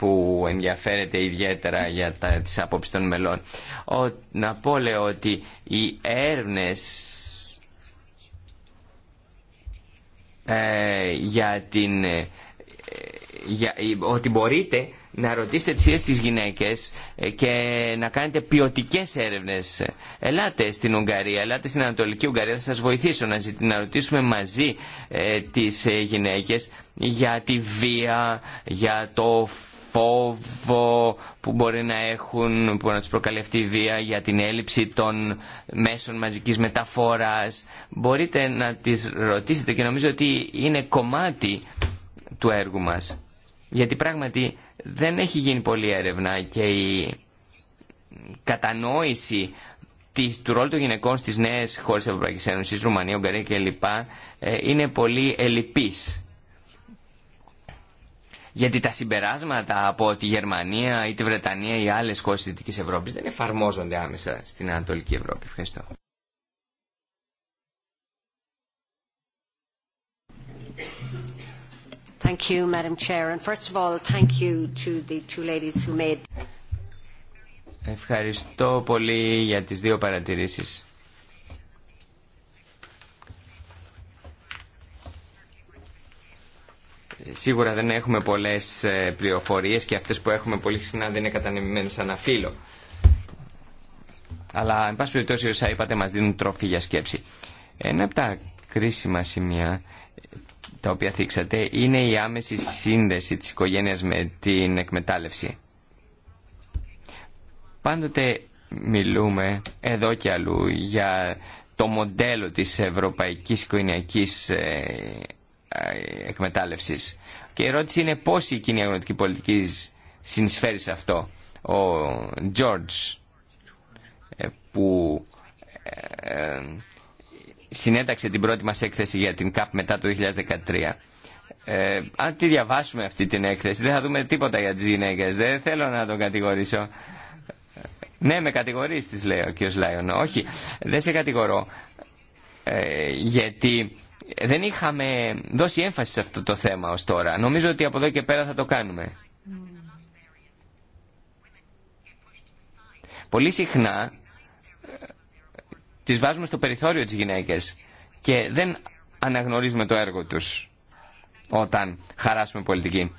που ενδιαφέρεται ιδιαίτερα για τα, τις απόψεις των μελών. Ο, να πω λέω ότι οι έρευνες ε, για την... Ε, ε, ότι μπορείτε να ρωτήσετε τις ίδιες τις γυναίκες και να κάνετε ποιοτικέ έρευνες. Ελάτε στην Ουγγαρία, ελάτε στην Ανατολική Ουγγαρία, θα σας βοηθήσω να, να ρωτήσουμε μαζί ε, τις γυναίκες για τη βία, για το φόβο που μπορεί να έχουν, που να τους προκαλεί η βία για την έλλειψη των μέσων μαζικής μεταφόρας. Μπορείτε να τις ρωτήσετε και νομίζω ότι είναι κομμάτι του έργου μας. Γιατί πράγματι δεν έχει γίνει πολλή έρευνα και η κατανόηση του ρόλου των γυναικών στις νέες χώρες της Ευρωπαϊκής Ένωσης, Ρουμανία, Ουγγαρία κλπ. Ε, είναι πολύ ελλειπής. Γιατί τα συμπεράσματα από τη Γερμανία ή τη Βρετανία ή άλλες χώρες της Δυτική Ευρώπης δεν εφαρμόζονται άμεσα στην Ανατολική Ευρώπη. Ευχαριστώ. Thank you, Madam Chair. And first of all, thank you to the two ladies who made... Ευχαριστώ πολύ για τις δύο παρατηρήσεις Σίγουρα δεν έχουμε πολλές ε, πληροφορίες και αυτές που έχουμε πολύ συχνά δεν είναι κατανεμημένες σαν αφήλο. Αλλά, εν πάση περιπτώσει, όσα είπατε μας δίνουν τροφή για σκέψη. Ένα από τα κρίσιμα σημεία ε, τα οποία θίξατε είναι η άμεση σύνδεση της οικογένειας με την εκμετάλλευση. Πάντοτε μιλούμε εδώ και αλλού για το μοντέλο της ευρωπαϊκής οικογενειακής ε, ε, Εκμετάλλευση. Και η ερώτηση είναι πώ η κοινή αγροτική πολιτική συνεισφέρει σε αυτό. Ο George ε, που ε, συνέταξε την πρώτη μας έκθεση για την ΚΑΠ μετά το 2013. Ε, αν τη διαβάσουμε αυτή την έκθεση δεν θα δούμε τίποτα για τις γυναίκες. Δεν θέλω να τον κατηγορήσω. Ναι, με κατηγορείς, της λέει ο κ. Λάιον. Όχι, δεν σε κατηγορώ. Ε, γιατί δεν είχαμε δώσει έμφαση σε αυτό το θέμα ως τώρα. Νομίζω ότι από εδώ και πέρα θα το κάνουμε. Πολύ συχνά ε, τις βάζουμε στο περιθώριο τις γυναίκες και δεν αναγνωρίζουμε το έργο τους όταν χαράσουμε πολιτική.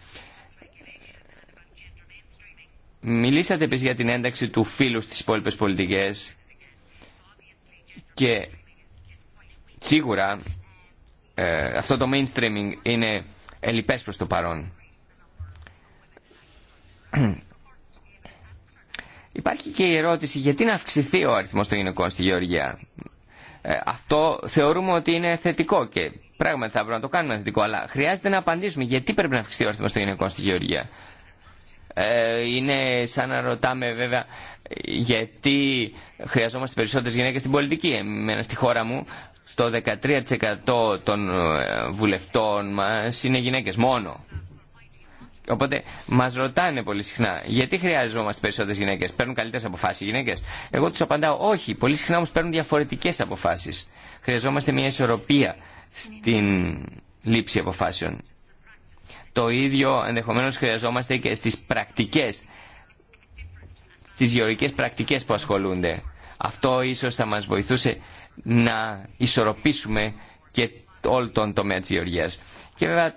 Μιλήσατε επίσης για την ένταξη του φίλου στις υπόλοιπες πολιτικές και σίγουρα ε, αυτό το mainstreaming είναι ελλειπές προς το παρόν. [CLEARS THROAT] Υπάρχει και η ερώτηση γιατί να αυξηθεί ο αριθμός των γυναικών στη Γεωργία. Ε, αυτό θεωρούμε ότι είναι θετικό και πράγματι θα πρέπει να το κάνουμε θετικό, αλλά χρειάζεται να απαντήσουμε γιατί πρέπει να αυξηθεί ο αριθμός των γυναικών στη Γεωργία. Ε, είναι σαν να ρωτάμε βέβαια γιατί χρειαζόμαστε περισσότερες γυναίκες στην πολιτική. Εμένα στη χώρα μου το 13% των ε, βουλευτών μας είναι γυναίκες μόνο. Οπότε μα ρωτάνε πολύ συχνά γιατί χρειάζομαστε περισσότερε γυναίκε, παίρνουν καλύτερε αποφάσει οι γυναίκε. Εγώ του απαντάω όχι. Πολύ συχνά όμω παίρνουν διαφορετικέ αποφάσει. Χρειαζόμαστε μια ισορροπία στην λήψη αποφάσεων. Το ίδιο ενδεχομένω χρειαζόμαστε και στι πρακτικέ, στι γεωργικέ πρακτικέ που ασχολούνται. Αυτό ίσω θα μα βοηθούσε να ισορροπήσουμε και όλο τον τομέα της γεωργίας. Και βέβαια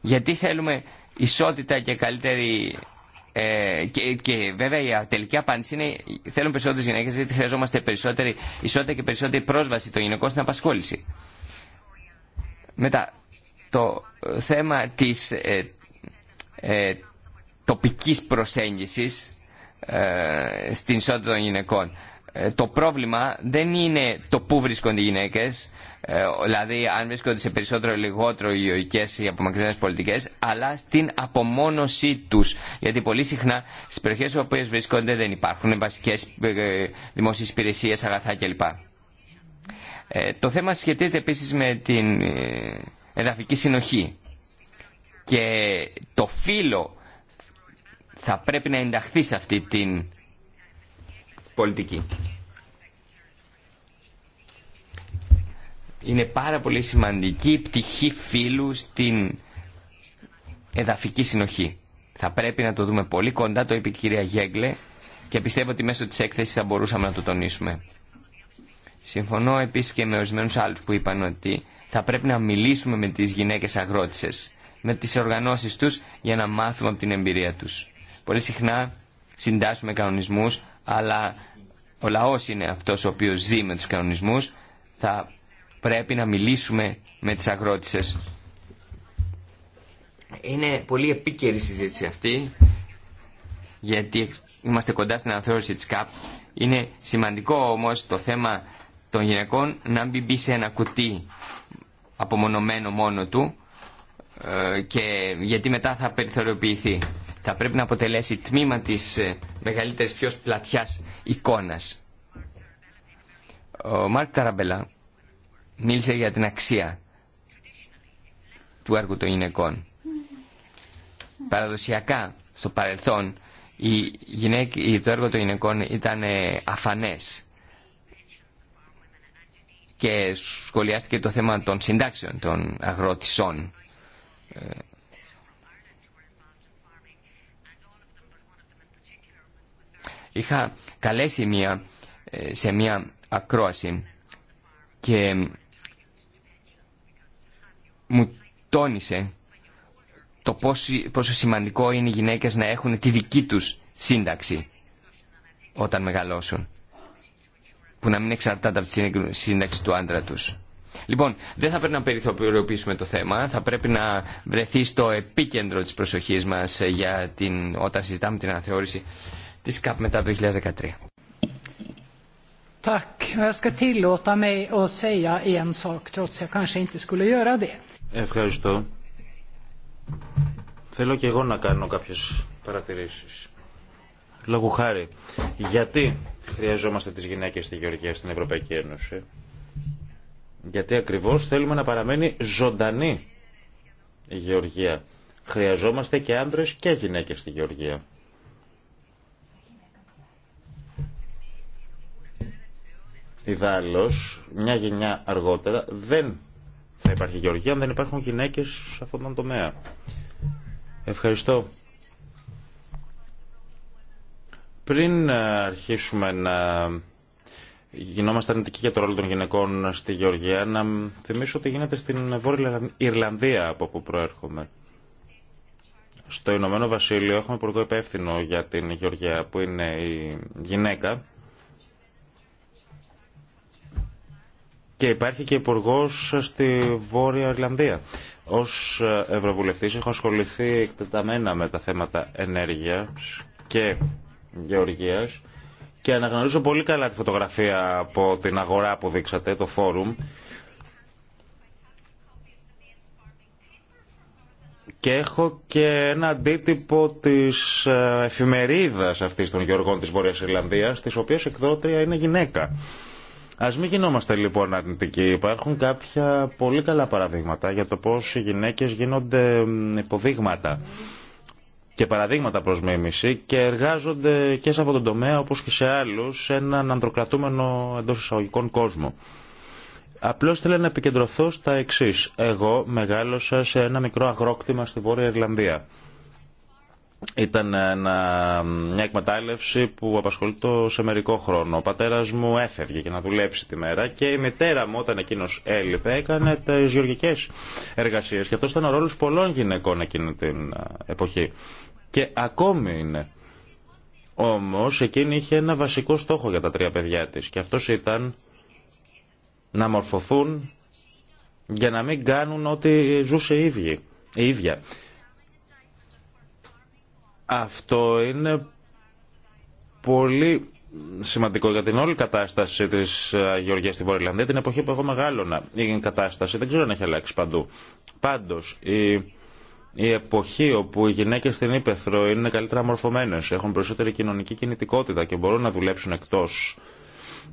γιατί θέλουμε ισότητα και καλύτερη ε, και, βέβαια η τελική απάντηση είναι θέλουμε περισσότερες γυναίκες γιατί χρειαζόμαστε περισσότερη ισότητα και περισσότερη πρόσβαση των γυναικών στην απασχόληση. Μετά το θέμα της ε, ε, τοπικής προσέγγισης ε, στην ισότητα των γυναικών. Ε, το πρόβλημα δεν είναι το πού βρίσκονται οι γυναίκε, ε, δηλαδή αν βρίσκονται σε περισσότερο ή λιγότερο υγειοικές ή απομακρυσμένες πολιτικές, αλλά στην απομόνωσή τους. Γιατί πολύ συχνά στι περιοχές όπου βρίσκονται δεν υπάρχουν βασικέ δημόσιες υπηρεσίε, αγαθά κλπ. Το θέμα σχετίζεται επίση με την εδαφική συνοχή και το φύλλο θα πρέπει να ενταχθεί σε αυτή την πολιτική. Είναι πάρα πολύ σημαντική η πτυχή φύλου στην εδαφική συνοχή. Θα πρέπει να το δούμε πολύ κοντά, το είπε η κυρία Γέγκλε και πιστεύω ότι μέσω της έκθεσης θα μπορούσαμε να το τονίσουμε. Συμφωνώ επίσης και με ορισμένου άλλους που είπαν ότι θα πρέπει να μιλήσουμε με τις γυναίκες αγρότησες, με τις οργανώσεις τους για να μάθουμε από την εμπειρία τους. Πολύ συχνά συντάσσουμε κανονισμούς, αλλά ο λαός είναι αυτός ο οποίος ζει με τους κανονισμούς. Θα πρέπει να μιλήσουμε με τις αγρότησες. Είναι πολύ επίκαιρη συζήτηση αυτή, γιατί είμαστε κοντά στην αναθεώρηση της ΚΑΠ. Είναι σημαντικό όμως το θέμα των γυναικών να μην μπει σε ένα κουτί απομονωμένο μόνο του, ε, και γιατί μετά θα περιθωριοποιηθεί. Θα πρέπει να αποτελέσει τμήμα της ε, μεγαλύτερης πιο πλατιάς εικόνας. Ο Μάρκ Ταραμπελά μίλησε για την αξία του έργου των γυναικών. Παραδοσιακά, στο παρελθόν, η το έργο των γυναικών ήταν αφανές και σχολιάστηκε το θέμα των συντάξεων των αγροτησών. Ε, είχα καλέσει μία, ε, σε μία ακρόαση και ε, μου τόνισε το πόσο, πόσο σημαντικό είναι οι γυναίκες να έχουν τη δική τους σύνταξη όταν μεγαλώσουν που να μην εξαρτάται από τη σύνταξη του άντρα τους. Λοιπόν, δεν θα πρέπει να περιθωριοποιήσουμε το θέμα, θα πρέπει να βρεθεί στο επίκεντρο της προσοχής μας για την, όταν συζητάμε την αναθεώρηση της ΚΑΠ μετά το 2013. Ευχαριστώ. Θέλω και εγώ να κάνω κάποιες παρατηρήσεις. Λόγου χάρη, γιατί χρειαζόμαστε τις γυναίκες στη Γεωργία στην Ευρωπαϊκή Ένωση. Γιατί ακριβώς θέλουμε να παραμένει ζωντανή η γεωργία. Χρειαζόμαστε και άντρες και γυναίκες στη γεωργία. Ιδάλλως, μια γενιά αργότερα δεν θα υπάρχει γεωργία αν δεν υπάρχουν γυναίκες σε αυτόν τον τομέα. Ευχαριστώ. Πριν αρχίσουμε να γινόμαστε αρνητικοί για το ρόλο των γυναικών στη Γεωργία. Να θυμίσω ότι γίνεται στην Βόρεια Ιρλανδία από όπου προέρχομαι. Στο Ηνωμένο Βασίλειο έχουμε υπουργό υπεύθυνο για την Γεωργία που είναι η γυναίκα. Και υπάρχει και υπουργό στη Βόρεια Ιρλανδία. Ω Ευρωβουλευτή έχω ασχοληθεί εκτεταμένα με τα θέματα ενέργεια και γεωργίας και αναγνωρίζω πολύ καλά τη φωτογραφία από την αγορά που δείξατε, το φόρουμ. Και έχω και ένα αντίτυπο της ε, εφημερίδας αυτής των Γεωργών της Βόρειας Ιρλανδίας, της οποίας εκδότρια είναι γυναίκα. Ας μην γινόμαστε λοιπόν αρνητικοί. Υπάρχουν κάποια πολύ καλά παραδείγματα για το πώς οι γυναίκες γίνονται υποδείγματα και παραδείγματα προς μίμηση και εργάζονται και σε αυτόν τον τομέα όπως και σε άλλους σε έναν ανδροκρατούμενο εντός εισαγωγικών κόσμο. Απλώς θέλω να επικεντρωθώ στα εξής. Εγώ μεγάλωσα σε ένα μικρό αγρόκτημα στη Βόρεια Ιρλανδία. Ήταν μια εκμετάλλευση που απασχολεί σε μερικό χρόνο. Ο πατέρας μου έφευγε για να δουλέψει τη μέρα και η μητέρα μου όταν εκείνο έλειπε έκανε τι γεωργικές εργασίες και αυτό ήταν ο ρόλος πολλών γυναικών εκείνη την ε, εποχή. Και ακόμη είναι. Όμως εκείνη είχε ένα βασικό στόχο για τα τρία παιδιά της και αυτό ήταν να μορφωθούν για να μην κάνουν ό,τι ζούσε η ίδια. Αυτό είναι πολύ σημαντικό για την όλη κατάσταση τη ε, Γεωργία στη Βορειοελλανδία, την εποχή που εγώ μεγάλωνα. Η κατάσταση δεν ξέρω αν έχει αλλάξει παντού. Πάντω, η, η εποχή όπου οι γυναίκε στην Ήπεθρο είναι καλύτερα μορφωμένε, έχουν περισσότερη κοινωνική κινητικότητα και μπορούν να δουλέψουν εκτό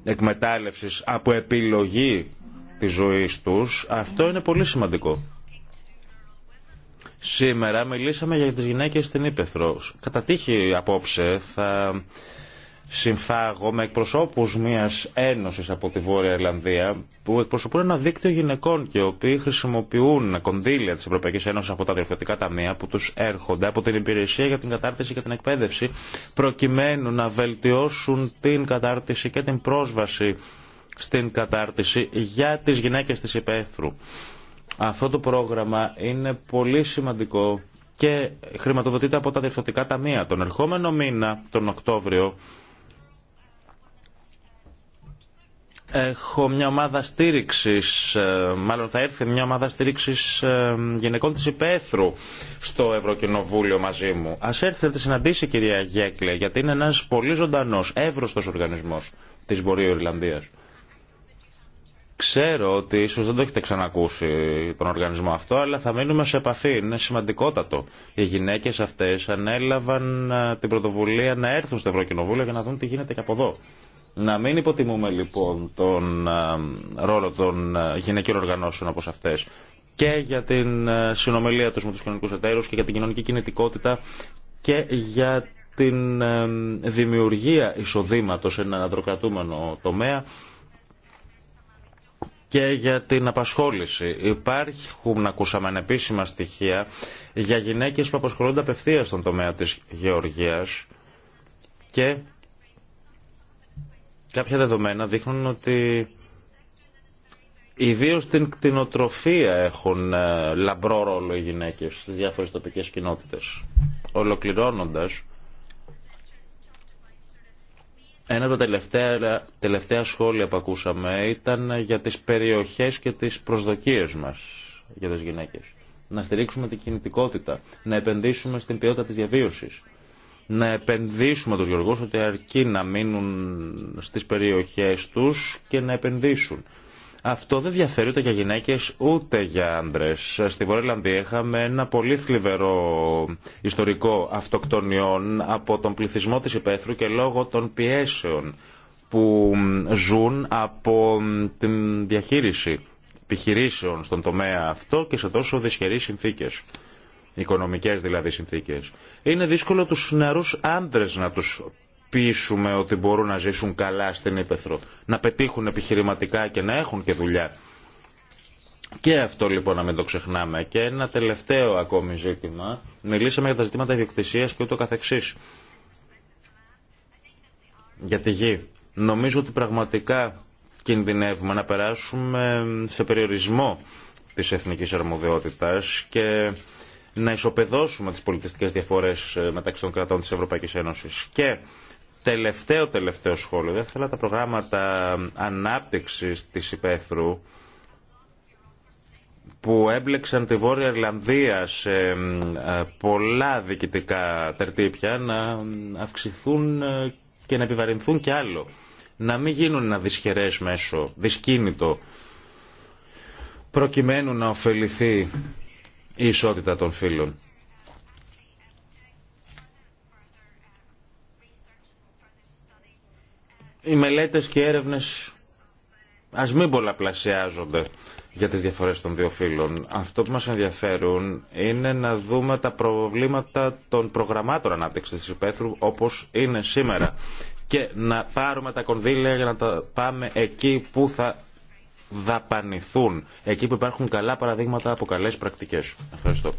εκμετάλλευση από επιλογή τη ζωή του, αυτό είναι πολύ σημαντικό. Σήμερα μιλήσαμε για τις γυναίκες στην Ήπεθρο. Κατά τύχη απόψε θα συμφάγω με εκπροσώπους μιας ένωσης από τη Βόρεια Ελλανδία που εκπροσωπούν ένα δίκτυο γυναικών και οι οποίοι χρησιμοποιούν κονδύλια της Ευρωπαϊκής Ένωσης από τα διευθυντικά ταμεία που τους έρχονται από την υπηρεσία για την κατάρτιση και την εκπαίδευση προκειμένου να βελτιώσουν την κατάρτιση και την πρόσβαση στην κατάρτιση για τις γυναίκες της Ήπεθρου. Αυτό το πρόγραμμα είναι πολύ σημαντικό και χρηματοδοτείται από τα διευθυντικά ταμεία. Τον ερχόμενο μήνα, τον Οκτώβριο, Έχω μια ομάδα στήριξης ε, μάλλον θα έρθει μια ομάδα στήριξη ε, γυναικών της Υπέθρου στο Ευρωκοινοβούλιο μαζί μου. Ας έρθει να τη συναντήσει κυρία Γέκλε, γιατί είναι ένας πολύ ζωντανός, εύρωστος οργανισμό τη Βορείου Ιρλανδίας. Ξέρω ότι ίσως δεν το έχετε ξανακούσει τον οργανισμό αυτό, αλλά θα μείνουμε σε επαφή. Είναι σημαντικότατο. Οι γυναίκες αυτές ανέλαβαν ε, την πρωτοβουλία να έρθουν στο Ευρωκοινοβούλιο για να δουν τι γίνεται και από εδώ. Να μην υποτιμούμε λοιπόν τον ε, ρόλο των ε, γυναικείων οργανώσεων όπως αυτές και για την συνομιλία τους με τους κοινωνικούς εταίρους και για την κοινωνική κινητικότητα και για την δημιουργία εισοδήματος σε έναν ανδροκρατούμενο τομέα και για την απασχόληση. Υπάρχουν, ακούσαμε ανεπίσημα στοιχεία, για γυναίκες που απασχολούνται απευθεία στον τομέα της γεωργίας και κάποια δεδομένα δείχνουν ότι ιδίω στην κτηνοτροφία έχουν ε, λαμπρό ρόλο οι γυναίκες στις διάφορες τοπικές κοινότητες. Ολοκληρώνοντας, ένα από τα τελευταία, τελευταία σχόλια που ακούσαμε ήταν για τις περιοχές και τις προσδοκίες μας για τις γυναίκες. Να στηρίξουμε την κινητικότητα, να επενδύσουμε στην ποιότητα της διαβίωσης, να επενδύσουμε τους γεωργούς ότι αρκεί να μείνουν στις περιοχές τους και να επενδύσουν. Αυτό δεν διαφέρει ούτε για γυναίκες ούτε για άντρε. Στη Βορειολανδία είχαμε ένα πολύ θλιβερό ιστορικό αυτοκτονιών από τον πληθυσμό της υπαίθρου και λόγω των πιέσεων που ζουν από την διαχείριση επιχειρήσεων στον τομέα αυτό και σε τόσο δυσχερείς συνθήκες. Οικονομικές δηλαδή συνθήκες. Είναι δύσκολο τους νεαρούς άντρες να τους πείσουμε ότι μπορούν να ζήσουν καλά στην Ήπεθρο, να πετύχουν επιχειρηματικά και να έχουν και δουλειά. Και αυτό λοιπόν να μην το ξεχνάμε. Και ένα τελευταίο ακόμη ζήτημα. Μιλήσαμε για τα ζητήματα ιδιοκτησία και ούτω καθεξής. Για τη γη. Νομίζω ότι πραγματικά κινδυνεύουμε να περάσουμε σε περιορισμό της εθνική αρμοδιότητας και να ισοπεδώσουμε τις πολιτιστικές διαφορές μεταξύ των κρατών της Ευρωπαϊκής Ένωσης. Και Τελευταίο τελευταίο σχόλιο. Δεν θέλω τα προγράμματα ανάπτυξης της υπαίθρου που έμπλεξαν τη Βόρεια Ιρλανδία σε ε, πολλά διοικητικά τερτύπια να αυξηθούν ε, και να επιβαρυνθούν και άλλο. Να μην γίνουν ένα δυσχερές μέσο, δυσκίνητο, προκειμένου να ωφεληθεί η ισότητα των φίλων. οι μελέτες και οι έρευνες ας μην πολλαπλασιάζονται για τις διαφορές των δύο φύλων. Αυτό που μας ενδιαφέρουν είναι να δούμε τα προβλήματα των προγραμμάτων ανάπτυξης της υπαίθρου όπως είναι σήμερα και να πάρουμε τα κονδύλια για να τα πάμε εκεί που θα δαπανηθούν, εκεί που υπάρχουν καλά παραδείγματα από καλές πρακτικές. Ευχαριστώ.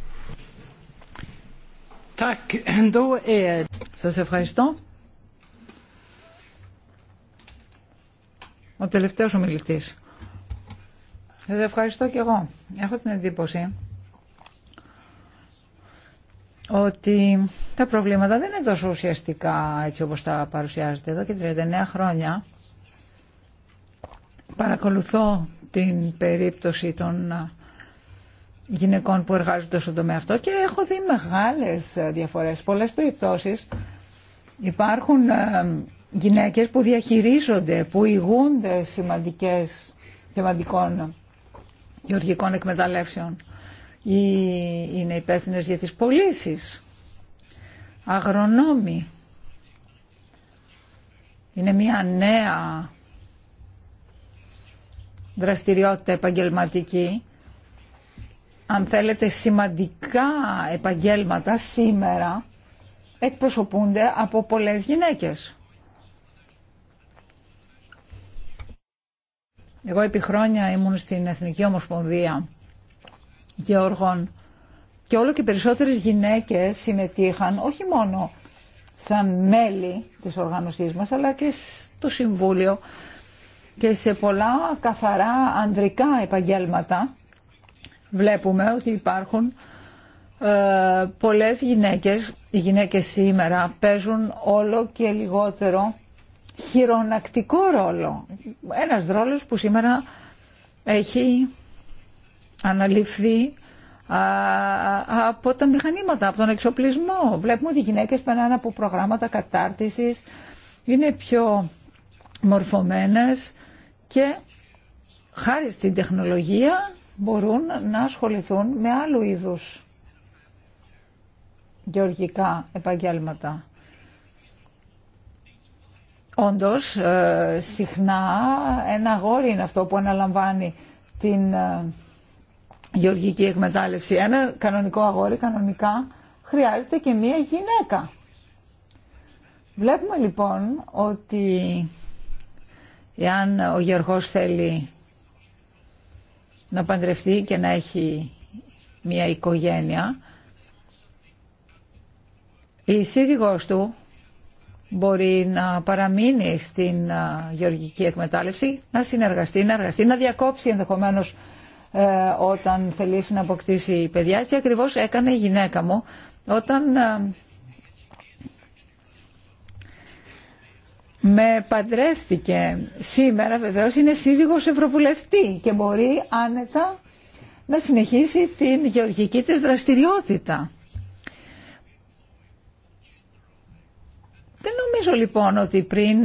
Σας ευχαριστώ. Ο τελευταίος ομιλητής. Σας ευχαριστώ και εγώ. Έχω την εντύπωση ότι τα προβλήματα δεν είναι τόσο ουσιαστικά έτσι όπως τα παρουσιάζετε εδώ και 39 χρόνια παρακολουθώ την περίπτωση των γυναικών που εργάζονται στον τομέα αυτό και έχω δει μεγάλες διαφορές. Πολλές περιπτώσεις υπάρχουν ε, γυναίκες που διαχειρίζονται, που ηγούνται σημαντικές, σημαντικών γεωργικών εκμεταλλεύσεων ή είναι υπεύθυνε για τις πωλήσει. αγρονόμοι. Είναι μια νέα δραστηριότητα επαγγελματική. Αν θέλετε σημαντικά επαγγέλματα σήμερα εκπροσωπούνται από πολλές γυναίκες. Εγώ επί χρόνια ήμουν στην Εθνική Ομοσπονδία Γεωργών και όλο και περισσότερες γυναίκες συμμετείχαν όχι μόνο σαν μέλη της οργάνωσής μας αλλά και στο Συμβούλιο και σε πολλά καθαρά ανδρικά επαγγέλματα βλέπουμε ότι υπάρχουν ε, πολλές γυναίκες. Οι γυναίκες σήμερα παίζουν όλο και λιγότερο χειρονακτικό ρόλο. Ένας ρόλος που σήμερα έχει αναλυφθεί από τα μηχανήματα, από τον εξοπλισμό. Βλέπουμε ότι οι γυναίκες περνάνε από προγράμματα κατάρτισης, είναι πιο μορφωμένες και χάρη στην τεχνολογία μπορούν να ασχοληθούν με άλλου είδους γεωργικά επαγγέλματα. Όντως, ε, συχνά ένα αγόρι είναι αυτό που αναλαμβάνει την ε, γεωργική εκμετάλλευση. Ένα κανονικό αγόρι κανονικά χρειάζεται και μία γυναίκα. Βλέπουμε λοιπόν ότι εάν ο γεωργός θέλει να παντρευτεί και να έχει μία οικογένεια, η σύζυγός του μπορεί να παραμείνει στην γεωργική εκμετάλλευση, να συνεργαστεί, να εργαστεί, να διακόψει ενδεχομένως ε, όταν θελήσει να αποκτήσει παιδιά. Έτσι ακριβώς έκανε η γυναίκα μου όταν με παντρεύτηκε. Σήμερα βεβαίως είναι σύζυγος ευρωβουλευτή και μπορεί άνετα να συνεχίσει την γεωργική της δραστηριότητα. Δεν νομίζω λοιπόν ότι πριν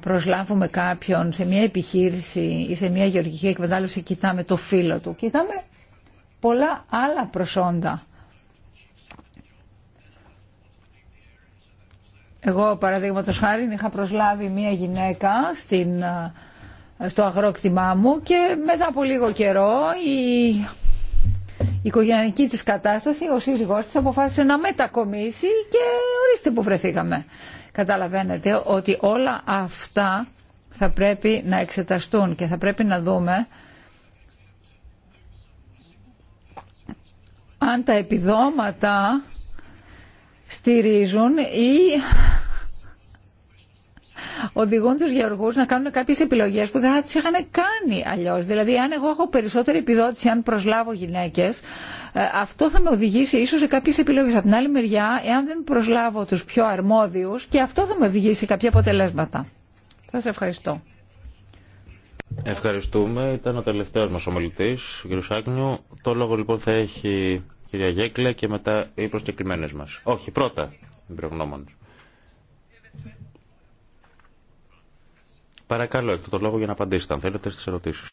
προσλάβουμε κάποιον σε μια επιχείρηση ή σε μια γεωργική εκμετάλλευση κοιτάμε το φύλλο του. Κοιτάμε πολλά άλλα προσόντα. Εγώ παραδείγματο χάρη είχα προσλάβει μια γυναίκα στην, στο αγρόκτημά μου και μετά από λίγο καιρό η, η οικογενειακή της κατάσταση, ο σύζυγός της αποφάσισε να μετακομίσει και ορίστε που βρεθήκαμε. Καταλαβαίνετε ότι όλα αυτά θα πρέπει να εξεταστούν και θα πρέπει να δούμε αν τα επιδόματα στηρίζουν ή οδηγούν του γεωργού να κάνουν κάποιε επιλογέ που θα τι είχαν κάνει αλλιώ. Δηλαδή αν εγώ έχω περισσότερη επιδότηση, αν προσλάβω γυναίκε, ε, αυτό θα με οδηγήσει ίσω σε κάποιε επιλογέ. Από την άλλη μεριά, εάν δεν προσλάβω του πιο αρμόδιου και αυτό θα με οδηγήσει σε κάποια αποτελέσματα. Θα σε ευχαριστώ. Ευχαριστούμε. Ήταν ο τελευταίο μα ομιλητή, κ. Σάκνιου. Το λόγο λοιπόν θα έχει η κυρία Γέκλε και μετά οι προσκεκλημένε μα. Όχι, πρώτα οι Παρακαλώ, έχετε το λόγο για να απαντήσετε, αν θέλετε, στις ερωτήσεις.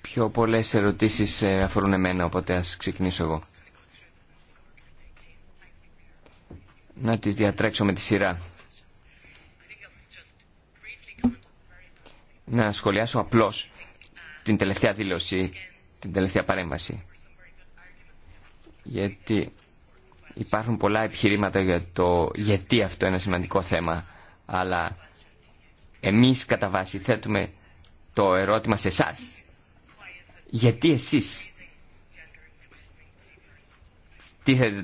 Πιο πολλές ερωτήσεις ε, αφορούν εμένα, οπότε ας ξεκινήσω εγώ. Να τις διατρέξω με τη σειρά. να σχολιάσω απλώς την τελευταία δήλωση, την τελευταία παρέμβαση. Γιατί υπάρχουν πολλά επιχειρήματα για το γιατί αυτό είναι ένα σημαντικό θέμα, αλλά εμείς κατά βάση θέτουμε το ερώτημα σε εσά. Γιατί εσείς θέτετε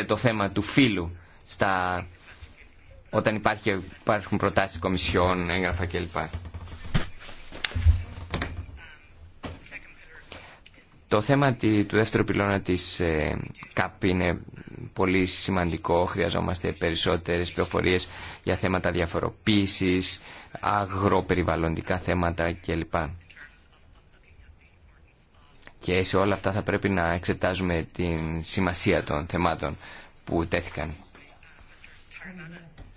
το, το θέμα του φίλου στα, όταν υπάρχει, υπάρχουν προτάσεις κομισιών, έγγραφα κλπ. Το θέμα του δεύτερου πυλώνα της ε, ΚΑΠ είναι πολύ σημαντικό. Χρειαζόμαστε περισσότερες πληροφορίες για θέματα διαφοροποίησης, αγροπεριβαλλοντικά θέματα κλπ. Και σε όλα αυτά θα πρέπει να εξετάζουμε την σημασία των θεμάτων που τέθηκαν.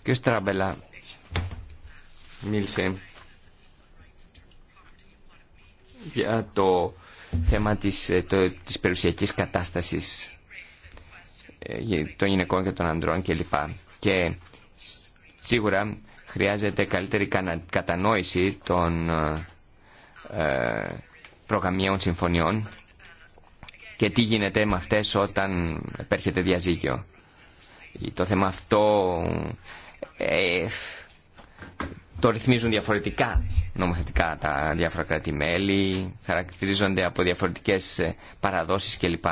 Και Στράμπελα μίλησε για το θέμα της, ε, το, της περιουσιακής κατάστασης ε, των γυναικών και των ανδρών κλπ. Και σίγουρα χρειάζεται καλύτερη κατανόηση των ε, συμφωνιών και τι γίνεται με αυτές όταν επέρχεται διαζύγιο. Το θέμα αυτό ε, το ρυθμίζουν διαφορετικά νομοθετικά τα διάφορα κράτη-μέλη, χαρακτηρίζονται από διαφορετικές ε, παραδόσεις κλπ.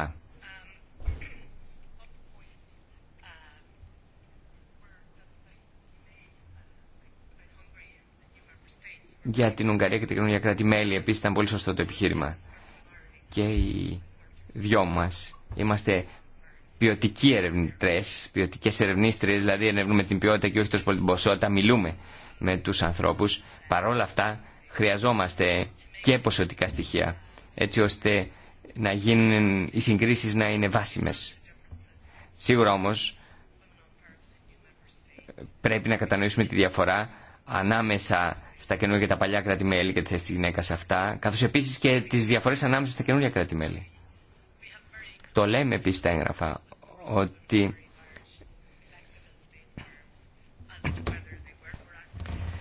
Για την Ουγγαρία και την κοινωνία κράτη-μέλη επίσης ήταν πολύ σωστό το επιχείρημα. Και οι δυο μας είμαστε ποιοτικοί ερευνητές, ποιοτικές ερευνήστρες, δηλαδή ερευνούμε την ποιότητα και όχι τόσο πολύ την ποσότητα, μιλούμε με τους ανθρώπους. Παρόλα αυτά χρειαζόμαστε και ποσοτικά στοιχεία έτσι ώστε να γίνουν οι συγκρίσεις να είναι βάσιμες. Σίγουρα όμως πρέπει να κατανοήσουμε τη διαφορά ανάμεσα στα καινούργια και τα παλιά κράτη-μέλη και τη θέση της γυναίκας αυτά, καθώς επίσης και τις διαφορές ανάμεσα στα καινούργια κράτη-μέλη. Το λέμε επίσης τα έγγραφα ότι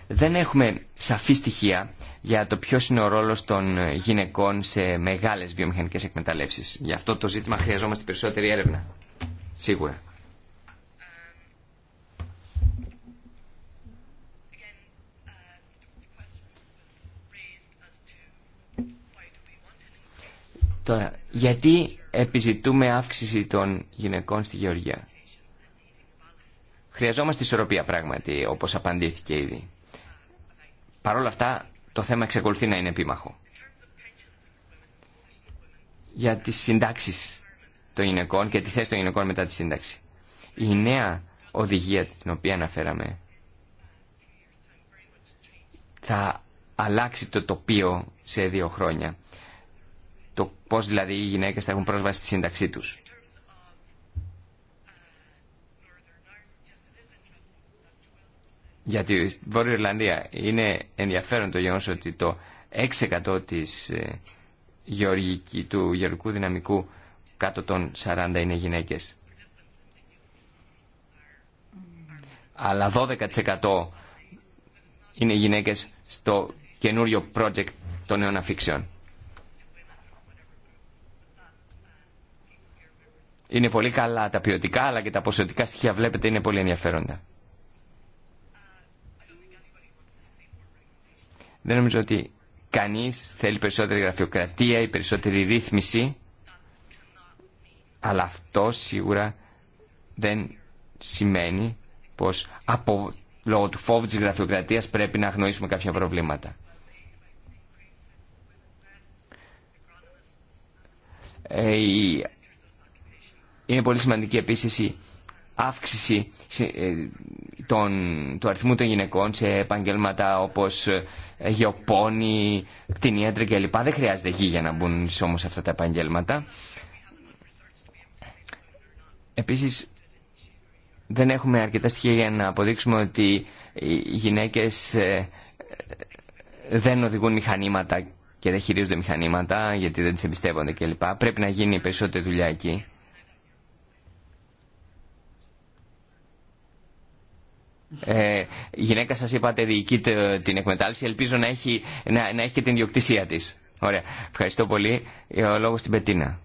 Δεν έχουμε σαφή στοιχεία για το ποιο είναι ο ρόλος των γυναικών σε μεγάλες βιομηχανικές εκμεταλλεύσει. Γι' αυτό το ζήτημα χρειαζόμαστε περισσότερη έρευνα. Σίγουρα. Τώρα, γιατί επιζητούμε αύξηση των γυναικών στη γεωργία. Χρειαζόμαστε ισορροπία πράγματι, όπως απαντήθηκε ήδη. Παρ' όλα αυτά το θέμα εξακολουθεί να είναι επίμαχο. Για τις συντάξεις των γυναικών και τη θέση των γυναικών μετά τη σύνταξη. Η νέα οδηγία την οποία αναφέραμε θα αλλάξει το τοπίο σε δύο χρόνια. Το πώς δηλαδή οι γυναίκες θα έχουν πρόσβαση στη σύνταξή τους. Γιατί τη Βόρεια Ιρλανδία είναι ενδιαφέρον το γεγονό ότι το 6% της ε, γεωργική, του γεωργικού δυναμικού κάτω των 40 είναι γυναίκες. Αλλά 12% είναι γυναίκες στο καινούριο project των νέων αφήξεων. Είναι πολύ καλά τα ποιοτικά αλλά και τα ποσοτικά στοιχεία βλέπετε είναι πολύ ενδιαφέροντα. Δεν νομίζω ότι κανείς θέλει περισσότερη γραφειοκρατία ή περισσότερη ρύθμιση, αλλά αυτό σίγουρα δεν σημαίνει πως από, λόγω του φόβου της γραφειοκρατίας πρέπει να αγνοήσουμε κάποια προβλήματα. Ε, είναι πολύ σημαντική επίσης η αύξηση ε, των, του αριθμού των γυναικών σε επαγγέλματα όπως ε, γεωπόνη, και κλπ. Δεν χρειάζεται γη για να μπουν όμως αυτά τα επαγγέλματα. Επίσης δεν έχουμε αρκετά στοιχεία για να αποδείξουμε ότι οι γυναίκες ε, δεν οδηγούν μηχανήματα και δεν χειρίζονται μηχανήματα γιατί δεν τις εμπιστεύονται κλπ. Πρέπει να γίνει περισσότερη δουλειά εκεί. Ε, η γυναίκα σας είπατε διοικεί ε, την εκμετάλλευση. Ελπίζω να έχει, να, να έχει και την διοκτησία της. Ωραία. Ευχαριστώ πολύ. Ε, ο λόγος στην Πετίνα.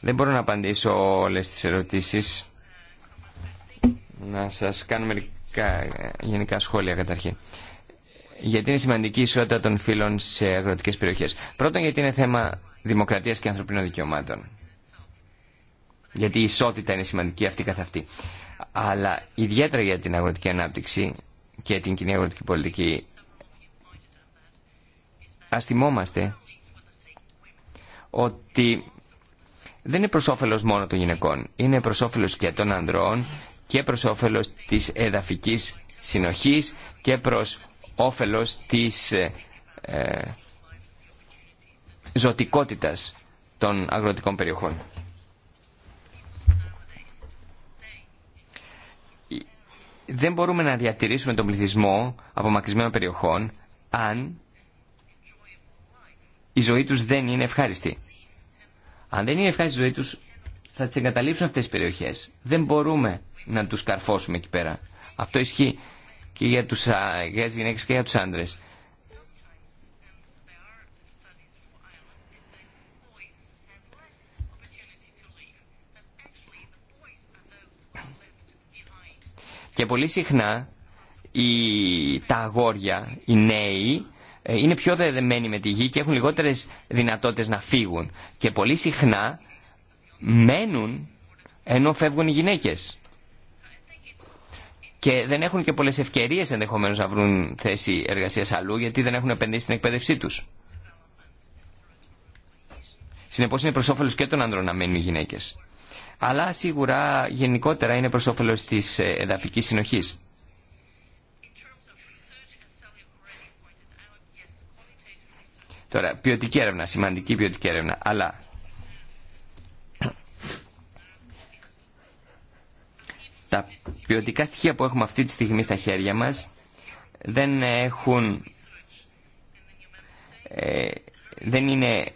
Δεν μπορώ να απαντήσω όλες τις ερωτήσεις. Να σας κάνω μερικά γενικά σχόλια καταρχήν. Γιατί είναι σημαντική η ισότητα των φύλων σε αγροτικές περιοχές. Πρώτον γιατί είναι θέμα δημοκρατίας και ανθρωπίνων δικαιωμάτων. Γιατί η ισότητα είναι σημαντική αυτή καθ' αυτή. Αλλά ιδιαίτερα για την αγροτική ανάπτυξη και την κοινή αγροτική πολιτική ας θυμόμαστε ότι δεν είναι προς όφελος μόνο των γυναικών. Είναι προς όφελος και των ανδρών και προς όφελος της εδαφικής συνοχής και προς όφελος της ε, ζωτικότητας των αγροτικών περιοχών. Δεν μπορούμε να διατηρήσουμε τον πληθυσμό ...από απομακρυσμένων περιοχών αν η ζωή τους δεν είναι ευχάριστη. Αν δεν είναι ευχάριστη η ζωή τους θα τις εγκαταλείψουν αυτές τις περιοχές. Δεν μπορούμε να τους καρφώσουμε εκεί πέρα. Αυτό ισχύει και για, τους, για γυναίκες και για τους άντρες. Και πολύ συχνά οι, τα αγόρια, οι νέοι, ε, είναι πιο δεδεμένοι με τη γη και έχουν λιγότερες δυνατότητες να φύγουν. Και πολύ συχνά μένουν ενώ φεύγουν οι γυναίκες. Και δεν έχουν και πολλές ευκαιρίες ενδεχομένως να βρουν θέση εργασίας αλλού γιατί δεν έχουν επενδύσει στην εκπαίδευσή τους. Συνεπώς είναι προς και των ανδρών να μένουν οι γυναίκες αλλά σίγουρα γενικότερα είναι προς όφελος της εδαφικής συνοχής. Τώρα, ποιοτική έρευνα, σημαντική ποιοτική έρευνα, αλλά τα ποιοτικά στοιχεία που έχουμε αυτή τη στιγμή στα χέρια μας δεν έχουν ε, δεν είναι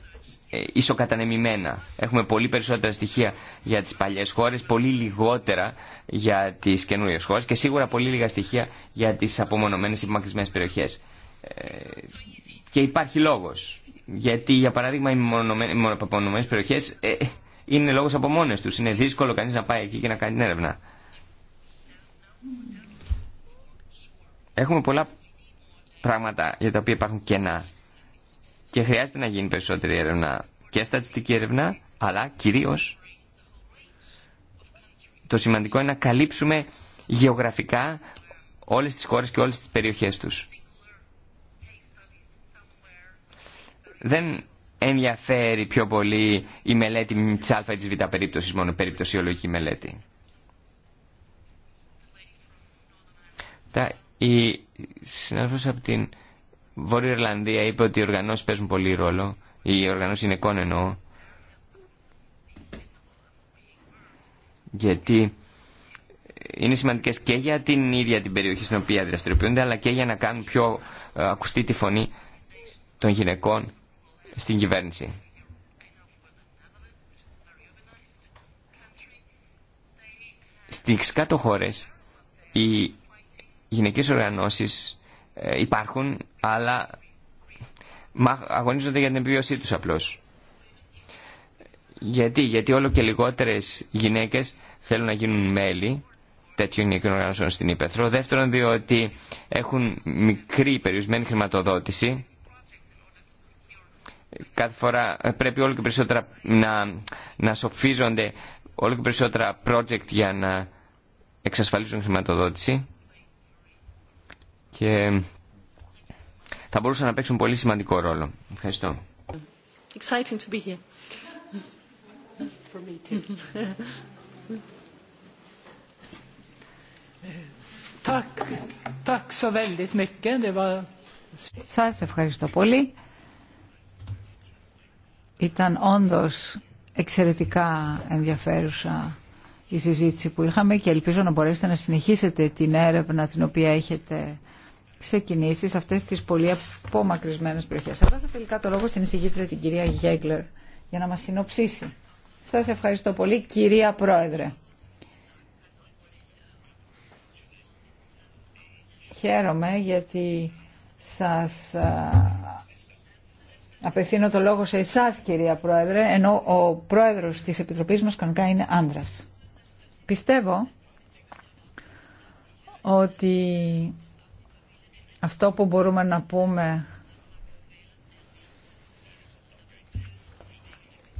ε, ισοκατανεμημένα. Έχουμε πολύ περισσότερα στοιχεία για τις παλιές χώρες, πολύ λιγότερα για τις καινούριες χώρες και σίγουρα πολύ λίγα στοιχεία για τις απομονωμένες ή περιοχές. περιοχές. Και υπάρχει λόγος. Γιατί, για παράδειγμα, οι απομονωμένες περιοχές ε, είναι λόγος από μόνες τους. Είναι δύσκολο κανείς να πάει εκεί και να κάνει την έρευνα. Έχουμε πολλά πράγματα για τα οποία υπάρχουν κενά και χρειάζεται να γίνει περισσότερη έρευνα και στατιστική έρευνα, αλλά κυρίως το σημαντικό είναι να καλύψουμε γεωγραφικά όλες τις χώρες και όλες τις περιοχές τους. Δεν ενδιαφέρει πιο πολύ η μελέτη της α ή της β περίπτωσης, μόνο περιπτωσιολογική μελέτη. Τα, η συνάδελφος από την Βόρεια Ιρλανδία είπε ότι οι οργανώσει παίζουν πολύ ρόλο, οι οργανώσεις γυναικών εννοώ, γιατί είναι σημαντικές και για την ίδια την περιοχή στην οποία δραστηριοποιούνται, αλλά και για να κάνουν πιο ε, ακουστή τη φωνή των γυναικών στην κυβέρνηση. Στις κάτω χώρες οι γυναικέ οργανώσεις ε, υπάρχουν, αλλά αγωνίζονται για την επιβίωσή τους απλώς. Γιατί, γιατί όλο και λιγότερες γυναίκες θέλουν να γίνουν μέλη τέτοιων γυναικών οργανώσεων στην Ήπεθρο. Δεύτερον, διότι έχουν μικρή περιορισμένη χρηματοδότηση. Κάθε φορά πρέπει όλο και περισσότερα να, να σοφίζονται όλο και περισσότερα project για να εξασφαλίζουν χρηματοδότηση και θα μπορούσαν να παίξουν πολύ σημαντικό ρόλο. Ευχαριστώ. Σας ευχαριστώ πολύ. Ήταν όντως εξαιρετικά ενδιαφέρουσα η συζήτηση που είχαμε και ελπίζω να μπορέσετε να συνεχίσετε την έρευνα την οποία έχετε ξεκινήσει σε αυτές τις πολύ απομακρυσμένες περιοχές. Αλλά θα τελικά το λόγο στην εισηγήτρια την κυρία Γέγκλερ για να μας συνοψίσει. Σας ευχαριστώ πολύ κυρία Πρόεδρε. Χαίρομαι γιατί σας απευθύνω το λόγο σε εσάς κυρία Πρόεδρε, ενώ ο Πρόεδρος της Επιτροπής μας κανονικά είναι Άντρας. Πιστεύω ότι αυτό που μπορούμε να πούμε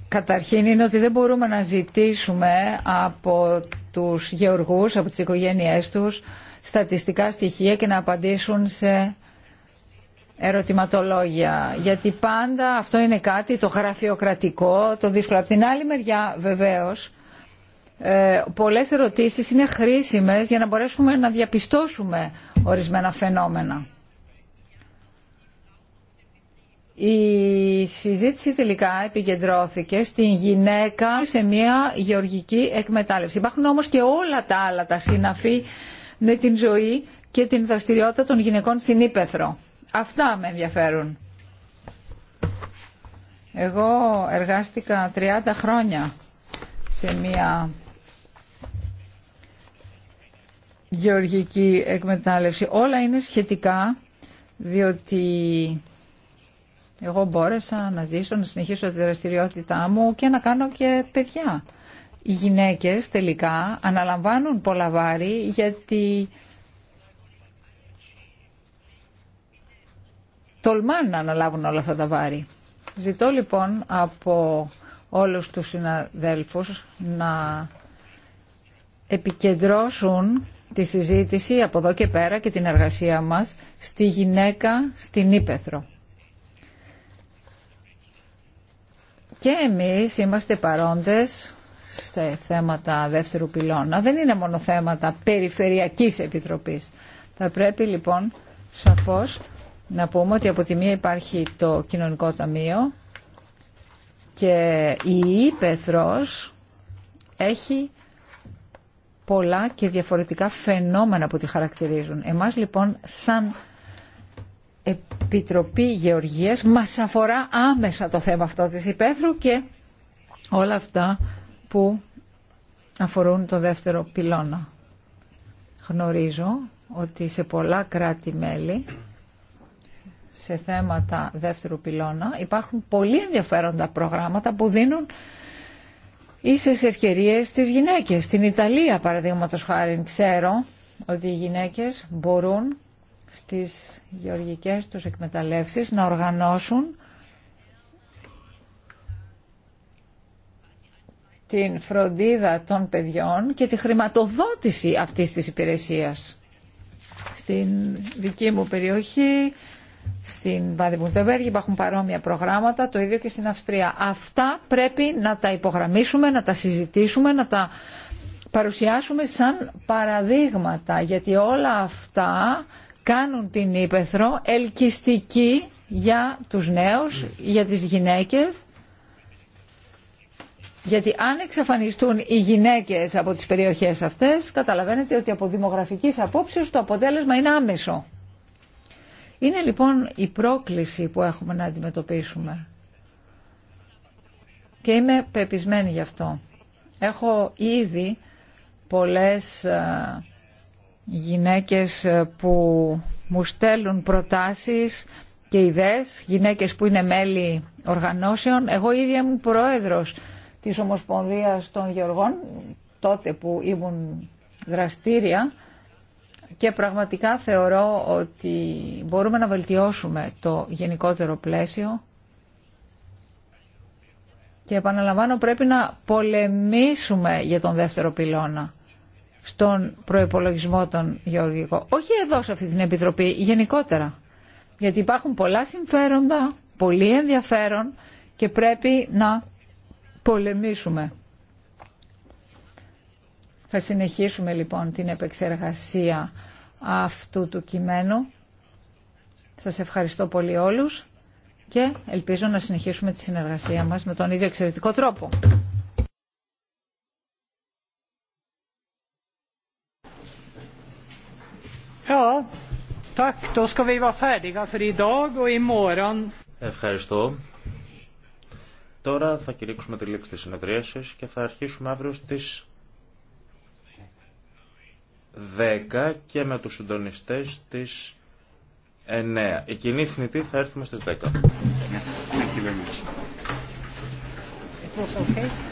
Καταρχήν είναι ότι δεν μπορούμε να ζητήσουμε από τους γεωργούς, από τις οικογένειές τους, στατιστικά στοιχεία και να απαντήσουν σε ερωτηματολόγια. Γιατί πάντα αυτό είναι κάτι το γραφειοκρατικό, το δύσκολο. Από την άλλη μεριά βεβαίως ε, πολλές ερωτήσεις είναι χρήσιμες για να μπορέσουμε να διαπιστώσουμε ορισμένα φαινόμενα. Η συζήτηση τελικά επικεντρώθηκε στην γυναίκα σε μια γεωργική εκμετάλλευση. Υπάρχουν όμως και όλα τα άλλα τα συναφή με την ζωή και την δραστηριότητα των γυναικών στην Ήπεθρο. Αυτά με ενδιαφέρουν. Εγώ εργάστηκα 30 χρόνια σε μια γεωργική εκμετάλλευση. Όλα είναι σχετικά διότι εγώ μπόρεσα να ζήσω, να συνεχίσω τη δραστηριότητά μου και να κάνω και παιδιά. Οι γυναίκες τελικά αναλαμβάνουν πολλά βάρη γιατί τολμάνε να αναλάβουν όλα αυτά τα βάρη. Ζητώ λοιπόν από όλους τους συναδέλφους να επικεντρώσουν τη συζήτηση από εδώ και πέρα και την εργασία μας στη γυναίκα στην Ήπεθρο. Και εμείς είμαστε παρόντες σε θέματα δεύτερου πυλώνα. Δεν είναι μόνο θέματα περιφερειακής επιτροπής. Θα πρέπει λοιπόν σαφώς να πούμε ότι από τη μία υπάρχει το κοινωνικό ταμείο και η Ήπεθρος έχει πολλά και διαφορετικά φαινόμενα που τη χαρακτηρίζουν. Εμάς λοιπόν σαν Επιτροπή Γεωργίας μας αφορά άμεσα το θέμα αυτό της υπαίθρου και όλα αυτά που αφορούν το δεύτερο πυλώνα. Γνωρίζω ότι σε πολλά κράτη-μέλη σε θέματα δεύτερου πυλώνα υπάρχουν πολύ ενδιαφέροντα προγράμματα που δίνουν σε ευκαιρίες στις γυναίκε. Στην Ιταλία παραδείγματο χάρη ξέρω ότι οι γυναίκες μπορούν στις γεωργικές τους εκμεταλλεύσεις να οργανώσουν την φροντίδα των παιδιών και τη χρηματοδότηση αυτής της υπηρεσίας. Στην δική μου περιοχή στην Βαδιμουντεμπέργη υπάρχουν παρόμοια προγράμματα, το ίδιο και στην Αυστρία. Αυτά πρέπει να τα υπογραμμίσουμε, να τα συζητήσουμε, να τα παρουσιάσουμε σαν παραδείγματα, γιατί όλα αυτά κάνουν την Ήπεθρο ελκυστική για τους νέους, για τις γυναίκες. Γιατί αν εξαφανιστούν οι γυναίκες από τις περιοχές αυτές, καταλαβαίνετε ότι από δημογραφικής απόψεως το αποτέλεσμα είναι άμεσο. Είναι λοιπόν η πρόκληση που έχουμε να αντιμετωπίσουμε. Και είμαι πεπισμένη γι' αυτό. Έχω ήδη πολλές ε, γυναίκες ε, που μου στέλνουν προτάσεις και ιδέες, γυναίκες που είναι μέλη οργανώσεων. Εγώ ήδη ήμουν πρόεδρος της Ομοσπονδίας των Γεωργών, τότε που ήμουν δραστήρια και πραγματικά θεωρώ ότι μπορούμε να βελτιώσουμε το γενικότερο πλαίσιο και επαναλαμβάνω πρέπει να πολεμήσουμε για τον δεύτερο πυλώνα στον προϋπολογισμό των γεωργικών. Όχι εδώ σε αυτή την Επιτροπή, γενικότερα. Γιατί υπάρχουν πολλά συμφέροντα, πολύ ενδιαφέρον και πρέπει να πολεμήσουμε. Θα συνεχίσουμε λοιπόν την επεξεργασία αυτού του κειμένου. Σας ευχαριστώ πολύ όλους και ελπίζω να συνεχίσουμε τη συνεργασία μας με τον ίδιο εξαιρετικό τρόπο. Ευχαριστώ. Τώρα θα κηρύξουμε τη λήξη της συνεδρίασης και θα αρχίσουμε αύριο στις 10 και με τους συντονιστές της 9. Η κοινή θνητή θα έρθουμε στις 10. It was okay.